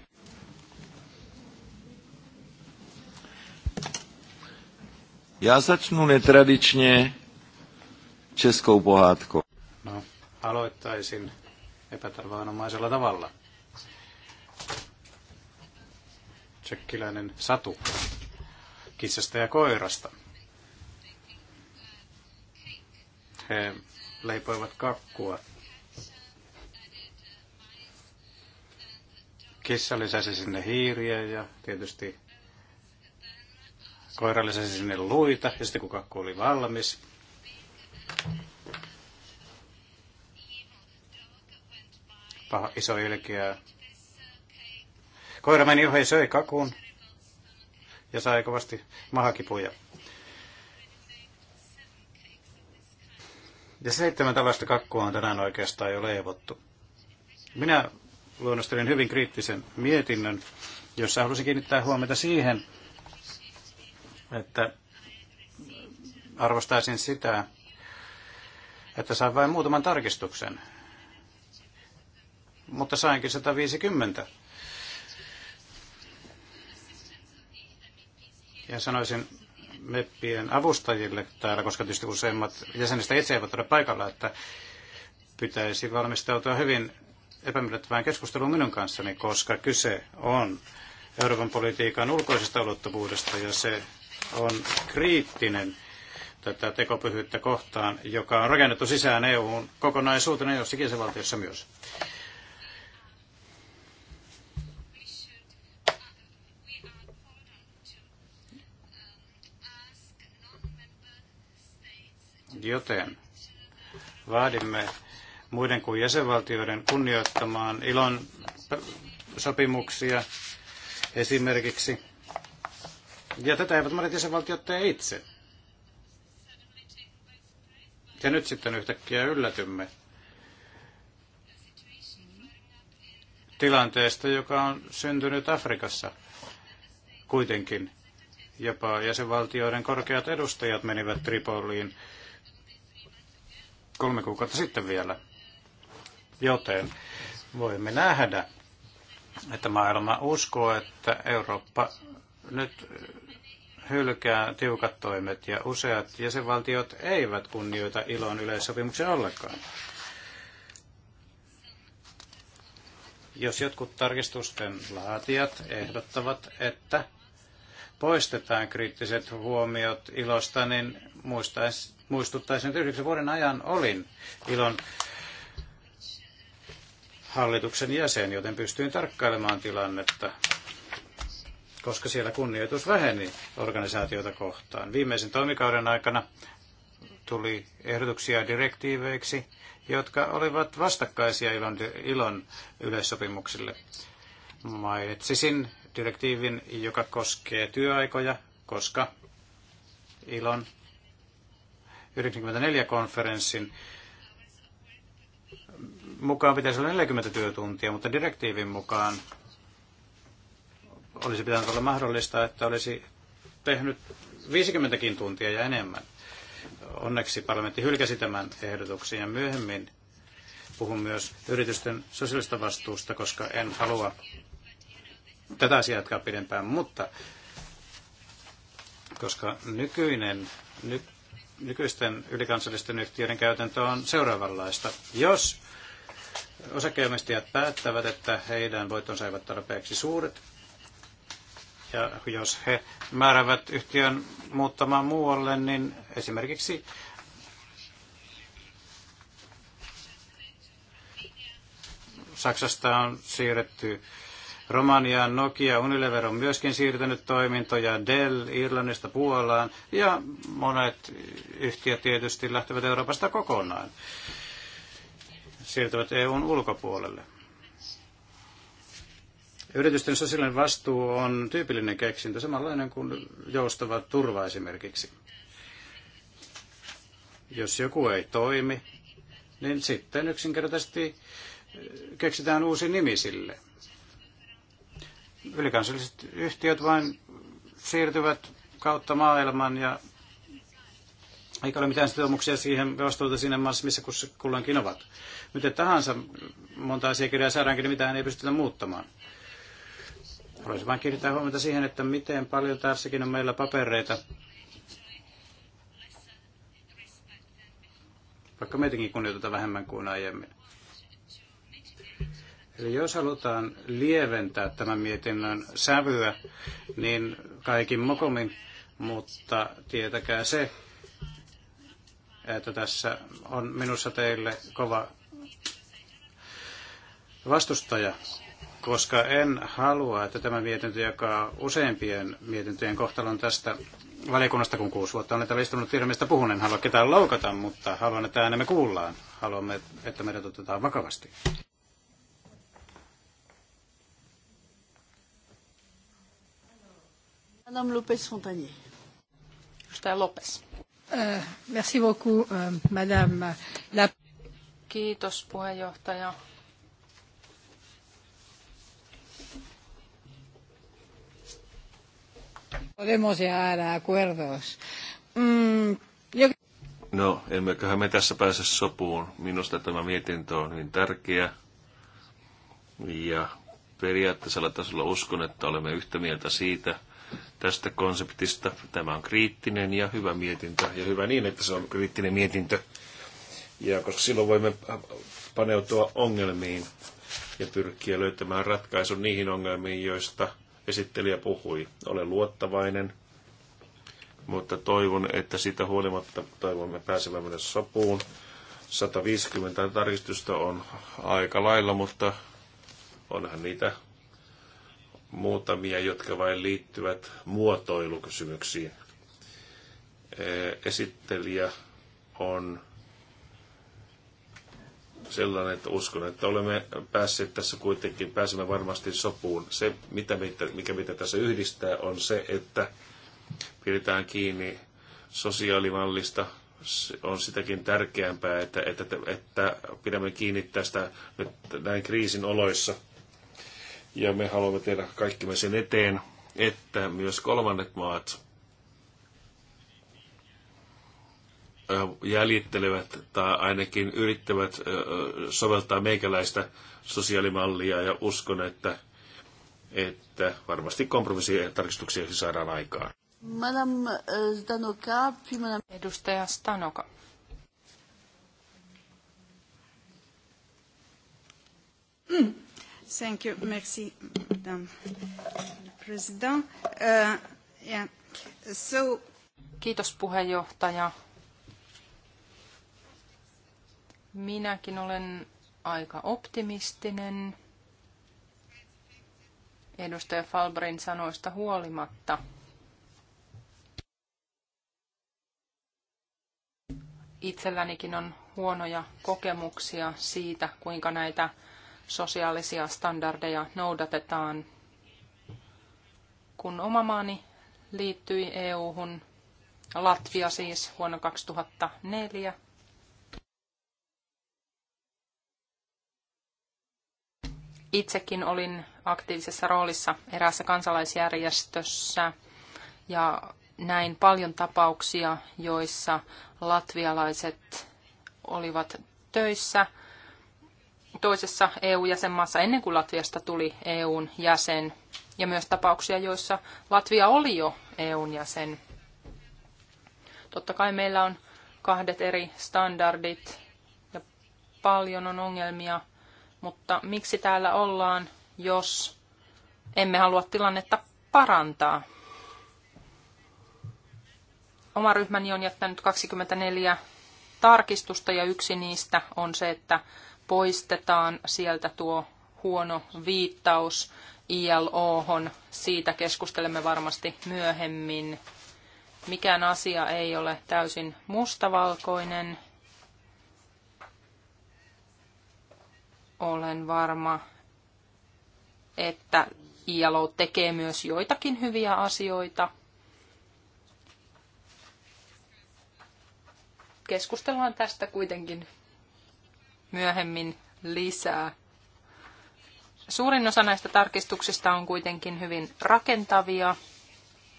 Já začnu netradičně českou pohádkou. No, aloittaisin epätavanomaisella tavalla. Tsekkiläinen satu kissasta ja koirasta. He leipoivat kakkua kissa lisäsi sinne hiiriä ja tietysti koira lisäsi sinne luita ja sitten kun kakku oli valmis, paha iso ilkeä. Koira meni ohi söi kakun ja sai kovasti mahakipuja. Ja seitsemän tällaista kakkua on tänään oikeastaan jo leivottu. Minä luonnostelin hyvin kriittisen mietinnön, jossa halusin kiinnittää huomiota siihen, että arvostaisin sitä, että sain vain muutaman tarkistuksen, mutta sainkin 150. Ja sanoisin meppien avustajille täällä, koska tietysti useimmat jäsenistä itse eivät ole paikalla, että pitäisi valmistautua hyvin epämiellyttävään keskusteluun minun kanssani, koska kyse on Euroopan politiikan ulkoisesta ulottuvuudesta ja se on kriittinen tätä tekopyhyyttä kohtaan, joka on rakennettu sisään EUn kokonaisuutena jossakin se valtiossa myös. Joten vaadimme muiden kuin jäsenvaltioiden kunnioittamaan ilon sopimuksia esimerkiksi. Ja tätä eivät monet jäsenvaltiot tee itse. Ja nyt sitten yhtäkkiä yllätymme tilanteesta, joka on syntynyt Afrikassa kuitenkin. Jopa jäsenvaltioiden korkeat edustajat menivät Tripoliin kolme kuukautta sitten vielä Joten voimme nähdä, että maailma uskoo, että Eurooppa nyt hylkää tiukat toimet ja useat jäsenvaltiot eivät kunnioita ilon yleissopimuksen ollenkaan. Jos jotkut tarkistusten laatijat ehdottavat, että poistetaan kriittiset huomiot ilosta, niin muistuttaisin, että yhdeksän vuoden ajan olin ilon hallituksen jäsen, joten pystyin tarkkailemaan tilannetta, koska siellä kunnioitus väheni organisaatiota kohtaan. Viimeisen toimikauden aikana tuli ehdotuksia direktiiveiksi, jotka olivat vastakkaisia ilon, ilon yleissopimuksille. Mainitsisin direktiivin, joka koskee työaikoja, koska ilon 94-konferenssin mukaan pitäisi olla 40 työtuntia, mutta direktiivin mukaan olisi pitänyt olla mahdollista, että olisi tehnyt 50kin tuntia ja enemmän. Onneksi parlamentti hylkäsi tämän ehdotuksen ja myöhemmin puhun myös yritysten sosiaalista vastuusta, koska en halua tätä asiaa jatkaa pidempään, mutta koska nykyinen, ny, nykyisten ylikansallisten yhtiöiden käytäntö on seuraavanlaista. Jos osakeomistajat päättävät, että heidän voitonsa eivät tarpeeksi suuret. Ja jos he määrävät yhtiön muuttamaan muualle, niin esimerkiksi Saksasta on siirretty Romaniaan Nokia, Unilever on myöskin siirtänyt toimintoja, Dell Irlannista Puolaan ja monet yhtiöt tietysti lähtevät Euroopasta kokonaan siirtyvät EUn ulkopuolelle. Yritysten sosiaalinen vastuu on tyypillinen keksintö, samanlainen kuin joustava turva esimerkiksi. Jos joku ei toimi, niin sitten yksinkertaisesti eh, keksitään uusi nimi sille. Ylikansalliset yhtiöt vain siirtyvät kautta maailman ja eikä ole mitään sitoumuksia siihen vastuuta siinä maassa, missä kulloinkin ovat. Miten tahansa monta asiakirjaa saadaankin, niin mitään ei pystytä muuttamaan. Haluaisin vain kiinnittää huomiota siihen, että miten paljon tässäkin on meillä papereita. Vaikka meitäkin kunnioitetaan vähemmän kuin aiemmin. Eli jos halutaan lieventää tämän mietinnön sävyä, niin kaikin mokomin, mutta tietäkää se, että tässä on minussa teille kova vastustaja, koska en halua, että tämä mietintö jakaa useimpien mietintöjen kohtalon tästä valiokunnasta, kun kuusi vuotta olen täällä istunut ilmeistä puhun, en halua ketään loukata, mutta haluan, että äänemme kuullaan. Haluamme, että meidät otetaan vakavasti. Madame Lopez Fontanier. Edustaja Lopez. Euh, merci beaucoup, euh, madame la... Kiitos puheenjohtaja. Podemos llegar a acuerdos. Mm, yo... No, emmeköhän me tässä pääse sopuun. Minusta tämä mietintö on hyvin tärkeä. Ja periaatteisella tasolla uskon, että olemme yhtä mieltä siitä, tästä konseptista. Tämä on kriittinen ja hyvä mietintö, ja hyvä niin, että se on kriittinen mietintö. Ja koska silloin voimme paneutua ongelmiin ja pyrkiä löytämään ratkaisun niihin ongelmiin, joista esittelijä puhui. Olen luottavainen, mutta toivon, että siitä huolimatta toivomme pääsevämme sopuun. 150 tarkistusta on aika lailla, mutta onhan niitä muutamia, jotka vain liittyvät muotoilukysymyksiin. Esittelijä on sellainen, että uskon, että olemme päässeet tässä kuitenkin, pääsemme varmasti sopuun. Se, mitä, mikä mitä tässä yhdistää, on se, että pidetään kiinni sosiaalimallista. On sitäkin tärkeämpää, että, että, että pidämme kiinni tästä nyt näin kriisin oloissa – ja me haluamme tehdä kaikkimme sen eteen, että myös kolmannet maat jäljittelevät tai ainakin yrittävät soveltaa meikäläistä sosiaalimallia ja uskon, että, että varmasti ja tarkistuksia saadaan aikaan. Madame Stanoka, Edustaja Stanoka. Mm. Thank you. Merci, Madame Uh, yeah. so... Kiitos puheenjohtaja. Minäkin olen aika optimistinen edustaja Falbrin sanoista huolimatta. Itsellänikin on huonoja kokemuksia siitä, kuinka näitä sosiaalisia standardeja noudatetaan. Kun oma maani liittyi EU-hun, Latvia siis vuonna 2004, Itsekin olin aktiivisessa roolissa eräässä kansalaisjärjestössä ja näin paljon tapauksia, joissa latvialaiset olivat töissä – toisessa EU-jäsenmaassa ennen kuin Latviasta tuli EUn jäsen, ja myös tapauksia, joissa Latvia oli jo EUn jäsen. Totta kai meillä on kahdet eri standardit ja paljon on ongelmia, mutta miksi täällä ollaan, jos emme halua tilannetta parantaa? Oma ryhmäni on jättänyt 24 tarkistusta ja yksi niistä on se, että poistetaan sieltä tuo huono viittaus ILOhon. Siitä keskustelemme varmasti myöhemmin. Mikään asia ei ole täysin mustavalkoinen. Olen varma, että ILO tekee myös joitakin hyviä asioita. Keskustellaan tästä kuitenkin myöhemmin lisää. Suurin osa näistä tarkistuksista on kuitenkin hyvin rakentavia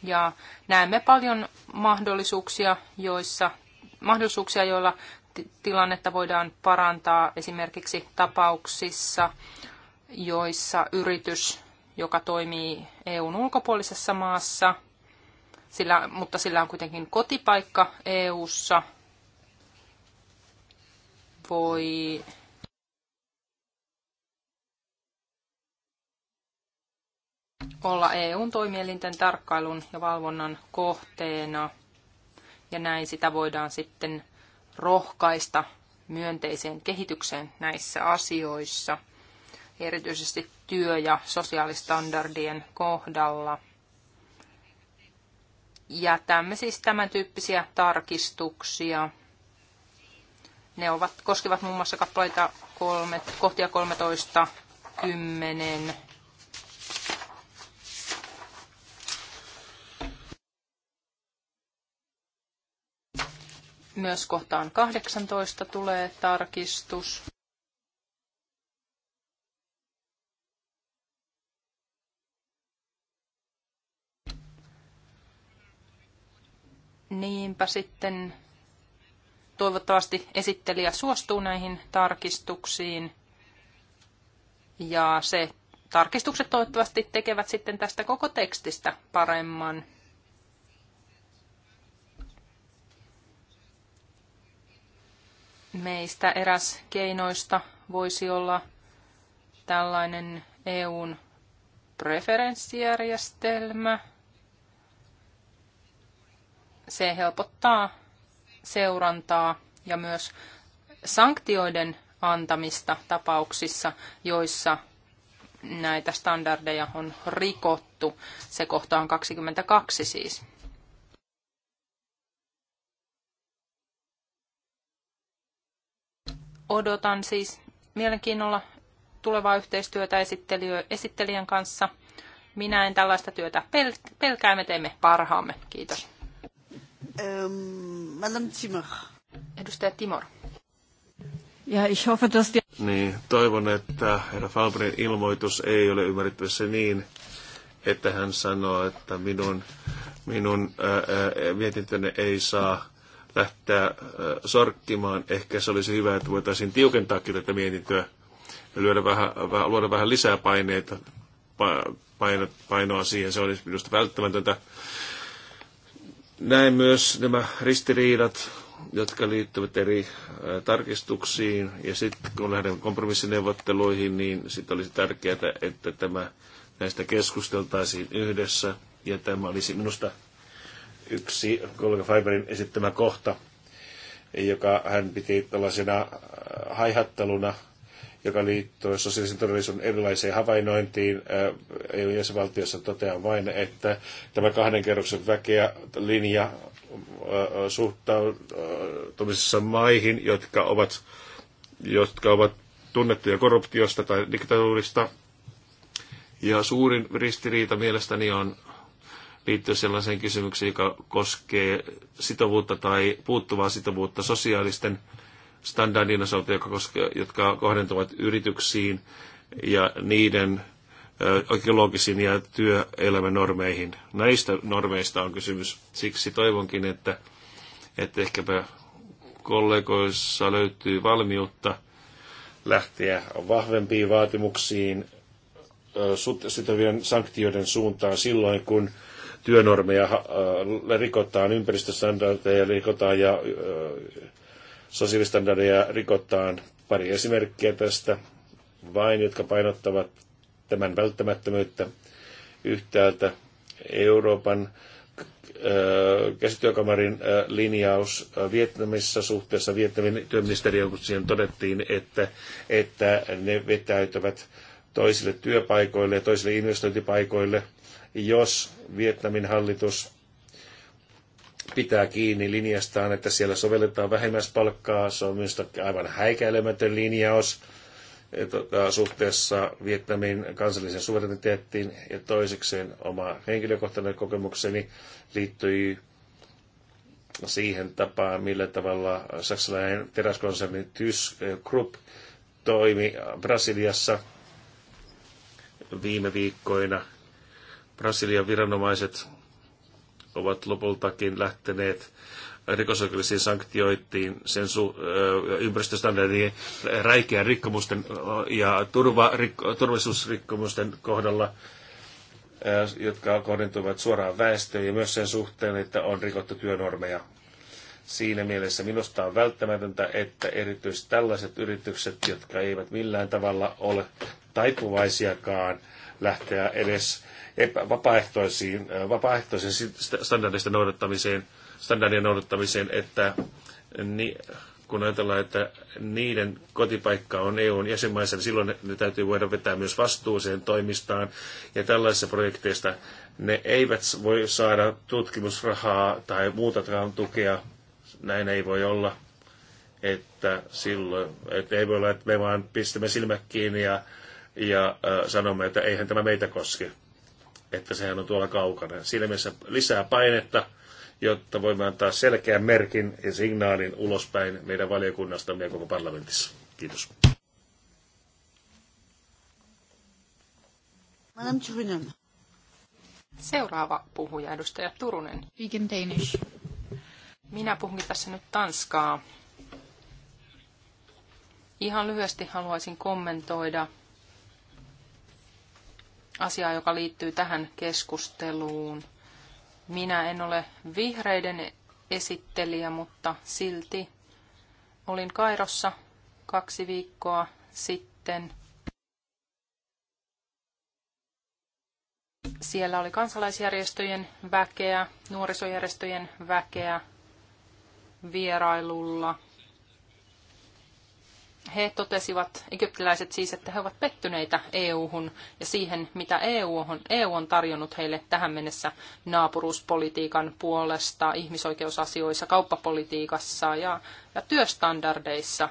ja näemme paljon mahdollisuuksia, joissa, mahdollisuuksia joilla tilannetta voidaan parantaa esimerkiksi tapauksissa, joissa yritys, joka toimii EUn ulkopuolisessa maassa, sillä, mutta sillä on kuitenkin kotipaikka EUssa – poi olla EUn toimielinten tarkkailun ja valvonnan kohteena. Ja näin sitä voidaan sitten rohkaista myönteiseen kehitykseen näissä asioissa, erityisesti työ- ja sosiaalistandardien kohdalla. Jätämme siis tämän tyyppisiä tarkistuksia ne ovat, koskevat muun muassa kappaleita kolme, kohtia 13, 10, Myös kohtaan 18 tulee tarkistus. Niinpä sitten Toivottavasti esittelijä suostuu näihin tarkistuksiin. Ja se tarkistukset toivottavasti tekevät sitten tästä koko tekstistä paremman. Meistä eräs keinoista voisi olla tällainen EUn preferenssijärjestelmä. Se helpottaa seurantaa ja myös sanktioiden antamista tapauksissa, joissa näitä standardeja on rikottu. Se kohta on 22 siis. Odotan siis mielenkiinnolla tulevaa yhteistyötä esittelijän kanssa. Minä en tällaista työtä pelkää, me teemme parhaamme. Kiitos. Ähm, Madame Edustaja Timor. Ja ich hoffe, dass die... Niin, toivon, että herra Fabrin ilmoitus ei ole ymmärrettävissä niin, että hän sanoo, että minun, minun mietintöni ei saa lähteä ää, sorkkimaan. Ehkä se olisi hyvä, että voitaisiin tiukentaakin tätä mietintöä ja lyödä vähän, vähän, luoda vähän lisää paineita, paino, painoa siihen. Se olisi minusta välttämätöntä näin myös nämä ristiriidat, jotka liittyvät eri äh, tarkistuksiin. Ja sitten kun lähdemme kompromissineuvotteluihin, niin sitten olisi tärkeää, että tämä, näistä keskusteltaisiin yhdessä. Ja tämä olisi minusta yksi kollega Fiberin esittämä kohta, joka hän piti tällaisena äh, haihatteluna – joka liittyy sosiaalisen todellisuuden erilaiseen havainnointiin EU-jäsenvaltiossa totean vain, että tämä kahden kerroksen väkeä linja suhtautumisessa maihin, jotka ovat, jotka ovat tunnettuja korruptiosta tai diktatuurista. Ja suurin ristiriita mielestäni on liittyy sellaiseen kysymykseen, joka koskee sitovuutta tai puuttuvaa sitovuutta sosiaalisten standardin osalta, jotka, koske, jotka kohdentuvat yrityksiin ja niiden ekologisiin ja työelämän normeihin. Näistä normeista on kysymys. Siksi toivonkin, että, että ehkäpä kollegoissa löytyy valmiutta lähteä vahvempiin vaatimuksiin sitovien sanktioiden suuntaan silloin, kun työnormeja rikotaan, ympäristöstandardeja rikotaan ja sosiaalistandardeja rikotaan. Pari esimerkkiä tästä vain, jotka painottavat tämän välttämättömyyttä yhtäältä Euroopan käsityökamarin linjaus Vietnamissa suhteessa Vietnamin työministeriön, kun siihen todettiin, että, että ne vetäytyvät toisille työpaikoille ja toisille investointipaikoille, jos Vietnamin hallitus pitää kiinni linjastaan, että siellä sovelletaan vähimmäispalkkaa. Se on minusta aivan häikäilemätön linjaus e, tota, suhteessa Vietnamin kansalliseen suvereniteettiin. Ja toisekseen oma henkilökohtainen kokemukseni liittyy siihen tapaan, millä tavalla saksalainen teräskonserni TYS Group e, toimi Brasiliassa viime viikkoina. Brasilian viranomaiset ovat lopultakin lähteneet rikosoikeudellisiin sanktioitiin sen su- ympäristöstandardien räikeän rikkomusten ja turva- rik- turvallisuusrikkomusten kohdalla, jotka kohdentuvat suoraan väestöön ja myös sen suhteen, että on rikottu työnormeja. Siinä mielessä minusta on välttämätöntä, että erityisesti tällaiset yritykset, jotka eivät millään tavalla ole taipuvaisiakaan lähteä edes epä, vapaaehtoisiin, vapaaehtoisiin standardista noudattamiseen, standardien noudattamiseen, että ni, kun ajatellaan, että niiden kotipaikka on EUn jäsenmaissa, niin silloin ne täytyy voida vetää myös vastuuseen toimistaan. Ja tällaisissa projekteista ne eivät voi saada tutkimusrahaa tai muutakaan tukea. Näin ei voi olla. Että silloin, että ei voi olla, että me vaan pistämme silmät kiinni ja, ja äh, sanomme, että eihän tämä meitä koske että sehän on tuolla kaukana. Siinä mielessä lisää painetta, jotta voimme antaa selkeän merkin ja signaalin ulospäin meidän valiokunnastamme ja koko parlamentissa. Kiitos. Madame Seuraava puhuja, edustaja Turunen. Vegan Danish. Minä puhunkin tässä nyt tanskaa. Ihan lyhyesti haluaisin kommentoida asiaa, joka liittyy tähän keskusteluun. Minä en ole vihreiden esittelijä, mutta silti olin Kairossa kaksi viikkoa sitten. Siellä oli kansalaisjärjestöjen väkeä, nuorisojärjestöjen väkeä vierailulla. He totesivat, egyptiläiset siis, että he ovat pettyneitä EU-hun ja siihen, mitä EU on, EU on tarjonnut heille tähän mennessä naapuruuspolitiikan puolesta, ihmisoikeusasioissa, kauppapolitiikassa ja, ja työstandardeissa.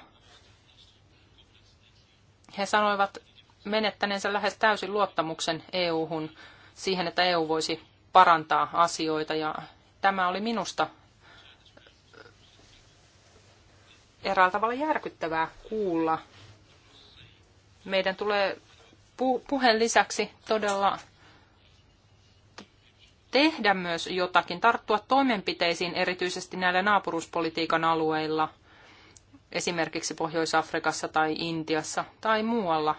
He sanoivat menettäneensä lähes täysin luottamuksen EU-hun siihen, että EU voisi parantaa asioita ja tämä oli minusta eräällä tavalla järkyttävää kuulla. Meidän tulee pu- puheen lisäksi todella tehdä myös jotakin, tarttua toimenpiteisiin erityisesti näillä naapuruuspolitiikan alueilla, esimerkiksi Pohjois-Afrikassa tai Intiassa tai muualla.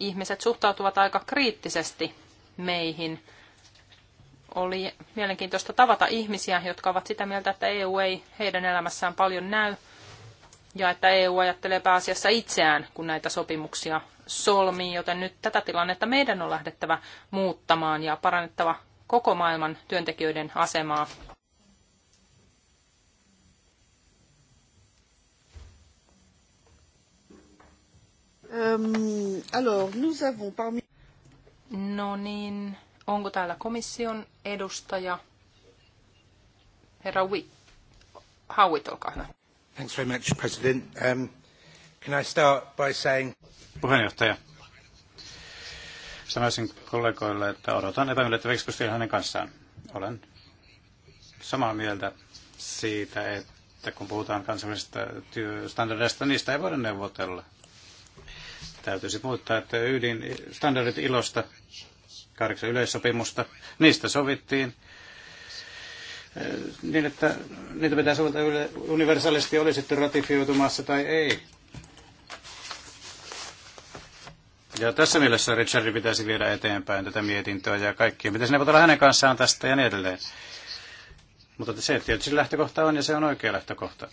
Ihmiset suhtautuvat aika kriittisesti meihin oli mielenkiintoista tavata ihmisiä, jotka ovat sitä mieltä, että EU ei heidän elämässään paljon näy ja että EU ajattelee pääasiassa itseään, kun näitä sopimuksia solmii, joten nyt tätä tilannetta meidän on lähdettävä muuttamaan ja parannettava koko maailman työntekijöiden asemaa. Euh, no niin, Onko täällä komission edustaja? Herra Witt. Howitt, olkaa hyvä. Thanks very much, President. Um, can I start by saying... Puheenjohtaja. Sanoisin kollegoille, että odotan epämiellyttävää keskustelua hänen kanssaan. Olen samaa mieltä siitä, että kun puhutaan kansainvälisestä työstandardeista, niistä ei voida neuvotella. Täytyisi muuttaa, että ydin standardit ilosta kahdeksan yleissopimusta. Niistä sovittiin eh, niin, että niitä pitää soveltaa universaalisti, oli sitten ratifioitumassa tai ei. Ja tässä mielessä Richardin pitäisi viedä eteenpäin tätä mietintöä ja kaikkia. voi olla hänen kanssaan tästä ja niin edelleen. Mutta se tietysti lähtökohta on ja se on oikea lähtökohta.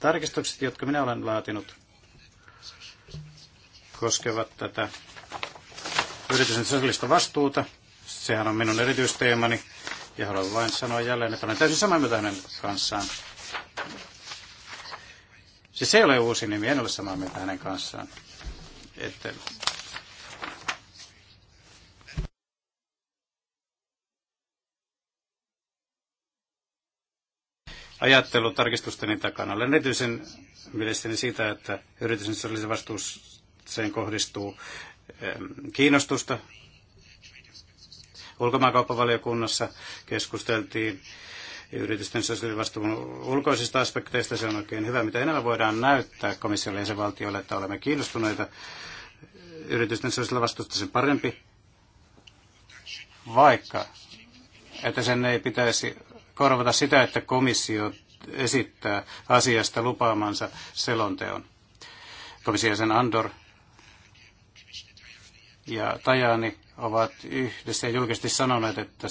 Tarkistukset, jotka minä olen laatinut, koskevat tätä yritysten sosiaalista vastuuta. Sehän on minun erityisteemani. Ja haluan vain sanoa jälleen, että olen täysin samaa mieltä hänen kanssaan. Siis se ei ole uusi nimi, en ole samaa mieltä hänen kanssaan. Että ajattelu tarkistusteni takana. Olen erityisen mielestäni siitä, että yritysten sosiaalisen vastuuseen kohdistuu kiinnostusta. Ulkomaankauppavaliokunnassa keskusteltiin yritysten sosiaalivastuun ulkoisista aspekteista. Se on oikein hyvä, mitä enemmän voidaan näyttää komissiolle ja sen valtiolle, että olemme kiinnostuneita yritysten sosiaalivastuusta sen parempi, vaikka että sen ei pitäisi korvata sitä, että komissio esittää asiasta lupaamansa selonteon. Komissio sen Andor ja Tajani ovat yhdessä julkisesti sanoneet, että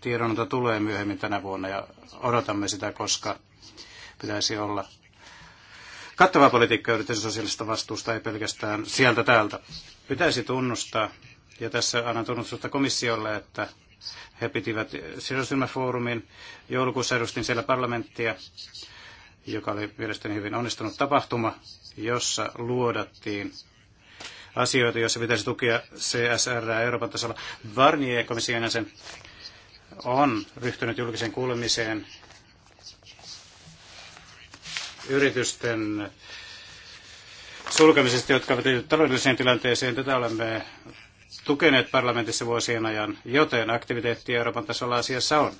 tiedonanto tulee myöhemmin tänä vuonna ja odotamme sitä, koska pitäisi olla kattavaa politiikkaa yritys sosiaalista vastuusta, ei pelkästään sieltä täältä. Pitäisi tunnustaa, ja tässä annan tunnustusta komissiolle, että he pitivät sidosryhmäfoorumin. Joulukuussa edustin siellä parlamenttia, joka oli mielestäni hyvin onnistunut tapahtuma, jossa luodattiin asioita, joissa pitäisi tukea CSR Euroopan tasolla. Varnier komission jäsen on ryhtynyt julkiseen kuulemiseen yritysten sulkemisesta, jotka ovat liittyneet taloudelliseen tilanteeseen. Tätä olemme tukeneet parlamentissa vuosien ajan, joten aktiviteetti Euroopan tasolla asiassa on.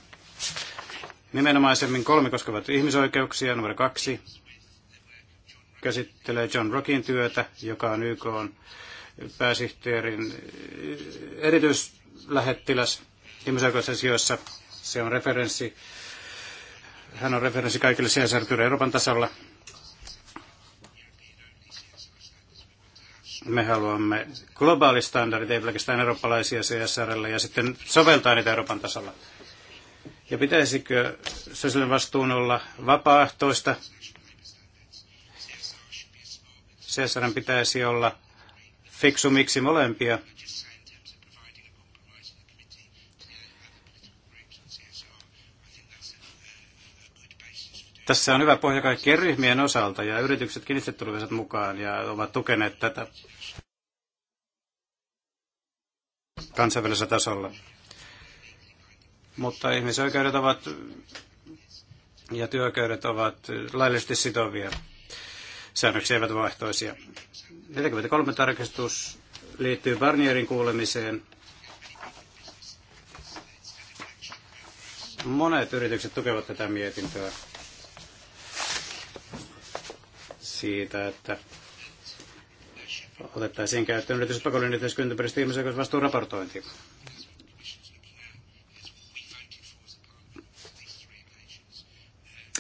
Nimenomaisemmin kolme koskevat ihmisoikeuksia, numero kaksi, käsittelee John Rockin työtä, joka on YK on pääsihteerin erityislähettiläs ihmisoikeusasioissa. Se on referenssi, hän on referenssi kaikille sijaisjärjestöille Euroopan tasolla. Me haluamme globaalit standardit, ei pelkästään eurooppalaisia CSRlle, ja sitten soveltaa niitä Euroopan tasolla. Ja pitäisikö sosiaalinen vastuun olla vapaaehtoista, CSR pitäisi olla fiksu miksi molempia. Tässä on hyvä pohja kaikkien ryhmien osalta ja yrityksetkin itse tulivat mukaan ja ovat tukeneet tätä kansainvälisellä tasolla. Mutta ihmisoikeudet ovat ja työoikeudet ovat laillisesti sitovia säännöksiä eivät vaihtoisia. 43 tarkistus liittyy Barnierin kuulemiseen. Monet yritykset tukevat tätä mietintöä siitä, että otettaisiin käyttöön yrityspakollinen yhteiskuntaperäisesti ihmisoikeusvastuun raportointi.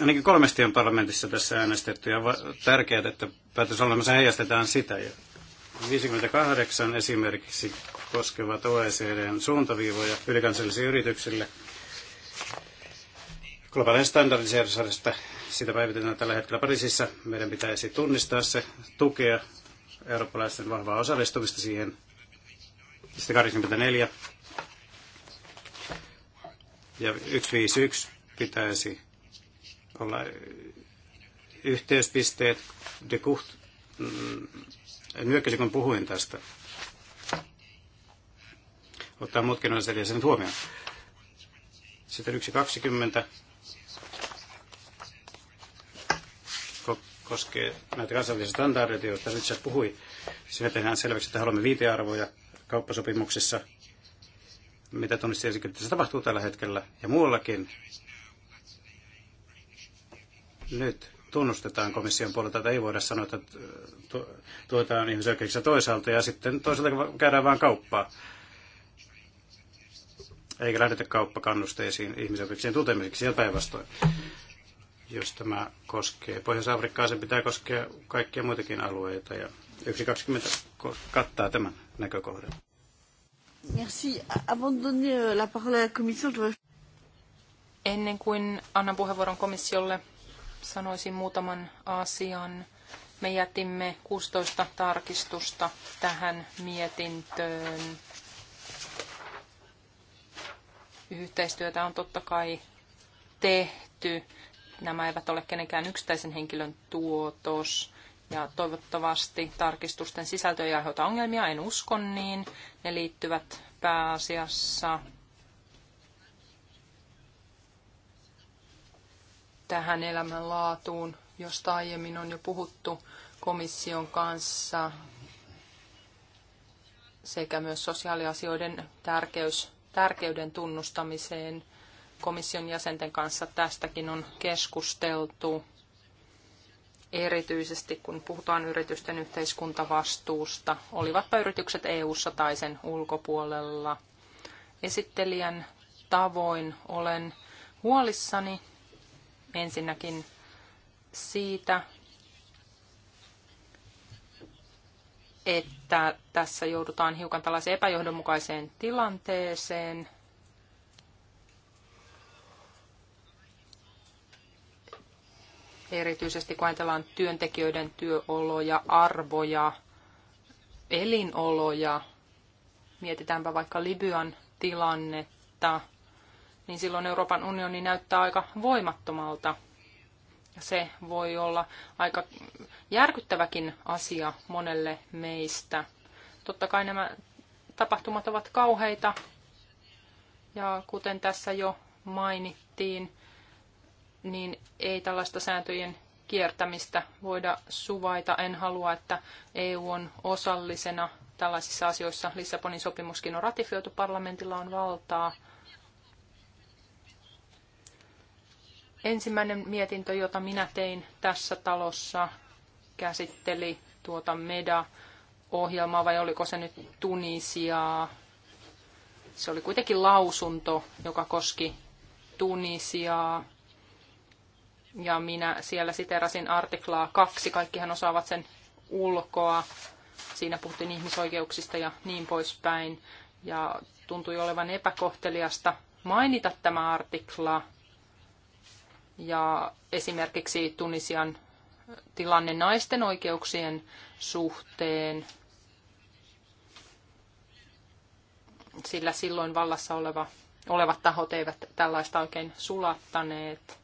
Ainakin kolmesti on parlamentissa tässä äänestetty ja tärkeää, että päätösolemassa heijastetaan sitä. Ja 58 esimerkiksi koskevat OECDn suuntaviivoja ylikansallisille yrityksille. Globaalinen standardisersarista, sitä päivitetään tällä hetkellä Pariisissa. Meidän pitäisi tunnistaa se, tukea eurooppalaisten vahvaa osallistumista siihen. Sitten 84 ja 151 pitäisi olla yhteyspisteet. De Kucht, mm, nyökkäsi kun puhuin tästä. Ottaa muutkin on sen huomioon. Sitten 1.20 koskee näitä kansainvälisiä standardeja, nyt sä puhui. Siinä tehdään selväksi, että haluamme viitearvoja kauppasopimuksissa, mitä se tapahtuu tällä hetkellä ja muuallakin nyt tunnustetaan komission puolelta, että ei voida sanoa, että tuetaan ihmisoikeuksia toisaalta ja sitten toisaalta käydään vain kauppaa. Eikä lähdetä kauppakannusteisiin ihmisoikeuksien tutemiseksi ja päinvastoin. Jos tämä koskee Pohjois-Afrikkaa, se pitää koskea kaikkia muitakin alueita ja 1.20 kattaa tämän näkökohdan. Merci. Avant donner euh, la parole à la commission, Ennen kuin annan puheenvuoron komissiolle, sanoisin muutaman asian. Me jätimme 16 tarkistusta tähän mietintöön. Yhteistyötä on totta kai tehty. Nämä eivät ole kenenkään yksittäisen henkilön tuotos. Ja toivottavasti tarkistusten sisältö ei aiheuta ongelmia, en usko niin. Ne liittyvät pääasiassa tähän elämänlaatuun, josta aiemmin on jo puhuttu komission kanssa, sekä myös sosiaaliasioiden tärkeys, tärkeyden tunnustamiseen. Komission jäsenten kanssa tästäkin on keskusteltu, erityisesti kun puhutaan yritysten yhteiskuntavastuusta, olivatpa yritykset EU-ssa tai sen ulkopuolella. Esittelijän tavoin olen huolissani ensinnäkin siitä, että tässä joudutaan hiukan tällaiseen epäjohdonmukaiseen tilanteeseen. Erityisesti kun ajatellaan työntekijöiden työoloja, arvoja, elinoloja. Mietitäänpä vaikka Libyan tilannetta – niin silloin Euroopan unioni näyttää aika voimattomalta. Se voi olla aika järkyttäväkin asia monelle meistä. Totta kai nämä tapahtumat ovat kauheita. Ja kuten tässä jo mainittiin, niin ei tällaista sääntöjen kiertämistä voida suvaita. En halua, että EU on osallisena tällaisissa asioissa. Lissabonin sopimuskin on ratifioitu, parlamentilla on valtaa – Ensimmäinen mietintö, jota minä tein tässä talossa, käsitteli tuota MEDA-ohjelmaa, vai oliko se nyt Tunisiaa? Se oli kuitenkin lausunto, joka koski Tunisiaa. Ja minä siellä siterasin artiklaa kaksi, kaikkihan osaavat sen ulkoa. Siinä puhuttiin ihmisoikeuksista ja niin poispäin. Ja tuntui olevan epäkohteliasta mainita tämä artikla ja esimerkiksi Tunisian tilanne naisten oikeuksien suhteen, sillä silloin vallassa oleva, olevat tahot eivät tällaista oikein sulattaneet.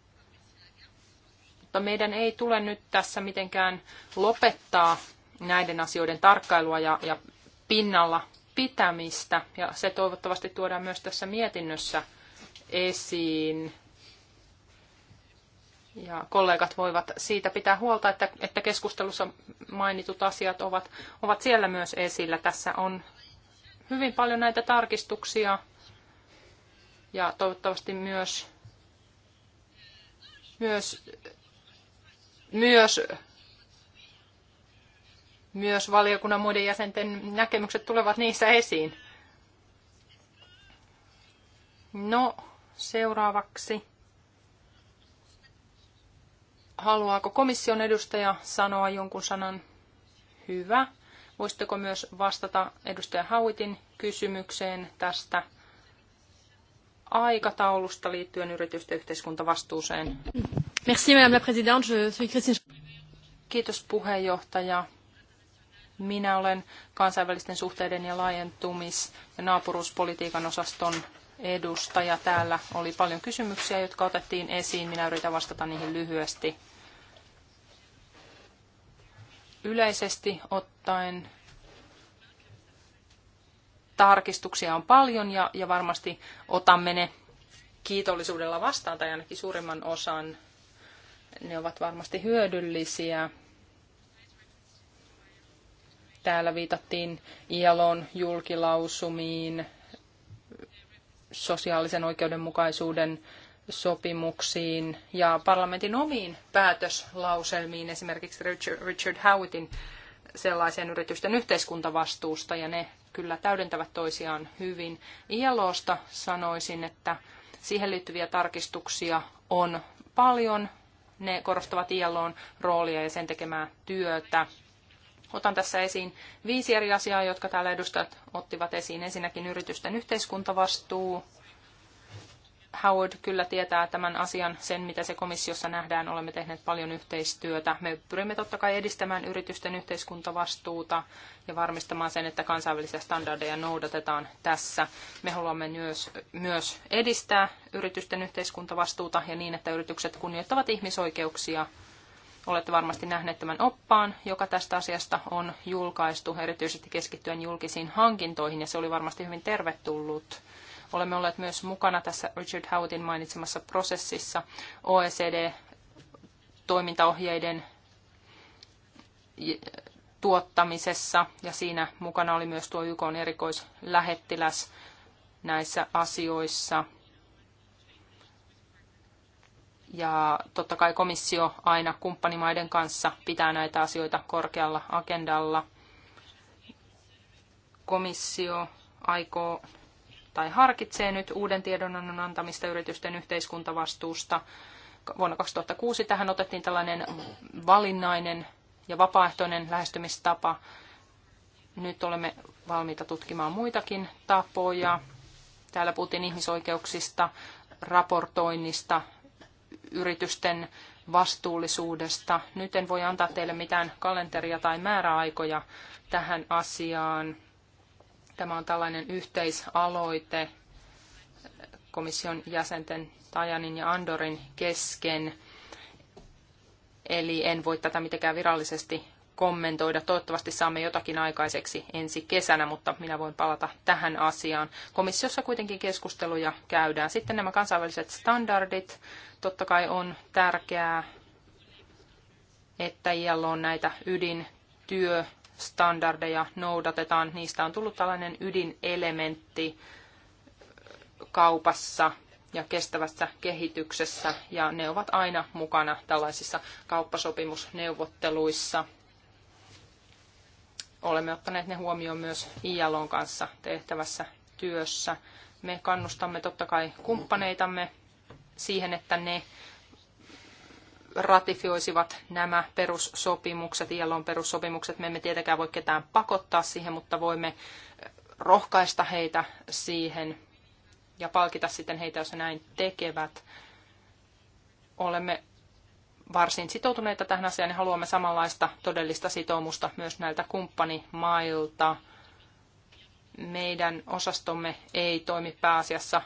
Mutta meidän ei tule nyt tässä mitenkään lopettaa näiden asioiden tarkkailua ja, ja pinnalla pitämistä, ja se toivottavasti tuodaan myös tässä mietinnössä esiin ja kollegat voivat siitä pitää huolta, että, että keskustelussa mainitut asiat ovat, ovat siellä myös esillä. Tässä on hyvin paljon näitä tarkistuksia ja toivottavasti myös, myös, myös, myös valiokunnan muiden jäsenten näkemykset tulevat niissä esiin. No, seuraavaksi Haluaako komission edustaja sanoa jonkun sanan? Hyvä. Voisitteko myös vastata edustaja Hauitin kysymykseen tästä aikataulusta liittyen yritysten yhteiskuntavastuuseen? Merci, madame la présidente. Je suis Christine. Kiitos puheenjohtaja. Minä olen kansainvälisten suhteiden ja laajentumis- ja naapuruuspolitiikan osaston edustaja. Täällä oli paljon kysymyksiä, jotka otettiin esiin. Minä yritän vastata niihin lyhyesti yleisesti ottaen tarkistuksia on paljon ja, ja varmasti otamme ne kiitollisuudella vastaan tai ainakin suurimman osan. Ne ovat varmasti hyödyllisiä. Täällä viitattiin ILOn julkilausumiin, sosiaalisen oikeudenmukaisuuden sopimuksiin ja parlamentin omiin päätöslauselmiin, esimerkiksi Richard Howitin sellaiseen yritysten yhteiskuntavastuusta, ja ne kyllä täydentävät toisiaan hyvin. ILOsta sanoisin, että siihen liittyviä tarkistuksia on paljon. Ne korostavat ILOn roolia ja sen tekemää työtä. Otan tässä esiin viisi eri asiaa, jotka täällä edustajat ottivat esiin. Ensinnäkin yritysten yhteiskuntavastuu, Howard kyllä tietää tämän asian, sen mitä se komissiossa nähdään. Olemme tehneet paljon yhteistyötä. Me pyrimme totta kai edistämään yritysten yhteiskuntavastuuta ja varmistamaan sen, että kansainvälisiä standardeja noudatetaan tässä. Me haluamme myös, myös edistää yritysten yhteiskuntavastuuta ja niin, että yritykset kunnioittavat ihmisoikeuksia. Olette varmasti nähneet tämän oppaan, joka tästä asiasta on julkaistu, erityisesti keskittyen julkisiin hankintoihin, ja se oli varmasti hyvin tervetullut Olemme olleet myös mukana tässä Richard Howtin mainitsemassa prosessissa OECD-toimintaohjeiden tuottamisessa ja siinä mukana oli myös tuo YK erikoislähettiläs näissä asioissa. Ja totta kai komissio aina kumppanimaiden kanssa pitää näitä asioita korkealla agendalla. Komissio aikoo tai harkitsee nyt uuden tiedonannon antamista yritysten yhteiskuntavastuusta. Vuonna 2006 tähän otettiin tällainen valinnainen ja vapaaehtoinen lähestymistapa. Nyt olemme valmiita tutkimaan muitakin tapoja. Täällä puhuttiin ihmisoikeuksista, raportoinnista, yritysten vastuullisuudesta. Nyt en voi antaa teille mitään kalenteria tai määräaikoja tähän asiaan. Tämä on tällainen yhteisaloite komission jäsenten Tajanin ja Andorin kesken. Eli en voi tätä mitenkään virallisesti kommentoida. Toivottavasti saamme jotakin aikaiseksi ensi kesänä, mutta minä voin palata tähän asiaan. Komissiossa kuitenkin keskusteluja käydään. Sitten nämä kansainväliset standardit. Totta kai on tärkeää, että ILO on näitä ydintyö standardeja noudatetaan. Niistä on tullut tällainen ydinelementti kaupassa ja kestävässä kehityksessä, ja ne ovat aina mukana tällaisissa kauppasopimusneuvotteluissa. Olemme ottaneet ne huomioon myös ILOn kanssa tehtävässä työssä. Me kannustamme totta kai kumppaneitamme siihen, että ne ratifioisivat nämä perussopimukset, ILOn perussopimukset. Me emme tietenkään voi ketään pakottaa siihen, mutta voimme eh, rohkaista heitä siihen ja palkita sitten heitä, jos he näin tekevät. Olemme varsin sitoutuneita tähän asiaan ja haluamme samanlaista todellista sitoumusta myös näiltä kumppanimailta. Meidän osastomme ei toimi pääasiassa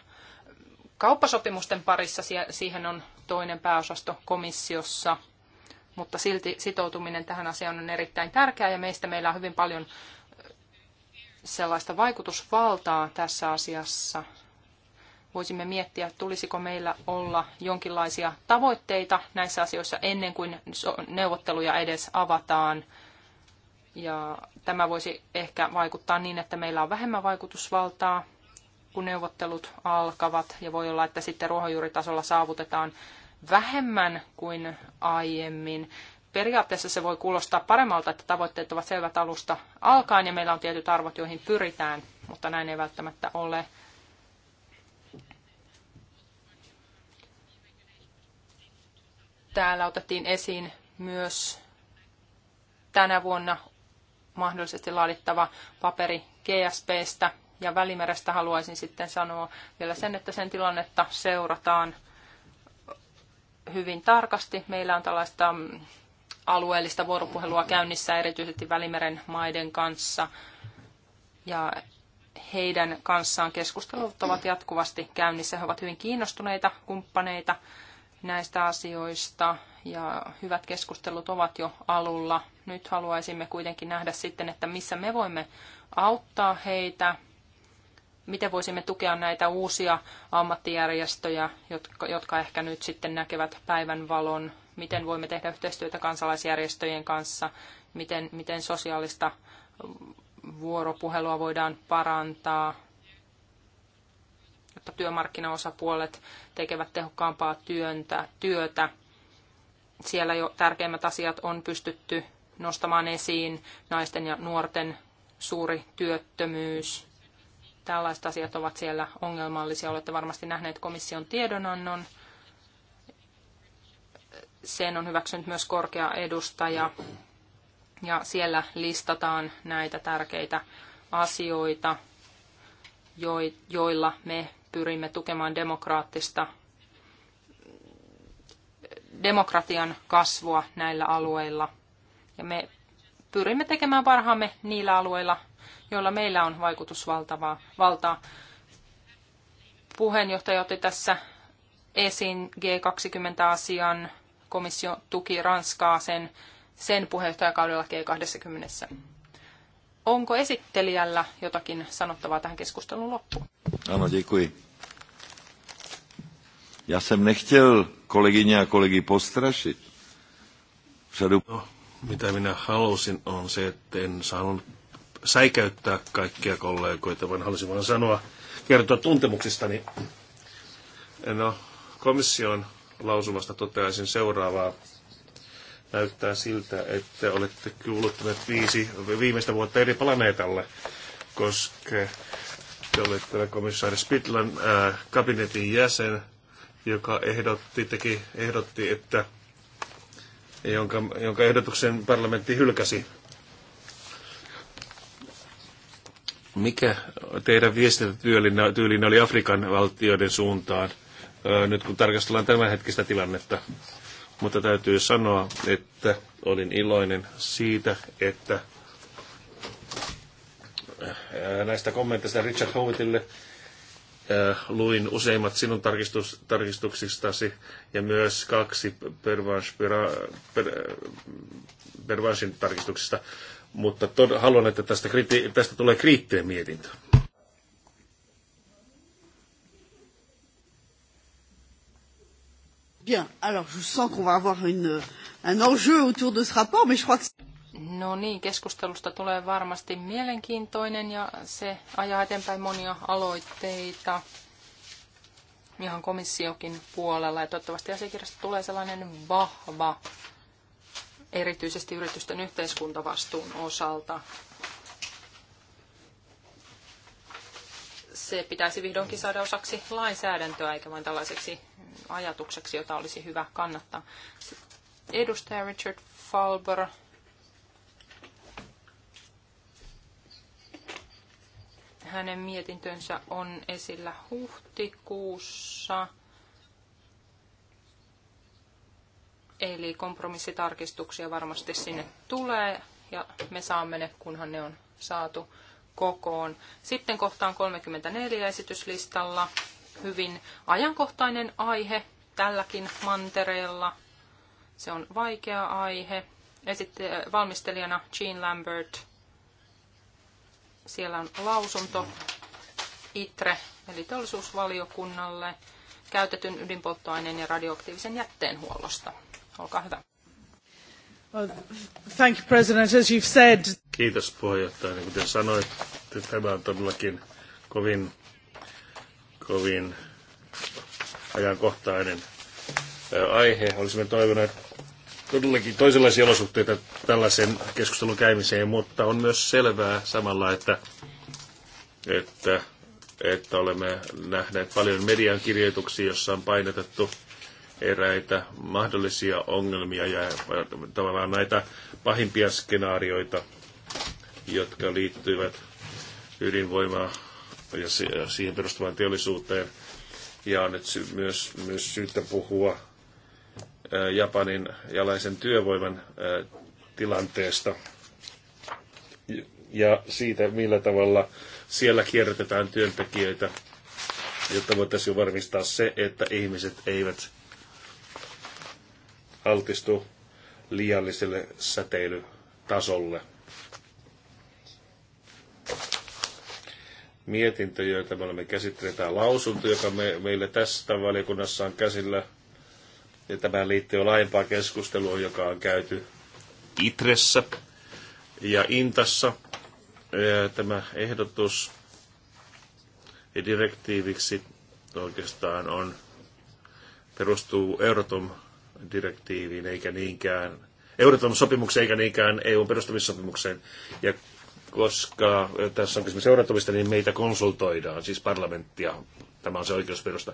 kauppasopimusten parissa. Siihen on toinen pääosasto komissiossa, mutta silti sitoutuminen tähän asiaan on erittäin tärkeää ja meistä meillä on hyvin paljon sellaista vaikutusvaltaa tässä asiassa. Voisimme miettiä, tulisiko meillä olla jonkinlaisia tavoitteita näissä asioissa ennen kuin neuvotteluja edes avataan. Ja tämä voisi ehkä vaikuttaa niin, että meillä on vähemmän vaikutusvaltaa kun neuvottelut alkavat ja voi olla, että sitten ruohonjuuritasolla saavutetaan vähemmän kuin aiemmin. Periaatteessa se voi kuulostaa paremmalta, että tavoitteet ovat selvät alusta alkaen ja meillä on tietyt arvot, joihin pyritään, mutta näin ei välttämättä ole. Täällä otettiin esiin myös tänä vuonna mahdollisesti laadittava paperi GSPstä – ja Välimerestä haluaisin sitten sanoa vielä sen, että sen tilannetta seurataan hyvin tarkasti. Meillä on tällaista alueellista vuoropuhelua käynnissä erityisesti Välimeren maiden kanssa. Ja heidän kanssaan keskustelut ovat jatkuvasti käynnissä. He ovat hyvin kiinnostuneita kumppaneita näistä asioista ja hyvät keskustelut ovat jo alulla. Nyt haluaisimme kuitenkin nähdä sitten, että missä me voimme auttaa heitä miten voisimme tukea näitä uusia ammattijärjestöjä, jotka, jotka ehkä nyt sitten näkevät päivänvalon, miten voimme tehdä yhteistyötä kansalaisjärjestöjen kanssa, miten, miten sosiaalista vuoropuhelua voidaan parantaa, jotta työmarkkinaosapuolet tekevät tehokkaampaa työntä, työtä. Siellä jo tärkeimmät asiat on pystytty nostamaan esiin, naisten ja nuorten suuri työttömyys, Tällaiset asiat ovat siellä ongelmallisia. Olette varmasti nähneet komission tiedonannon. Sen on hyväksynyt myös korkea edustaja. Ja siellä listataan näitä tärkeitä asioita, joilla me pyrimme tukemaan demokraattista demokratian kasvua näillä alueilla. Ja me pyrimme tekemään parhaamme niillä alueilla, joilla meillä on vaikutusvaltavaa valtaa. Puheenjohtaja otti tässä esiin G20-asian komissio tuki Ranskaa sen, sen puheenjohtajakaudella G20. Onko esittelijällä jotakin sanottavaa tähän keskustelun loppuun? Ano, děkuji. Já jsem nechtěl kolegyně a kolegy postrašit. No, mitä minä halusin on se, että en saanut säikäyttää kaikkia kollegoita, vaan halusin vaan sanoa, kertoa tuntemuksistani. No, komission lausumasta toteaisin seuraavaa. Näyttää siltä, että olette kuuluttaneet viisi viimeistä vuotta eri planeetalle, koska te olette komissaari Spitlan ää, kabinetin jäsen, joka ehdotti, teki, ehdotti että jonka, jonka ehdotuksen parlamentti hylkäsi Mikä teidän viestintätyylinne oli Afrikan valtioiden suuntaan, nyt kun tarkastellaan tämänhetkistä tilannetta? Mutta täytyy sanoa, että olin iloinen siitä, että näistä kommenteista Richard Howitille luin useimmat sinun tarkistus, tarkistuksistasi ja myös kaksi Pervansin per, per, tarkistuksista mutta tod- haluan, että tästä, kriti- tästä tulee kriittinen mietintö. Bien, alors je sens qu'on va avoir une, un enjeu autour de ce rapport, mais je crois que... No niin, keskustelusta tulee varmasti mielenkiintoinen ja se ajaa eteenpäin monia aloitteita ihan komissiokin puolella. Ja toivottavasti asiakirjasta tulee sellainen vahva erityisesti yritysten yhteiskuntavastuun osalta. Se pitäisi vihdoinkin saada osaksi lainsäädäntöä, eikä vain tällaiseksi ajatukseksi, jota olisi hyvä kannattaa. Edustaja Richard Falber. Hänen mietintönsä on esillä huhtikuussa – Eli kompromissitarkistuksia varmasti sinne tulee ja me saamme ne, kunhan ne on saatu kokoon. Sitten kohtaan 34 esityslistalla. Hyvin ajankohtainen aihe tälläkin mantereella. Se on vaikea aihe. Esitte- valmistelijana Jean Lambert. Siellä on lausunto ITRE, eli teollisuusvaliokunnalle, käytetyn ydinpolttoaineen ja radioaktiivisen jätteen huollosta. Olkaa hyvä. Thank you, President. As you've said... Kiitos puheenjohtaja. Niin kuten sanoit, tämä on todellakin kovin, kovin ajankohtainen aihe. Olisimme toivoneet todellakin toisenlaisia olosuhteita tällaisen keskustelun käymiseen, mutta on myös selvää samalla, että, että, että olemme nähneet paljon median kirjoituksia, jossa on painotettu – eräitä mahdollisia ongelmia ja tavallaan näitä pahimpia skenaarioita, jotka liittyvät ydinvoimaan ja siihen perustuvaan teollisuuteen. Ja on nyt myös, myös syytä puhua Japanin jalaisen työvoiman tilanteesta ja siitä, millä tavalla siellä kierrätetään työntekijöitä, jotta voitaisiin varmistaa se, että ihmiset eivät altistu liialliselle säteilytasolle. Mietintö, joita me olemme käsitelleet, tämä lausunto, joka me, meille tässä valiokunnassa on käsillä, ja tämä liittyy jo laajempaan keskusteluun, joka on käyty Itressä ja Intassa. Ja tämä ehdotus direktiiviksi oikeastaan on, perustuu Euratom direktiiviin eikä niinkään Euroopan sopimukseen eikä niinkään EUn perustamissopimukseen. Ja koska eh, tässä on kysymys seurattavista, niin meitä konsultoidaan, siis parlamenttia. Tämä on se oikeusperusta.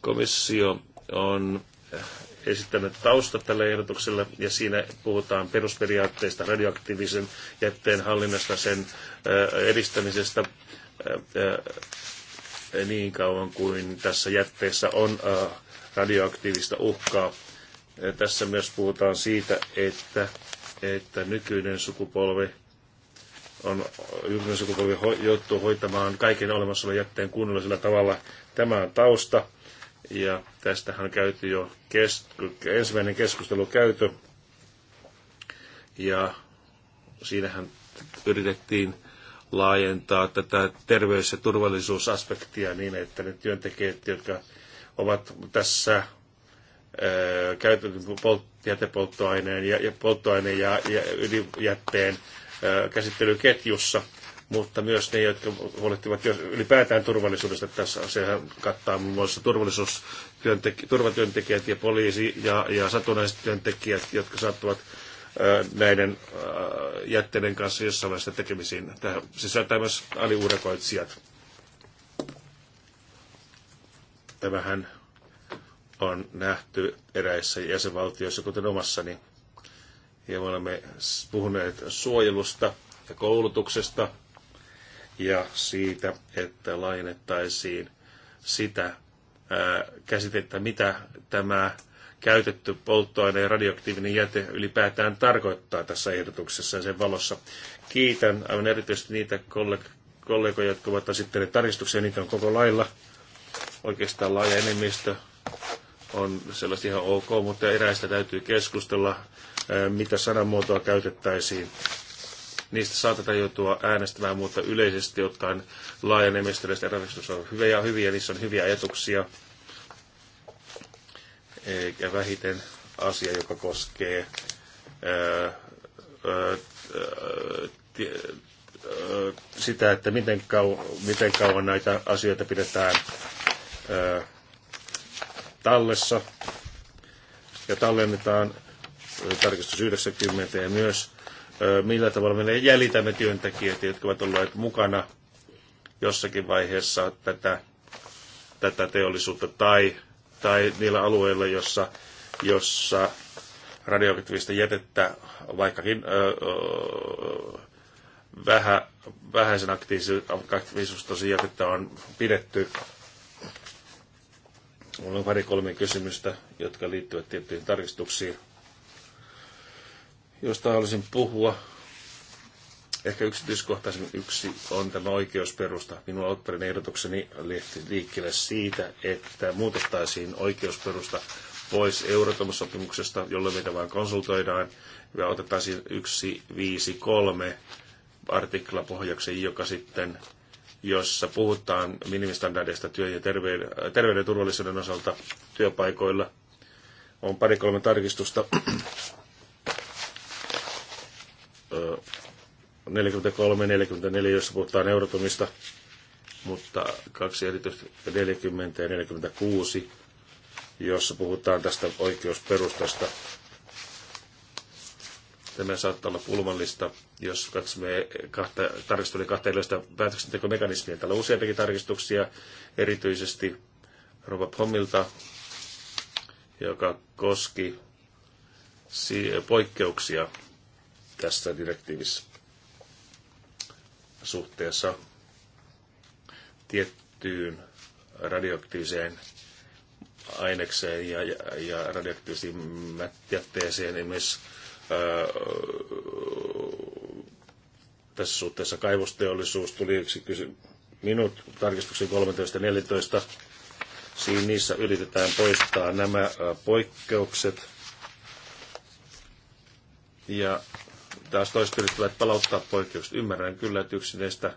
Komissio on eh, esittänyt tausta tälle ehdotukselle, ja siinä puhutaan perusperiaatteista, radioaktiivisen jätteen hallinnasta, sen eh, edistämisestä niin kauan kuin tässä jätteessä on radioaktiivista uhkaa tässä myös puhutaan siitä, että, että nykyinen sukupolvi on julkinen sukupolvi ho, joutuu hoitamaan kaiken olemassa olevan jätteen kunnollisella tavalla. Tämä on tausta, ja tästähän on käyty jo kes, ensimmäinen keskustelu käyty, ja siinähän yritettiin laajentaa tätä terveys- ja turvallisuusaspektia niin, että ne työntekijät, jotka ovat tässä käytetyn niin jätepolttoaineen ja, ja polttoaineen ja, ja ydinjätteen käsittelyketjussa, mutta myös ne, jotka huolehtivat ylipäätään turvallisuudesta. Tässä sehän kattaa muun muassa turvatyöntekijät ja poliisi ja, ja satunnaiset työntekijät, jotka saattavat näiden jätteiden kanssa jossain vaiheessa tekemisiin. Tähän sisältää myös aliurakoitsijat. Tämähän on nähty eräissä jäsenvaltioissa, kuten omassani. Ja me olemme puhuneet suojelusta ja koulutuksesta ja siitä, että lainettaisiin sitä ää, käsitettä, mitä tämä käytetty polttoaine ja radioaktiivinen jäte ylipäätään tarkoittaa tässä ehdotuksessa ja sen valossa. Kiitän aivan erityisesti niitä kollegoja, jotka ovat esittäneet tarkistuksia, niitä on koko lailla oikeastaan laaja enemmistö on sellaista ihan ok, mutta eräistä täytyy keskustella, mitä sanamuotoa käytettäisiin. Niistä saatetaan joutua äänestämään, mutta yleisesti ottaen laajan enemmistöistä on hyviä ja hyviä, niissä on hyviä ajatuksia. Eikä vähiten asia, joka koskee ää, ää, sitä, että miten, miten kauan näitä asioita pidetään ää, tallessa ja tallennetaan tarkistus 90 ja myös millä tavalla me jäljitämme työntekijöitä, jotka ovat olleet mukana jossakin vaiheessa tätä, tätä teollisuutta tai, tai niillä alueilla, jossa, jossa radioaktiivista jätettä, vaikkakin vähän vähä, vähäisen aktiivisuustosi jätettä on pidetty Mulla on pari kolme kysymystä, jotka liittyvät tiettyihin tarkistuksiin, josta haluaisin puhua. Ehkä yksityiskohtaisemmin yksi on tämä oikeusperusta. Minun alkuperäinen ehdotukseni lehti liikkeelle siitä, että muutettaisiin oikeusperusta pois Euratom-sopimuksesta, jolloin meitä vain konsultoidaan, ja otettaisiin 153 artikla pohjaksi, joka sitten jossa puhutaan minimistandardeista työ- ja terveyden, terveyden turvallisuuden osalta työpaikoilla. On pari-kolme tarkistusta. 43-44, jossa puhutaan eurotumista, mutta kaksi erityisesti 40 ja 46, jossa puhutaan tästä oikeusperustasta Tämä saattaa olla pulmallista, jos katsomme kahta, tarkistelua kahta erilaista päätöksentekomekanismia. Täällä on useampiakin tarkistuksia, erityisesti Rova Pommilta, joka koski poikkeuksia tässä direktiivissä suhteessa tiettyyn radioaktiiviseen ainekseen ja, ja, ja radioaktiiviseen jätteeseen, esimerkiksi tässä suhteessa kaivosteollisuus tuli yksi kysy, minut tarkistuksen 13 ja 14. Siinä niissä yritetään poistaa nämä poikkeukset. Ja taas toiset yrittävät palauttaa poikkeukset. Ymmärrän kyllä, että yksi näistä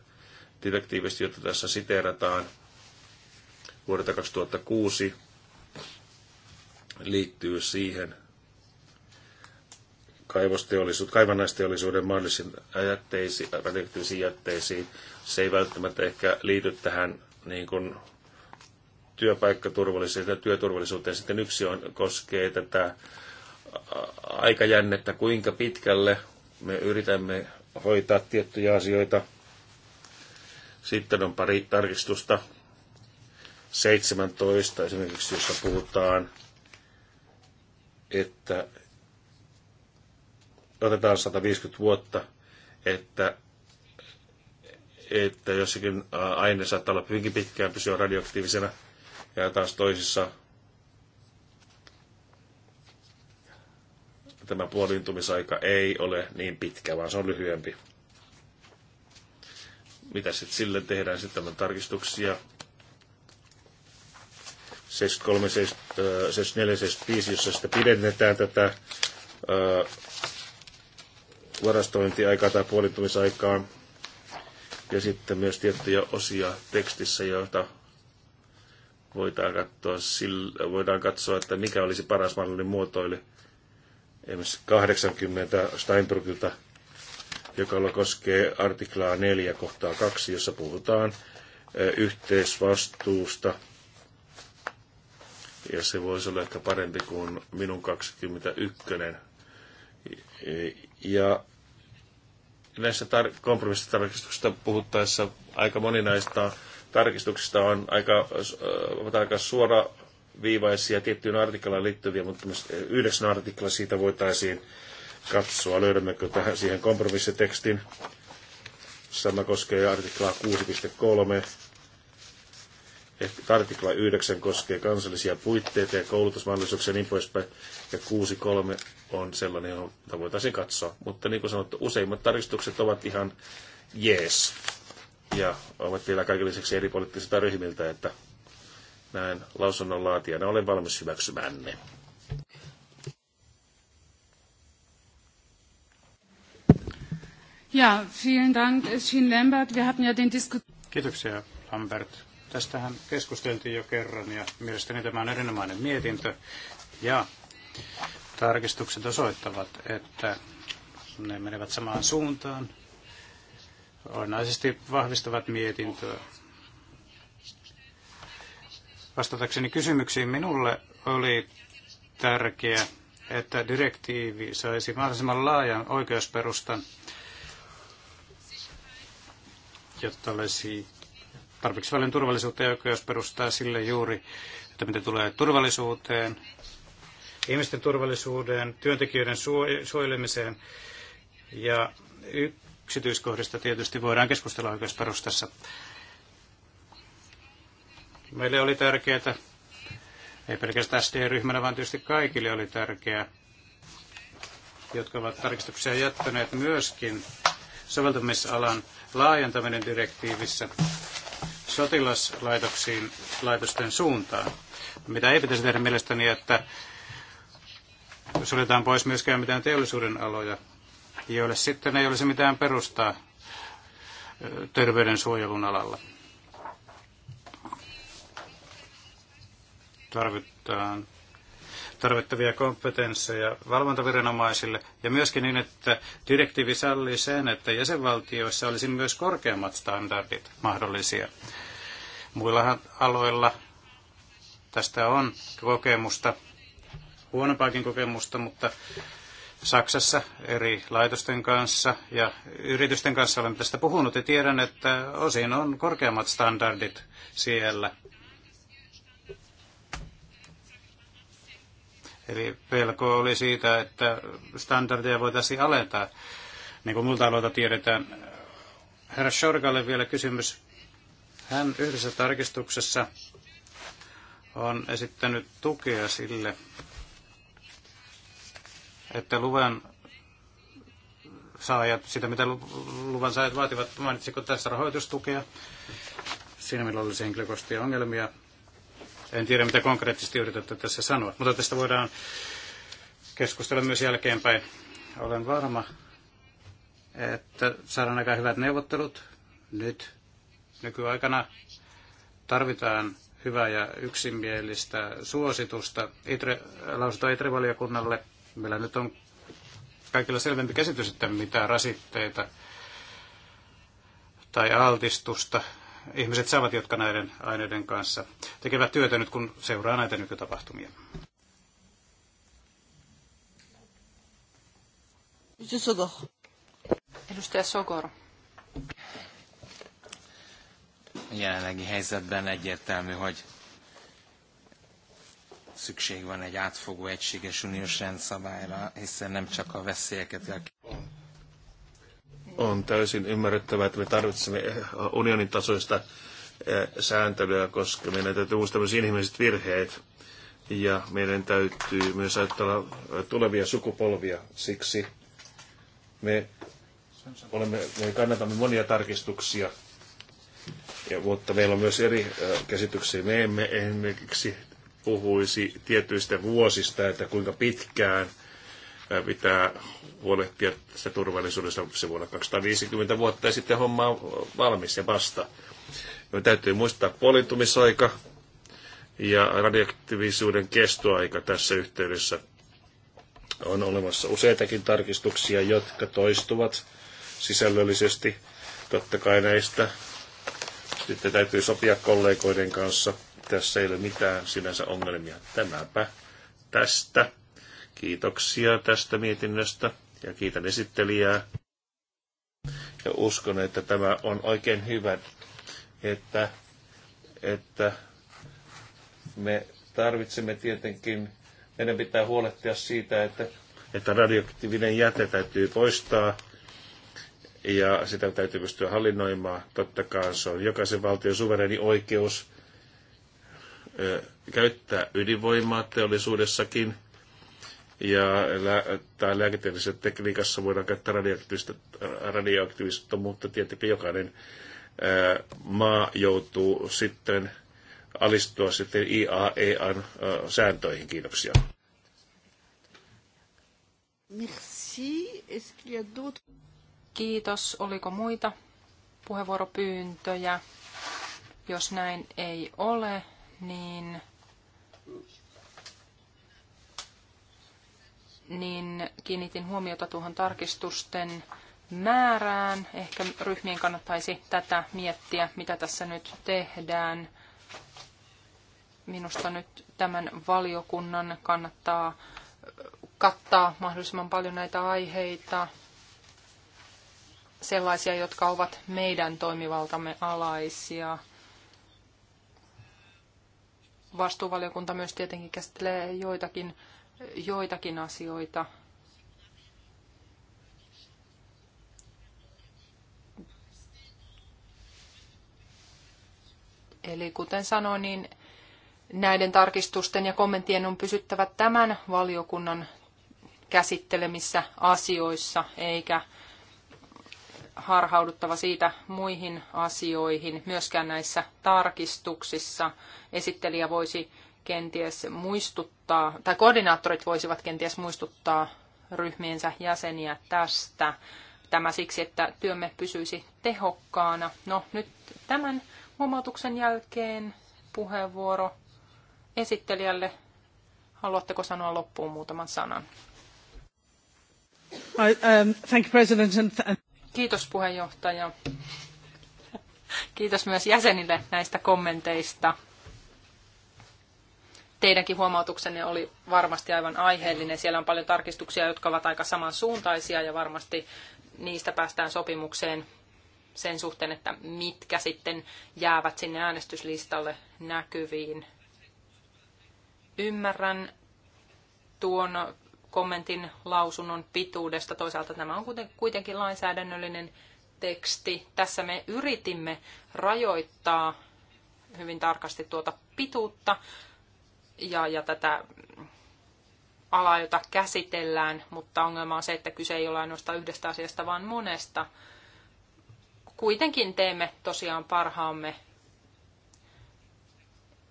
direktiivistä, joita tässä siteerataan vuodelta 2006, liittyy siihen, kaivosteollisuuden, kaivannaisteollisuuden mahdollisiin jätteisiin, radioaktiivisiin jätteisiin. Se ei välttämättä ehkä liity tähän niin kuin, työpaikkaturvallisuuteen, työturvallisuuteen. Sitten yksi on, koskee tätä aikajännettä, kuinka pitkälle me yritämme hoitaa tiettyjä asioita. Sitten on pari tarkistusta. 17 esimerkiksi, jossa puhutaan, että otetaan 150 vuotta, että, että jossakin aine saattaa olla hyvinkin pitkään pysyä radioaktiivisena, ja taas toisissa tämä puolintumisaika ei ole niin pitkä, vaan se on lyhyempi. Mitä sitten sille tehdään? Sitten tämän tarkistuksia. 73, 74, 75, jossa sitä pidennetään tätä varastointiaikaa tai puolittumisaikaa. Ja sitten myös tiettyjä osia tekstissä, joita voidaan katsoa, sillä, voidaan katsoa, että mikä olisi paras mahdollinen muotoille. Esimerkiksi 80 Steinbrückilta, joka koskee artiklaa 4 kohtaa 2, jossa puhutaan yhteisvastuusta. Ja se voisi olla ehkä parempi kuin minun 21 ja näistä tar- kompromissitarkistuksista puhuttaessa aika moni näistä tarkistuksista on aika, äh, ovat aika suora viivaisia tiettyyn artiklaan liittyviä, mutta myös yhdeksän artikla siitä voitaisiin katsoa, löydämmekö tähän siihen kompromissitekstin. Sama koskee artiklaa 6.3 Artikla 9 koskee kansallisia puitteita ja koulutusmahdollisuuksia ja niin poispäin. Ja 6.3 on sellainen, jota voitaisiin katsoa. Mutta niin kuin sanottu, useimmat tarkistukset ovat ihan jees. Ja ovat vielä kaiken lisäksi eri poliittisilta ryhmiltä, että näin lausunnon laatijana olen valmis hyväksymään ne. Ja, vielen Dank, Lambert. Wir hatten ja den Kiitoksia, Lambert Tästähän keskusteltiin jo kerran ja mielestäni tämä on erinomainen mietintö ja tarkistukset osoittavat, että ne menevät samaan suuntaan. Olennaisesti vahvistavat mietintöä. Vastatakseni kysymyksiin minulle oli tärkeää, että direktiivi saisi mahdollisimman laajan oikeusperustan, jotta olisi tarpeeksi paljon turvallisuutta ja oikeus perustaa sille juuri, että mitä tulee turvallisuuteen, ihmisten turvallisuuteen työntekijöiden suojelemiseen ja yksityiskohdista tietysti voidaan keskustella oikeusperustassa. Meille oli tärkeää, ei pelkästään SD-ryhmänä, vaan tietysti kaikille oli tärkeää, jotka ovat tarkistuksia jättäneet myöskin soveltamisalan laajentaminen direktiivissä sotilaslaitoksiin laitosten suuntaan. Mitä ei pitäisi tehdä mielestäni, että suljetaan pois myöskään mitään teollisuuden aloja, joille sitten ei olisi mitään perustaa terveydensuojelun alalla. Tarvitaan tarvittavia kompetensseja valvontaviranomaisille ja myöskin niin, että direktiivi sallii sen, että jäsenvaltioissa olisi myös korkeammat standardit mahdollisia Muilla aloilla tästä on kokemusta, huonompaakin kokemusta, mutta Saksassa eri laitosten kanssa ja yritysten kanssa olen tästä puhunut ja tiedän, että osin on korkeammat standardit siellä. Eli pelko oli siitä, että standardeja voitaisiin alentaa. Niin kuin multa aloita tiedetään. Herra Shorgalle vielä kysymys. Hän yhdessä tarkistuksessa on esittänyt tukea sille, että luvan saajat, sitä mitä luvan saajat vaativat, mainitsiko tässä rahoitustukea, siinä millä olisi henkilökohtaisia ongelmia. En tiedä, mitä konkreettisesti yritätte tässä sanoa, mutta tästä voidaan keskustella myös jälkeenpäin. Olen varma, että saadaan aika hyvät neuvottelut nyt Nykyaikana tarvitaan hyvää ja yksimielistä suositusta itre, lausuntoa ITRE-valiokunnalle. Meillä nyt on kaikilla selvempi käsitys, että mitä rasitteita tai altistusta ihmiset saavat, jotka näiden aineiden kanssa tekevät työtä nyt, kun seuraa näitä nykytapahtumia. Edustaja Sogor. A jelenlegi helyzetben egyértelmű, hogy szükség van egy átfogó egységes uniós rendszabályra, hiszen nem csak a veszélyeket kell on täysin ymmärrettävä, että me tarvitsemme eh, unionin tasoista eh, sääntelyä, koska meidän täytyy muistaa myös inhimilliset virheet. Ja meidän täytyy myös ajatella eh, tulevia sukupolvia. Siksi me, olemme, me kannatamme monia tarkistuksia ja, mutta meillä on myös eri käsityksiä. Me emme esimerkiksi puhuisi tietyistä vuosista, että kuinka pitkään pitää huolehtia tästä turvallisuudesta se vuonna 250 vuotta ja sitten homma on valmis ja vasta. Me täytyy muistaa puolintumisaika ja radioaktiivisuuden kestoaika tässä yhteydessä. On olemassa useitakin tarkistuksia, jotka toistuvat sisällöllisesti. Totta kai näistä sitten täytyy sopia kollegoiden kanssa. Tässä ei ole mitään sinänsä ongelmia. Tämäpä tästä. Kiitoksia tästä mietinnöstä ja kiitän esittelijää. Ja uskon, että tämä on oikein hyvä, että, että me tarvitsemme tietenkin, meidän pitää huolehtia siitä, että, että radioaktiivinen jäte täytyy poistaa ja sitä täytyy pystyä hallinnoimaan. Totta kai se on jokaisen valtion suvereni oikeus käyttää ydinvoimaa teollisuudessakin ja lä- tai lääketieteellisessä tekniikassa voidaan käyttää radioaktiivista, radioaktiivista mutta tietenkin jokainen ö, maa joutuu sitten alistua sitten IAEAn ää, sääntöihin. Kiitoksia. Merci. Kiitos. Oliko muita puheenvuoropyyntöjä? Jos näin ei ole, niin, niin kiinnitin huomiota tuohon tarkistusten määrään. Ehkä ryhmien kannattaisi tätä miettiä, mitä tässä nyt tehdään. Minusta nyt tämän valiokunnan kannattaa kattaa mahdollisimman paljon näitä aiheita sellaisia, jotka ovat meidän toimivaltamme alaisia. Vastuuvaliokunta myös tietenkin käsittelee joitakin, joitakin asioita. Eli kuten sanoin, niin näiden tarkistusten ja kommenttien on pysyttävä tämän valiokunnan käsittelemissä asioissa, eikä harhauduttava siitä muihin asioihin, myöskään näissä tarkistuksissa. Esittelijä voisi kenties muistuttaa, tai koordinaattorit voisivat kenties muistuttaa ryhmiensä jäseniä tästä. Tämä siksi, että työmme pysyisi tehokkaana. No nyt tämän huomautuksen jälkeen puheenvuoro esittelijälle. Haluatteko sanoa loppuun muutaman sanan? I, um, thank you, President, and Kiitos puheenjohtaja. Kiitos myös jäsenille näistä kommenteista. Teidänkin huomautuksenne oli varmasti aivan aiheellinen. Siellä on paljon tarkistuksia, jotka ovat aika samansuuntaisia ja varmasti niistä päästään sopimukseen sen suhteen, että mitkä sitten jäävät sinne äänestyslistalle näkyviin. Ymmärrän tuon kommentin lausunnon pituudesta. Toisaalta tämä on kuitenkin lainsäädännöllinen teksti. Tässä me yritimme rajoittaa hyvin tarkasti tuota pituutta ja, ja tätä alaa, jota käsitellään, mutta ongelma on se, että kyse ei ole ainoastaan yhdestä asiasta, vaan monesta. Kuitenkin teemme tosiaan parhaamme,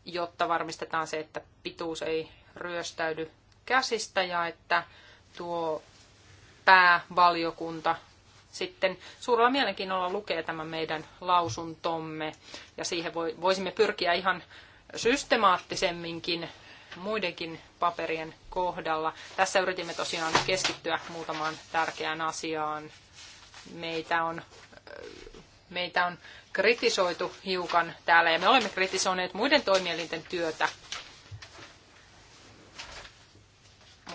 jotta varmistetaan se, että pituus ei ryöstäydy käsistä ja että tuo päävaliokunta sitten suurella mielenkiinnolla lukee tämän meidän lausuntomme ja siihen voisimme pyrkiä ihan systemaattisemminkin muidenkin paperien kohdalla. Tässä yritimme tosiaan keskittyä muutamaan tärkeään asiaan. Meitä on, meitä on kritisoitu hiukan täällä ja me olemme kritisoineet muiden toimielinten työtä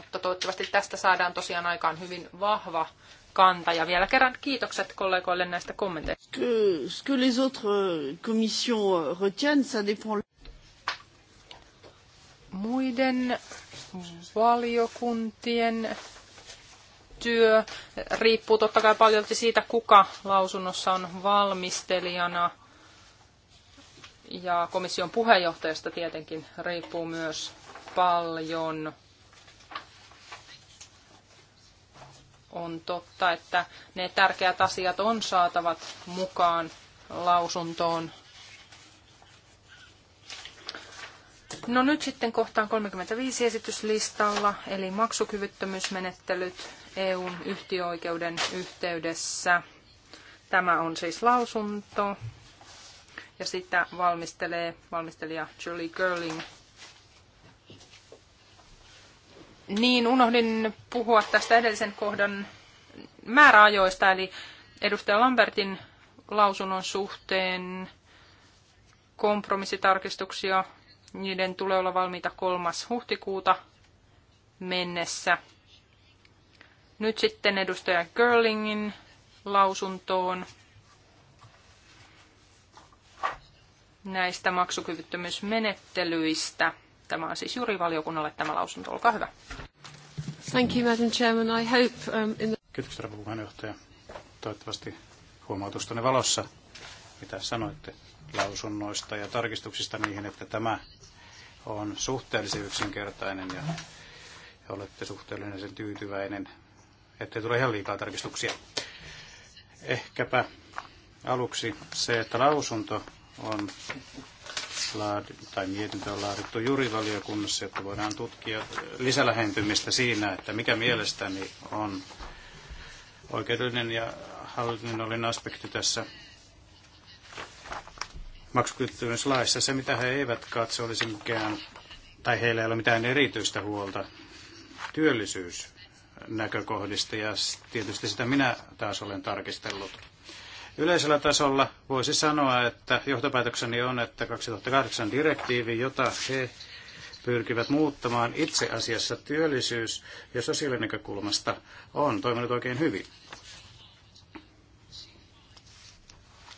mutta toivottavasti tästä saadaan tosiaan aikaan hyvin vahva kanta. Ja vielä kerran kiitokset kollegoille näistä kommenteista. Euh, euh, Muiden valiokuntien työ riippuu totta kai paljon siitä, kuka lausunnossa on valmistelijana. Ja komission puheenjohtajasta tietenkin riippuu myös paljon. on totta, että ne tärkeät asiat on saatavat mukaan lausuntoon. No nyt sitten kohtaan 35 esityslistalla, eli maksukyvyttömyysmenettelyt EUn yhtiöoikeuden yhteydessä. Tämä on siis lausunto ja sitä valmistelee valmistelija Julie Girling Niin, unohdin puhua tästä edellisen kohdan määräajoista, eli edustaja Lambertin lausunnon suhteen kompromissitarkistuksia, niiden tulee olla valmiita kolmas huhtikuuta mennessä. Nyt sitten edustaja Görlingin lausuntoon näistä maksukyvyttömyysmenettelyistä. Tämä on siis juuri valiokunnalle tämä lausunto. Olkaa hyvä. Thank you, Madam Chairman. I hope, um, in the... Kiitoksia, rouva puheenjohtaja. Toivottavasti huomautustanne valossa, mitä sanoitte lausunnoista ja tarkistuksista niihin, että tämä on suhteellisen yksinkertainen ja, ja olette suhteellisen sen tyytyväinen, ettei tule ihan liikaa tarkistuksia. Ehkäpä aluksi se, että lausunto on tai mietintö on laadittu jurivaliokunnassa, että voidaan tutkia lisälähentymistä siinä, että mikä mielestäni on oikeudellinen ja hallinnollinen aspekti tässä maksukyvyttömyyslaissa. Se, mitä he eivät katso, olisi mikään, tai heillä ei ole mitään erityistä huolta työllisyysnäkökohdista, ja tietysti sitä minä taas olen tarkistellut Yleisellä tasolla voisi sanoa, että johtopäätökseni on, että 2008 direktiivi, jota he pyrkivät muuttamaan itse asiassa työllisyys- ja sosiaalinäkökulmasta, on toiminut oikein hyvin.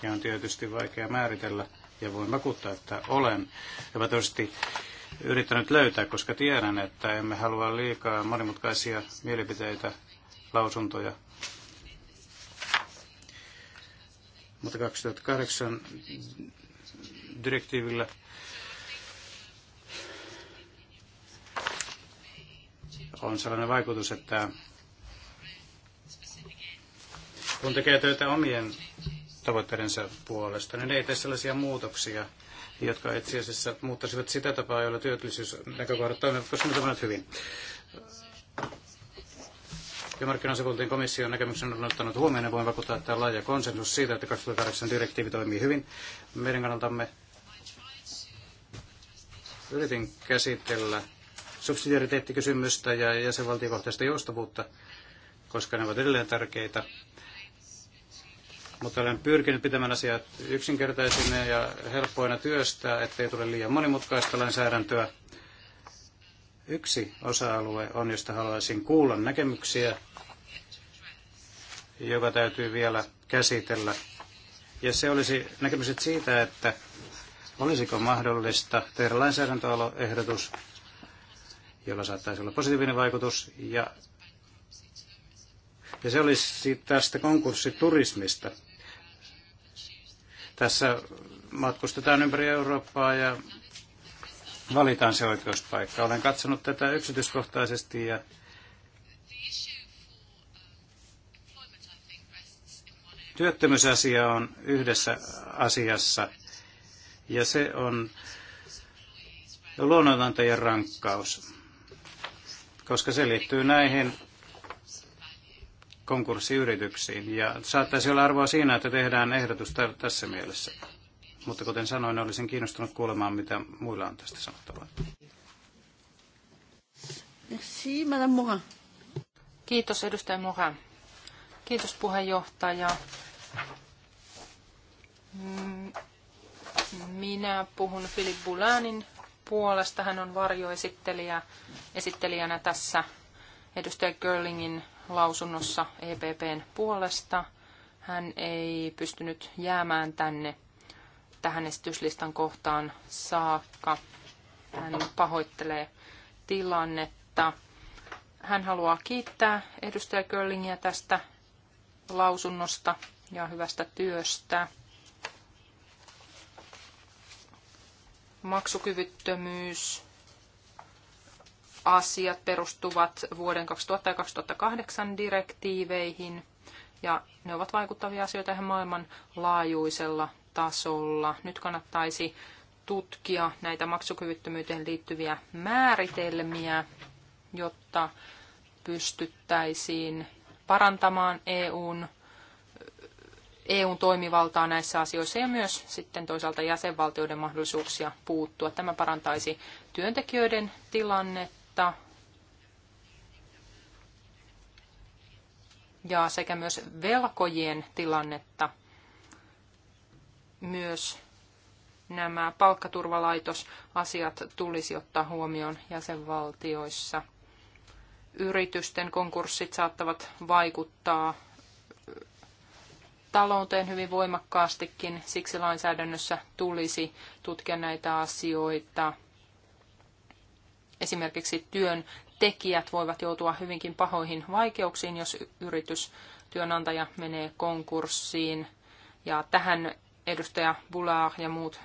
Ja on tietysti vaikea määritellä, ja voin vakuuttaa, että olen epätoisesti yrittänyt löytää, koska tiedän, että emme halua liikaa monimutkaisia mielipiteitä, lausuntoja mutta 2008 direktiivillä on sellainen vaikutus, että kun tekee töitä omien tavoitteidensa puolesta, niin ei tee sellaisia muutoksia, jotka itse asiassa muuttaisivat sitä tapaa, jolla työllisyysnäkökohdat toimivat, koska ne toimivat hyvin. Työmarkkinaosapuolten komission näkemyksen on ottanut huomioon ja voin vakuuttaa, että on laaja konsensus siitä, että 2008 direktiivi toimii hyvin. Meidän kannaltamme yritin käsitellä subsidiariteettikysymystä ja jäsenvaltiokohtaista joustavuutta, koska ne ovat edelleen tärkeitä. Mutta olen pyrkinyt pitämään asiat yksinkertaisina ja helppoina työstää, ettei tule liian monimutkaista lainsäädäntöä. Yksi osa-alue on, josta haluaisin kuulla näkemyksiä joka täytyy vielä käsitellä. Ja se olisi näkemykset siitä, että olisiko mahdollista tehdä lainsäädäntöaloehdotus, jolla saattaisi olla positiivinen vaikutus, ja, ja se olisi tästä konkurssiturismista. Tässä matkustetaan ympäri Eurooppaa ja valitaan se oikeuspaikka. Olen katsonut tätä yksityiskohtaisesti ja Työttömyysasia on yhdessä asiassa ja se on luonnonantajien rankkaus, koska se liittyy näihin konkurssiyrityksiin. Ja saattaisi olla arvoa siinä, että tehdään ehdotus tässä mielessä. Mutta kuten sanoin, olisin kiinnostunut kuulemaan, mitä muilla on tästä sanottavaa. Merci, Madame Morin. Kiitos, edustaja Morin. Kiitos puheenjohtaja. Mm, minä puhun Filip Bulanin puolesta. Hän on varjoesittelijä esittelijänä tässä edustaja Görlingin lausunnossa EPPn puolesta. Hän ei pystynyt jäämään tänne tähän esityslistan kohtaan saakka. Hän pahoittelee tilannetta. Hän haluaa kiittää edustaja Görlingiä tästä lausunnosta ja hyvästä työstä. Maksukyvyttömyys asiat perustuvat vuoden 2000 ja 2008 direktiiveihin ja ne ovat vaikuttavia asioita ihan maailman laajuisella tasolla. Nyt kannattaisi tutkia näitä maksukyvyttömyyteen liittyviä määritelmiä, jotta pystyttäisiin parantamaan EUn, EUn toimivaltaa näissä asioissa ja myös sitten toisaalta jäsenvaltioiden mahdollisuuksia puuttua. Tämä parantaisi työntekijöiden tilannetta ja sekä myös velkojien tilannetta. Myös nämä palkkaturvalaitosasiat tulisi ottaa huomioon jäsenvaltioissa – yritysten konkurssit saattavat vaikuttaa talouteen hyvin voimakkaastikin. Siksi lainsäädännössä tulisi tutkia näitä asioita. Esimerkiksi työn tekijät voivat joutua hyvinkin pahoihin vaikeuksiin, jos yritys työnantaja menee konkurssiin. Ja tähän edustaja Bulaa ja muut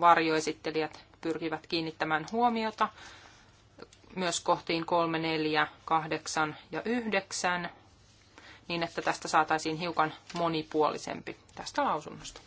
varjoesittelijät pyrkivät kiinnittämään huomiota myös kohtiin 3, 4, 8 ja 9, niin että tästä saataisiin hiukan monipuolisempi tästä lausunnosta.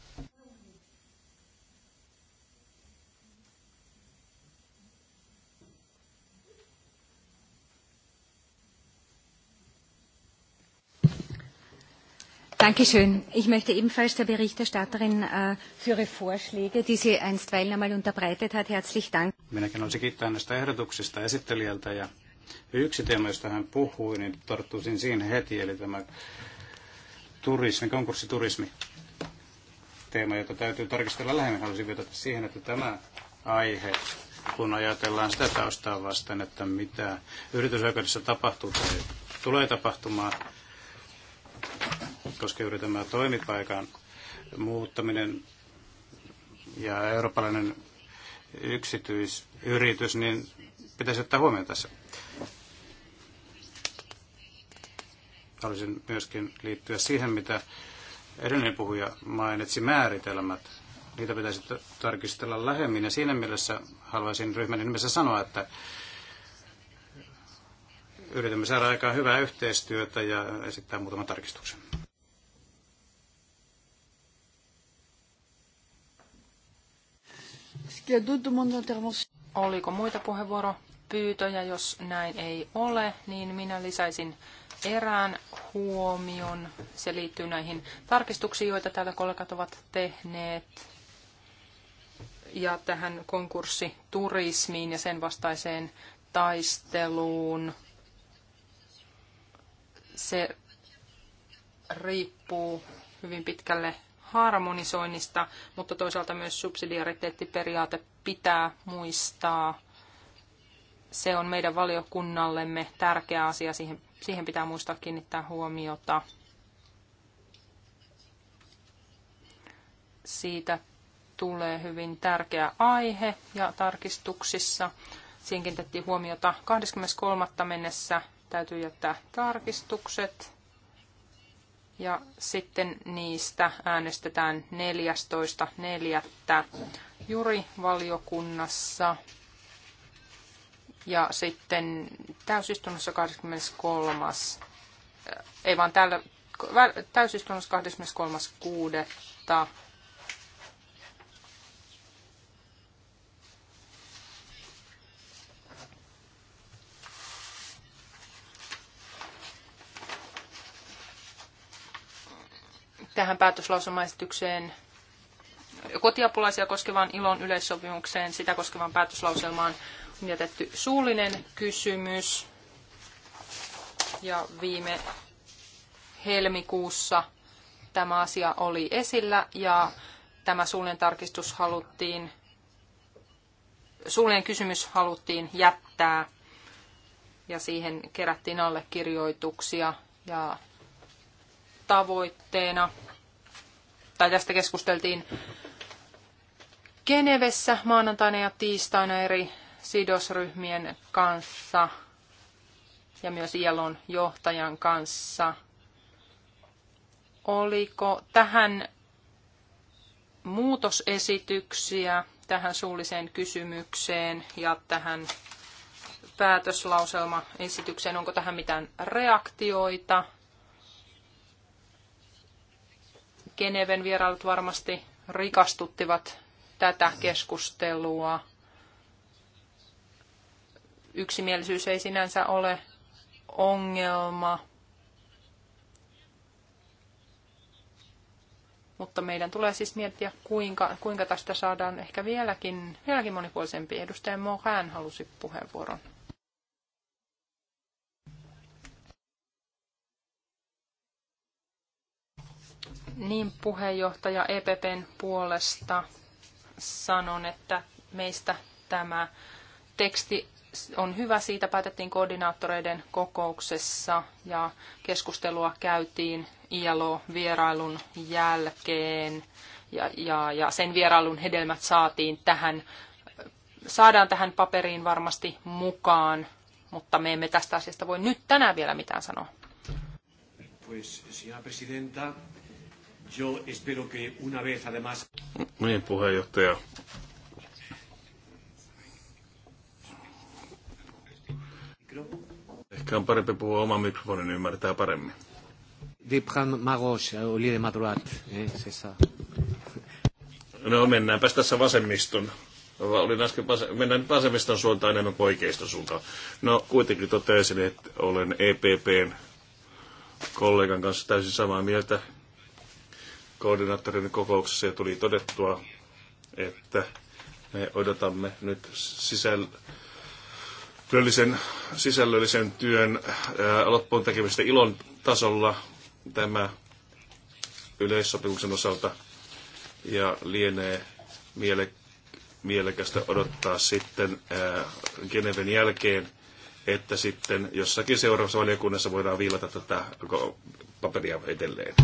Dankeschön. Ich möchte ebenfalls der Berichterstatterin äh, für ihre Vorschläge, die sie einstweilen einmal unterbreitet hat, herzlich danken. Minäkin olisin kiittää näistä ehdotuksista esittelijältä ja yksi teema, josta hän puhui, niin tarttuisin siihen heti, eli tämä turismi, konkurssiturismi teema, jota täytyy tarkistella lähemmin. Haluaisin viitata siihen, että tämä aihe, kun ajatellaan sitä taustaa vasten, että mitä yritysoikeudessa tapahtuu tai tulee tapahtumaan, koska juuri tämä toimipaikan muuttaminen ja eurooppalainen yksityisyritys, niin pitäisi ottaa huomioon tässä. Haluaisin myöskin liittyä siihen, mitä edellinen puhuja mainitsi, määritelmät. Niitä pitäisi tarkistella lähemmin ja siinä mielessä haluaisin ryhmän nimessä sanoa, että yritämme saada aikaan hyvää yhteistyötä ja esittää muutaman tarkistuksen. Oliko muita puheenvuoropyytöjä? Jos näin ei ole, niin minä lisäisin erään huomion. Se liittyy näihin tarkistuksiin, joita täällä kollegat ovat tehneet ja tähän konkurssiturismiin ja sen vastaiseen taisteluun. Se riippuu hyvin pitkälle harmonisoinnista, mutta toisaalta myös subsidiariteettiperiaate pitää muistaa. Se on meidän valiokunnallemme tärkeä asia, siihen, siihen pitää muistaa kiinnittää huomiota. Siitä tulee hyvin tärkeä aihe ja tarkistuksissa. Siihen kiinnitettiin huomiota 23. mennessä täytyy jättää tarkistukset ja sitten niistä äänestetään 14.4. jurivaliokunnassa ja sitten täysistunnossa 23. Ei vaan täällä täysistunnossa 23.6. tähän päätöslauselmaesitykseen kotiapulaisia koskevaan ilon yleissopimukseen, sitä koskevaan päätöslauselmaan on jätetty suullinen kysymys. Ja viime helmikuussa tämä asia oli esillä ja tämä suullinen tarkistus haluttiin, suullinen kysymys haluttiin jättää ja siihen kerättiin allekirjoituksia ja tavoitteena tai tästä keskusteltiin Genevessä maanantaina ja tiistaina eri sidosryhmien kanssa ja myös ILOn johtajan kanssa. Oliko tähän muutosesityksiä tähän suulliseen kysymykseen ja tähän päätöslauselmaesitykseen? Onko tähän mitään reaktioita? Geneven vierailut varmasti rikastuttivat tätä keskustelua. Yksimielisyys ei sinänsä ole ongelma, mutta meidän tulee siis miettiä, kuinka, kuinka tästä saadaan ehkä vieläkin, vieläkin monipuolisempi. Edustaja Morin halusi puheenvuoron. Niin puheenjohtaja EPPn puolesta sanon, että meistä tämä teksti on hyvä. Siitä päätettiin koordinaattoreiden kokouksessa ja keskustelua käytiin ILO-vierailun jälkeen ja, ja, ja sen vierailun hedelmät saatiin tähän. Saadaan tähän paperiin varmasti mukaan, mutta me emme tästä asiasta voi nyt tänään vielä mitään sanoa. Pues, señora presidenta, Yo espero que una vez además... Niin, puheenjohtaja. Ehkä on parempi puhua oman mikrofonin, niin ymmärtää paremmin. Diphan magos, oli de madurat, eh, No mennäänpä tässä vasemmiston. Olin äsken vas- mennään vasemmiston suuntaan enemmän kuin oikeiston suuntaan. No kuitenkin totesin, että olen EPPn kollegan kanssa täysin samaa mieltä koordinaattorin kokouksessa ja tuli todettua, että me odotamme nyt sisäll- työllisen, sisällöllisen työn ää, loppuun tekemistä ilon tasolla tämä yleissopimuksen osalta ja lienee miele, mielekästä odottaa sitten ää, Geneven jälkeen, että sitten jossakin seuraavassa valiokunnassa voidaan viilata tätä paperia edelleen.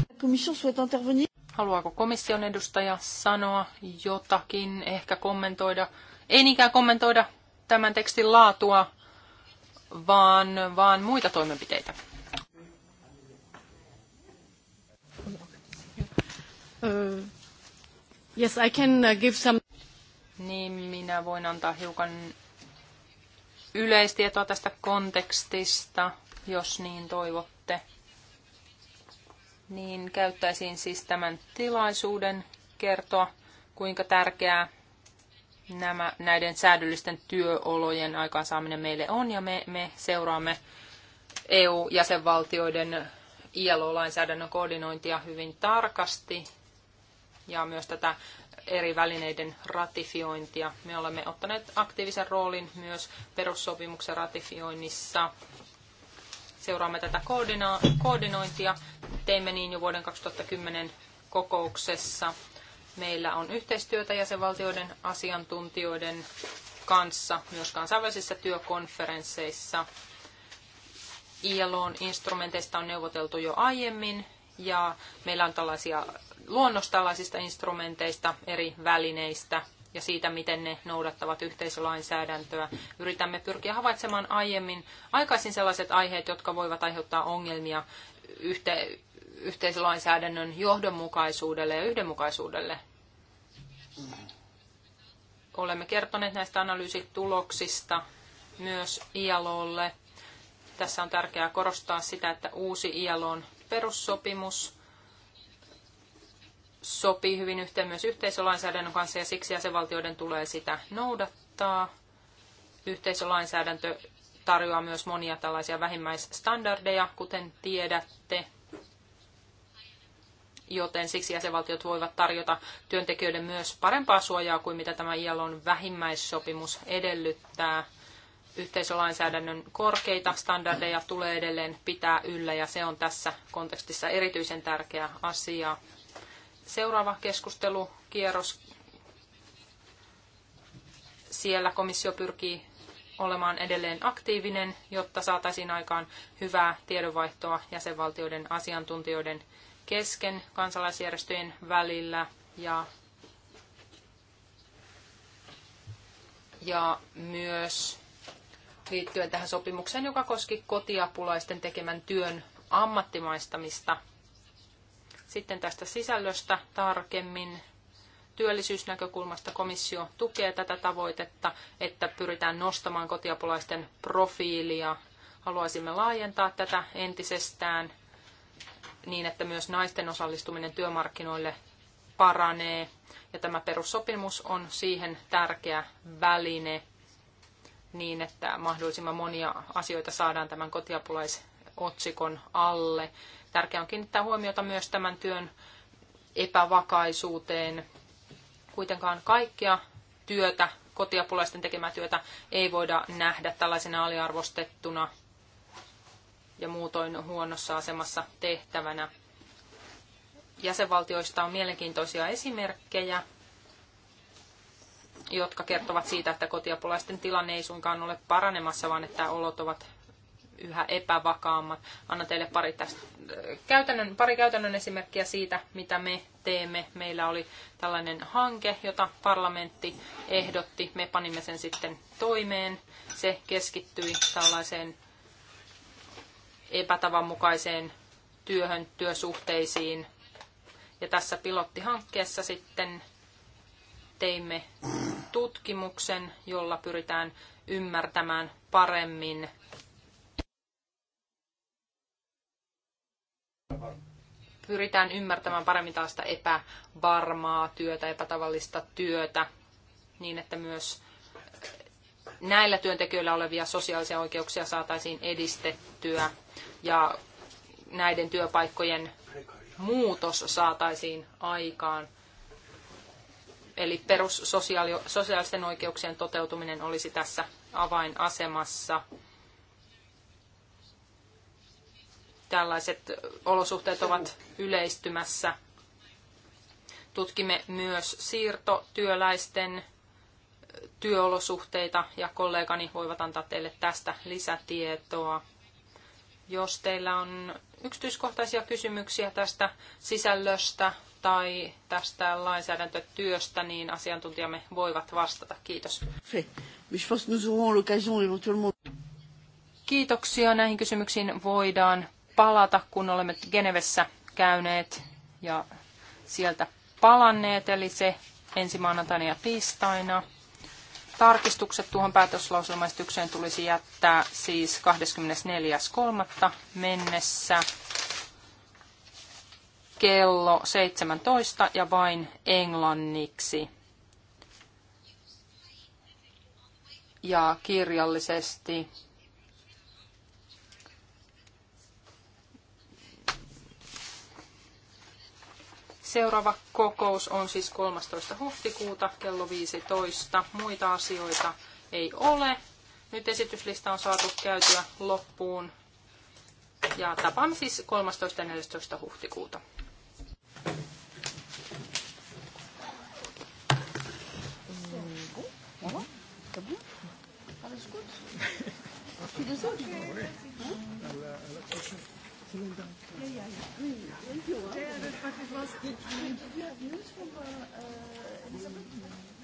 Haluaako komission edustaja sanoa jotakin, ehkä kommentoida, ei niinkään kommentoida tämän tekstin laatua, vaan, vaan muita toimenpiteitä? Uh, yes, I can uh, give some... Niin minä voin antaa hiukan yleistietoa tästä kontekstista, jos niin toivot niin käyttäisin siis tämän tilaisuuden kertoa, kuinka tärkeää nämä, näiden säädöllisten työolojen aikaansaaminen meille on, ja me, me seuraamme EU-jäsenvaltioiden ILO-lainsäädännön koordinointia hyvin tarkasti, ja myös tätä eri välineiden ratifiointia. Me olemme ottaneet aktiivisen roolin myös perussopimuksen ratifioinnissa. Seuraamme tätä koordinointia Teimme niin jo vuoden 2010 kokouksessa. Meillä on yhteistyötä jäsenvaltioiden asiantuntijoiden kanssa myös kansainvälisissä työkonferensseissa. ILOn instrumenteista on neuvoteltu jo aiemmin ja meillä on tällaisia luonnostalaisista instrumenteista, eri välineistä ja siitä, miten ne noudattavat yhteisölainsäädäntöä. Yritämme pyrkiä havaitsemaan aiemmin aikaisin sellaiset aiheet, jotka voivat aiheuttaa ongelmia yhte, yhteislainsäädännön johdonmukaisuudelle ja yhdenmukaisuudelle. Olemme kertoneet näistä analyysituloksista myös ILOlle. Tässä on tärkeää korostaa sitä, että uusi ILOn perussopimus sopii hyvin yhteen myös yhteisölainsäädännön kanssa ja siksi jäsenvaltioiden tulee sitä noudattaa. Yhteisölainsäädäntö tarjoaa myös monia tällaisia vähimmäisstandardeja, kuten tiedätte. Joten siksi jäsenvaltiot voivat tarjota työntekijöiden myös parempaa suojaa kuin mitä tämä ILOn vähimmäissopimus edellyttää. Yhteisölainsäädännön korkeita standardeja tulee edelleen pitää yllä ja se on tässä kontekstissa erityisen tärkeä asia. Seuraava keskustelukierros siellä komissio pyrkii olemaan edelleen aktiivinen, jotta saataisiin aikaan hyvää tiedonvaihtoa jäsenvaltioiden asiantuntijoiden kesken, kansalaisjärjestöjen välillä ja, ja myös liittyen tähän sopimukseen, joka koski kotiapulaisten tekemän työn ammattimaistamista. Sitten tästä sisällöstä tarkemmin työllisyysnäkökulmasta komissio tukee tätä tavoitetta, että pyritään nostamaan kotiapulaisten profiilia. Haluaisimme laajentaa tätä entisestään niin, että myös naisten osallistuminen työmarkkinoille paranee. Ja tämä perussopimus on siihen tärkeä väline niin, että mahdollisimman monia asioita saadaan tämän kotiapulaisotsikon alle. Tärkeää on kiinnittää huomiota myös tämän työn epävakaisuuteen, Kuitenkaan kaikkea työtä, kotiapulaisten tekemää työtä, ei voida nähdä tällaisena aliarvostettuna ja muutoin huonossa asemassa tehtävänä. Jäsenvaltioista on mielenkiintoisia esimerkkejä, jotka kertovat siitä, että kotiapulaisten tilanne ei suinkaan ole paranemassa, vaan että olot ovat yhä epävakaammat. Anna teille pari, tästä, äh, käytännön, pari käytännön esimerkkiä siitä, mitä me teemme. Meillä oli tällainen hanke, jota parlamentti ehdotti. Me panimme sen sitten toimeen. Se keskittyi tällaiseen epätavanmukaiseen työhön, työsuhteisiin. Ja tässä pilottihankkeessa sitten teimme tutkimuksen, jolla pyritään ymmärtämään paremmin pyritään ymmärtämään paremmin tällaista epävarmaa työtä, epätavallista työtä, niin että myös näillä työntekijöillä olevia sosiaalisia oikeuksia saataisiin edistettyä ja näiden työpaikkojen muutos saataisiin aikaan. Eli perussosiaalisten oikeuksien toteutuminen olisi tässä avainasemassa. tällaiset olosuhteet ovat yleistymässä. Tutkimme myös siirtotyöläisten työolosuhteita ja kollegani voivat antaa teille tästä lisätietoa. Jos teillä on yksityiskohtaisia kysymyksiä tästä sisällöstä tai tästä lainsäädäntötyöstä, niin asiantuntijamme voivat vastata. Kiitos. Kiitoksia. Näihin kysymyksiin voidaan palata, kun olemme Genevessä käyneet ja sieltä palanneet, eli se ensi maanantaina ja tiistaina. Tarkistukset tuohon päätöslauselmaistykseen tulisi jättää siis 24.3. mennessä kello 17 ja vain englanniksi. Ja kirjallisesti Seuraava kokous on siis 13. huhtikuuta kello 15. Muita asioita ei ole. Nyt esityslista on saatu käytyä loppuun. Ja tapaamme siis 13. ja 14. huhtikuuta. Mm-hmm. Mm-hmm. Mm-hmm. Mm-hmm. mm gut? mm Sorgen vielen Dank. Ja, ja, ja. Mm. Thank you. Yeah, that was good. Beautiful, uh, Elizabeth.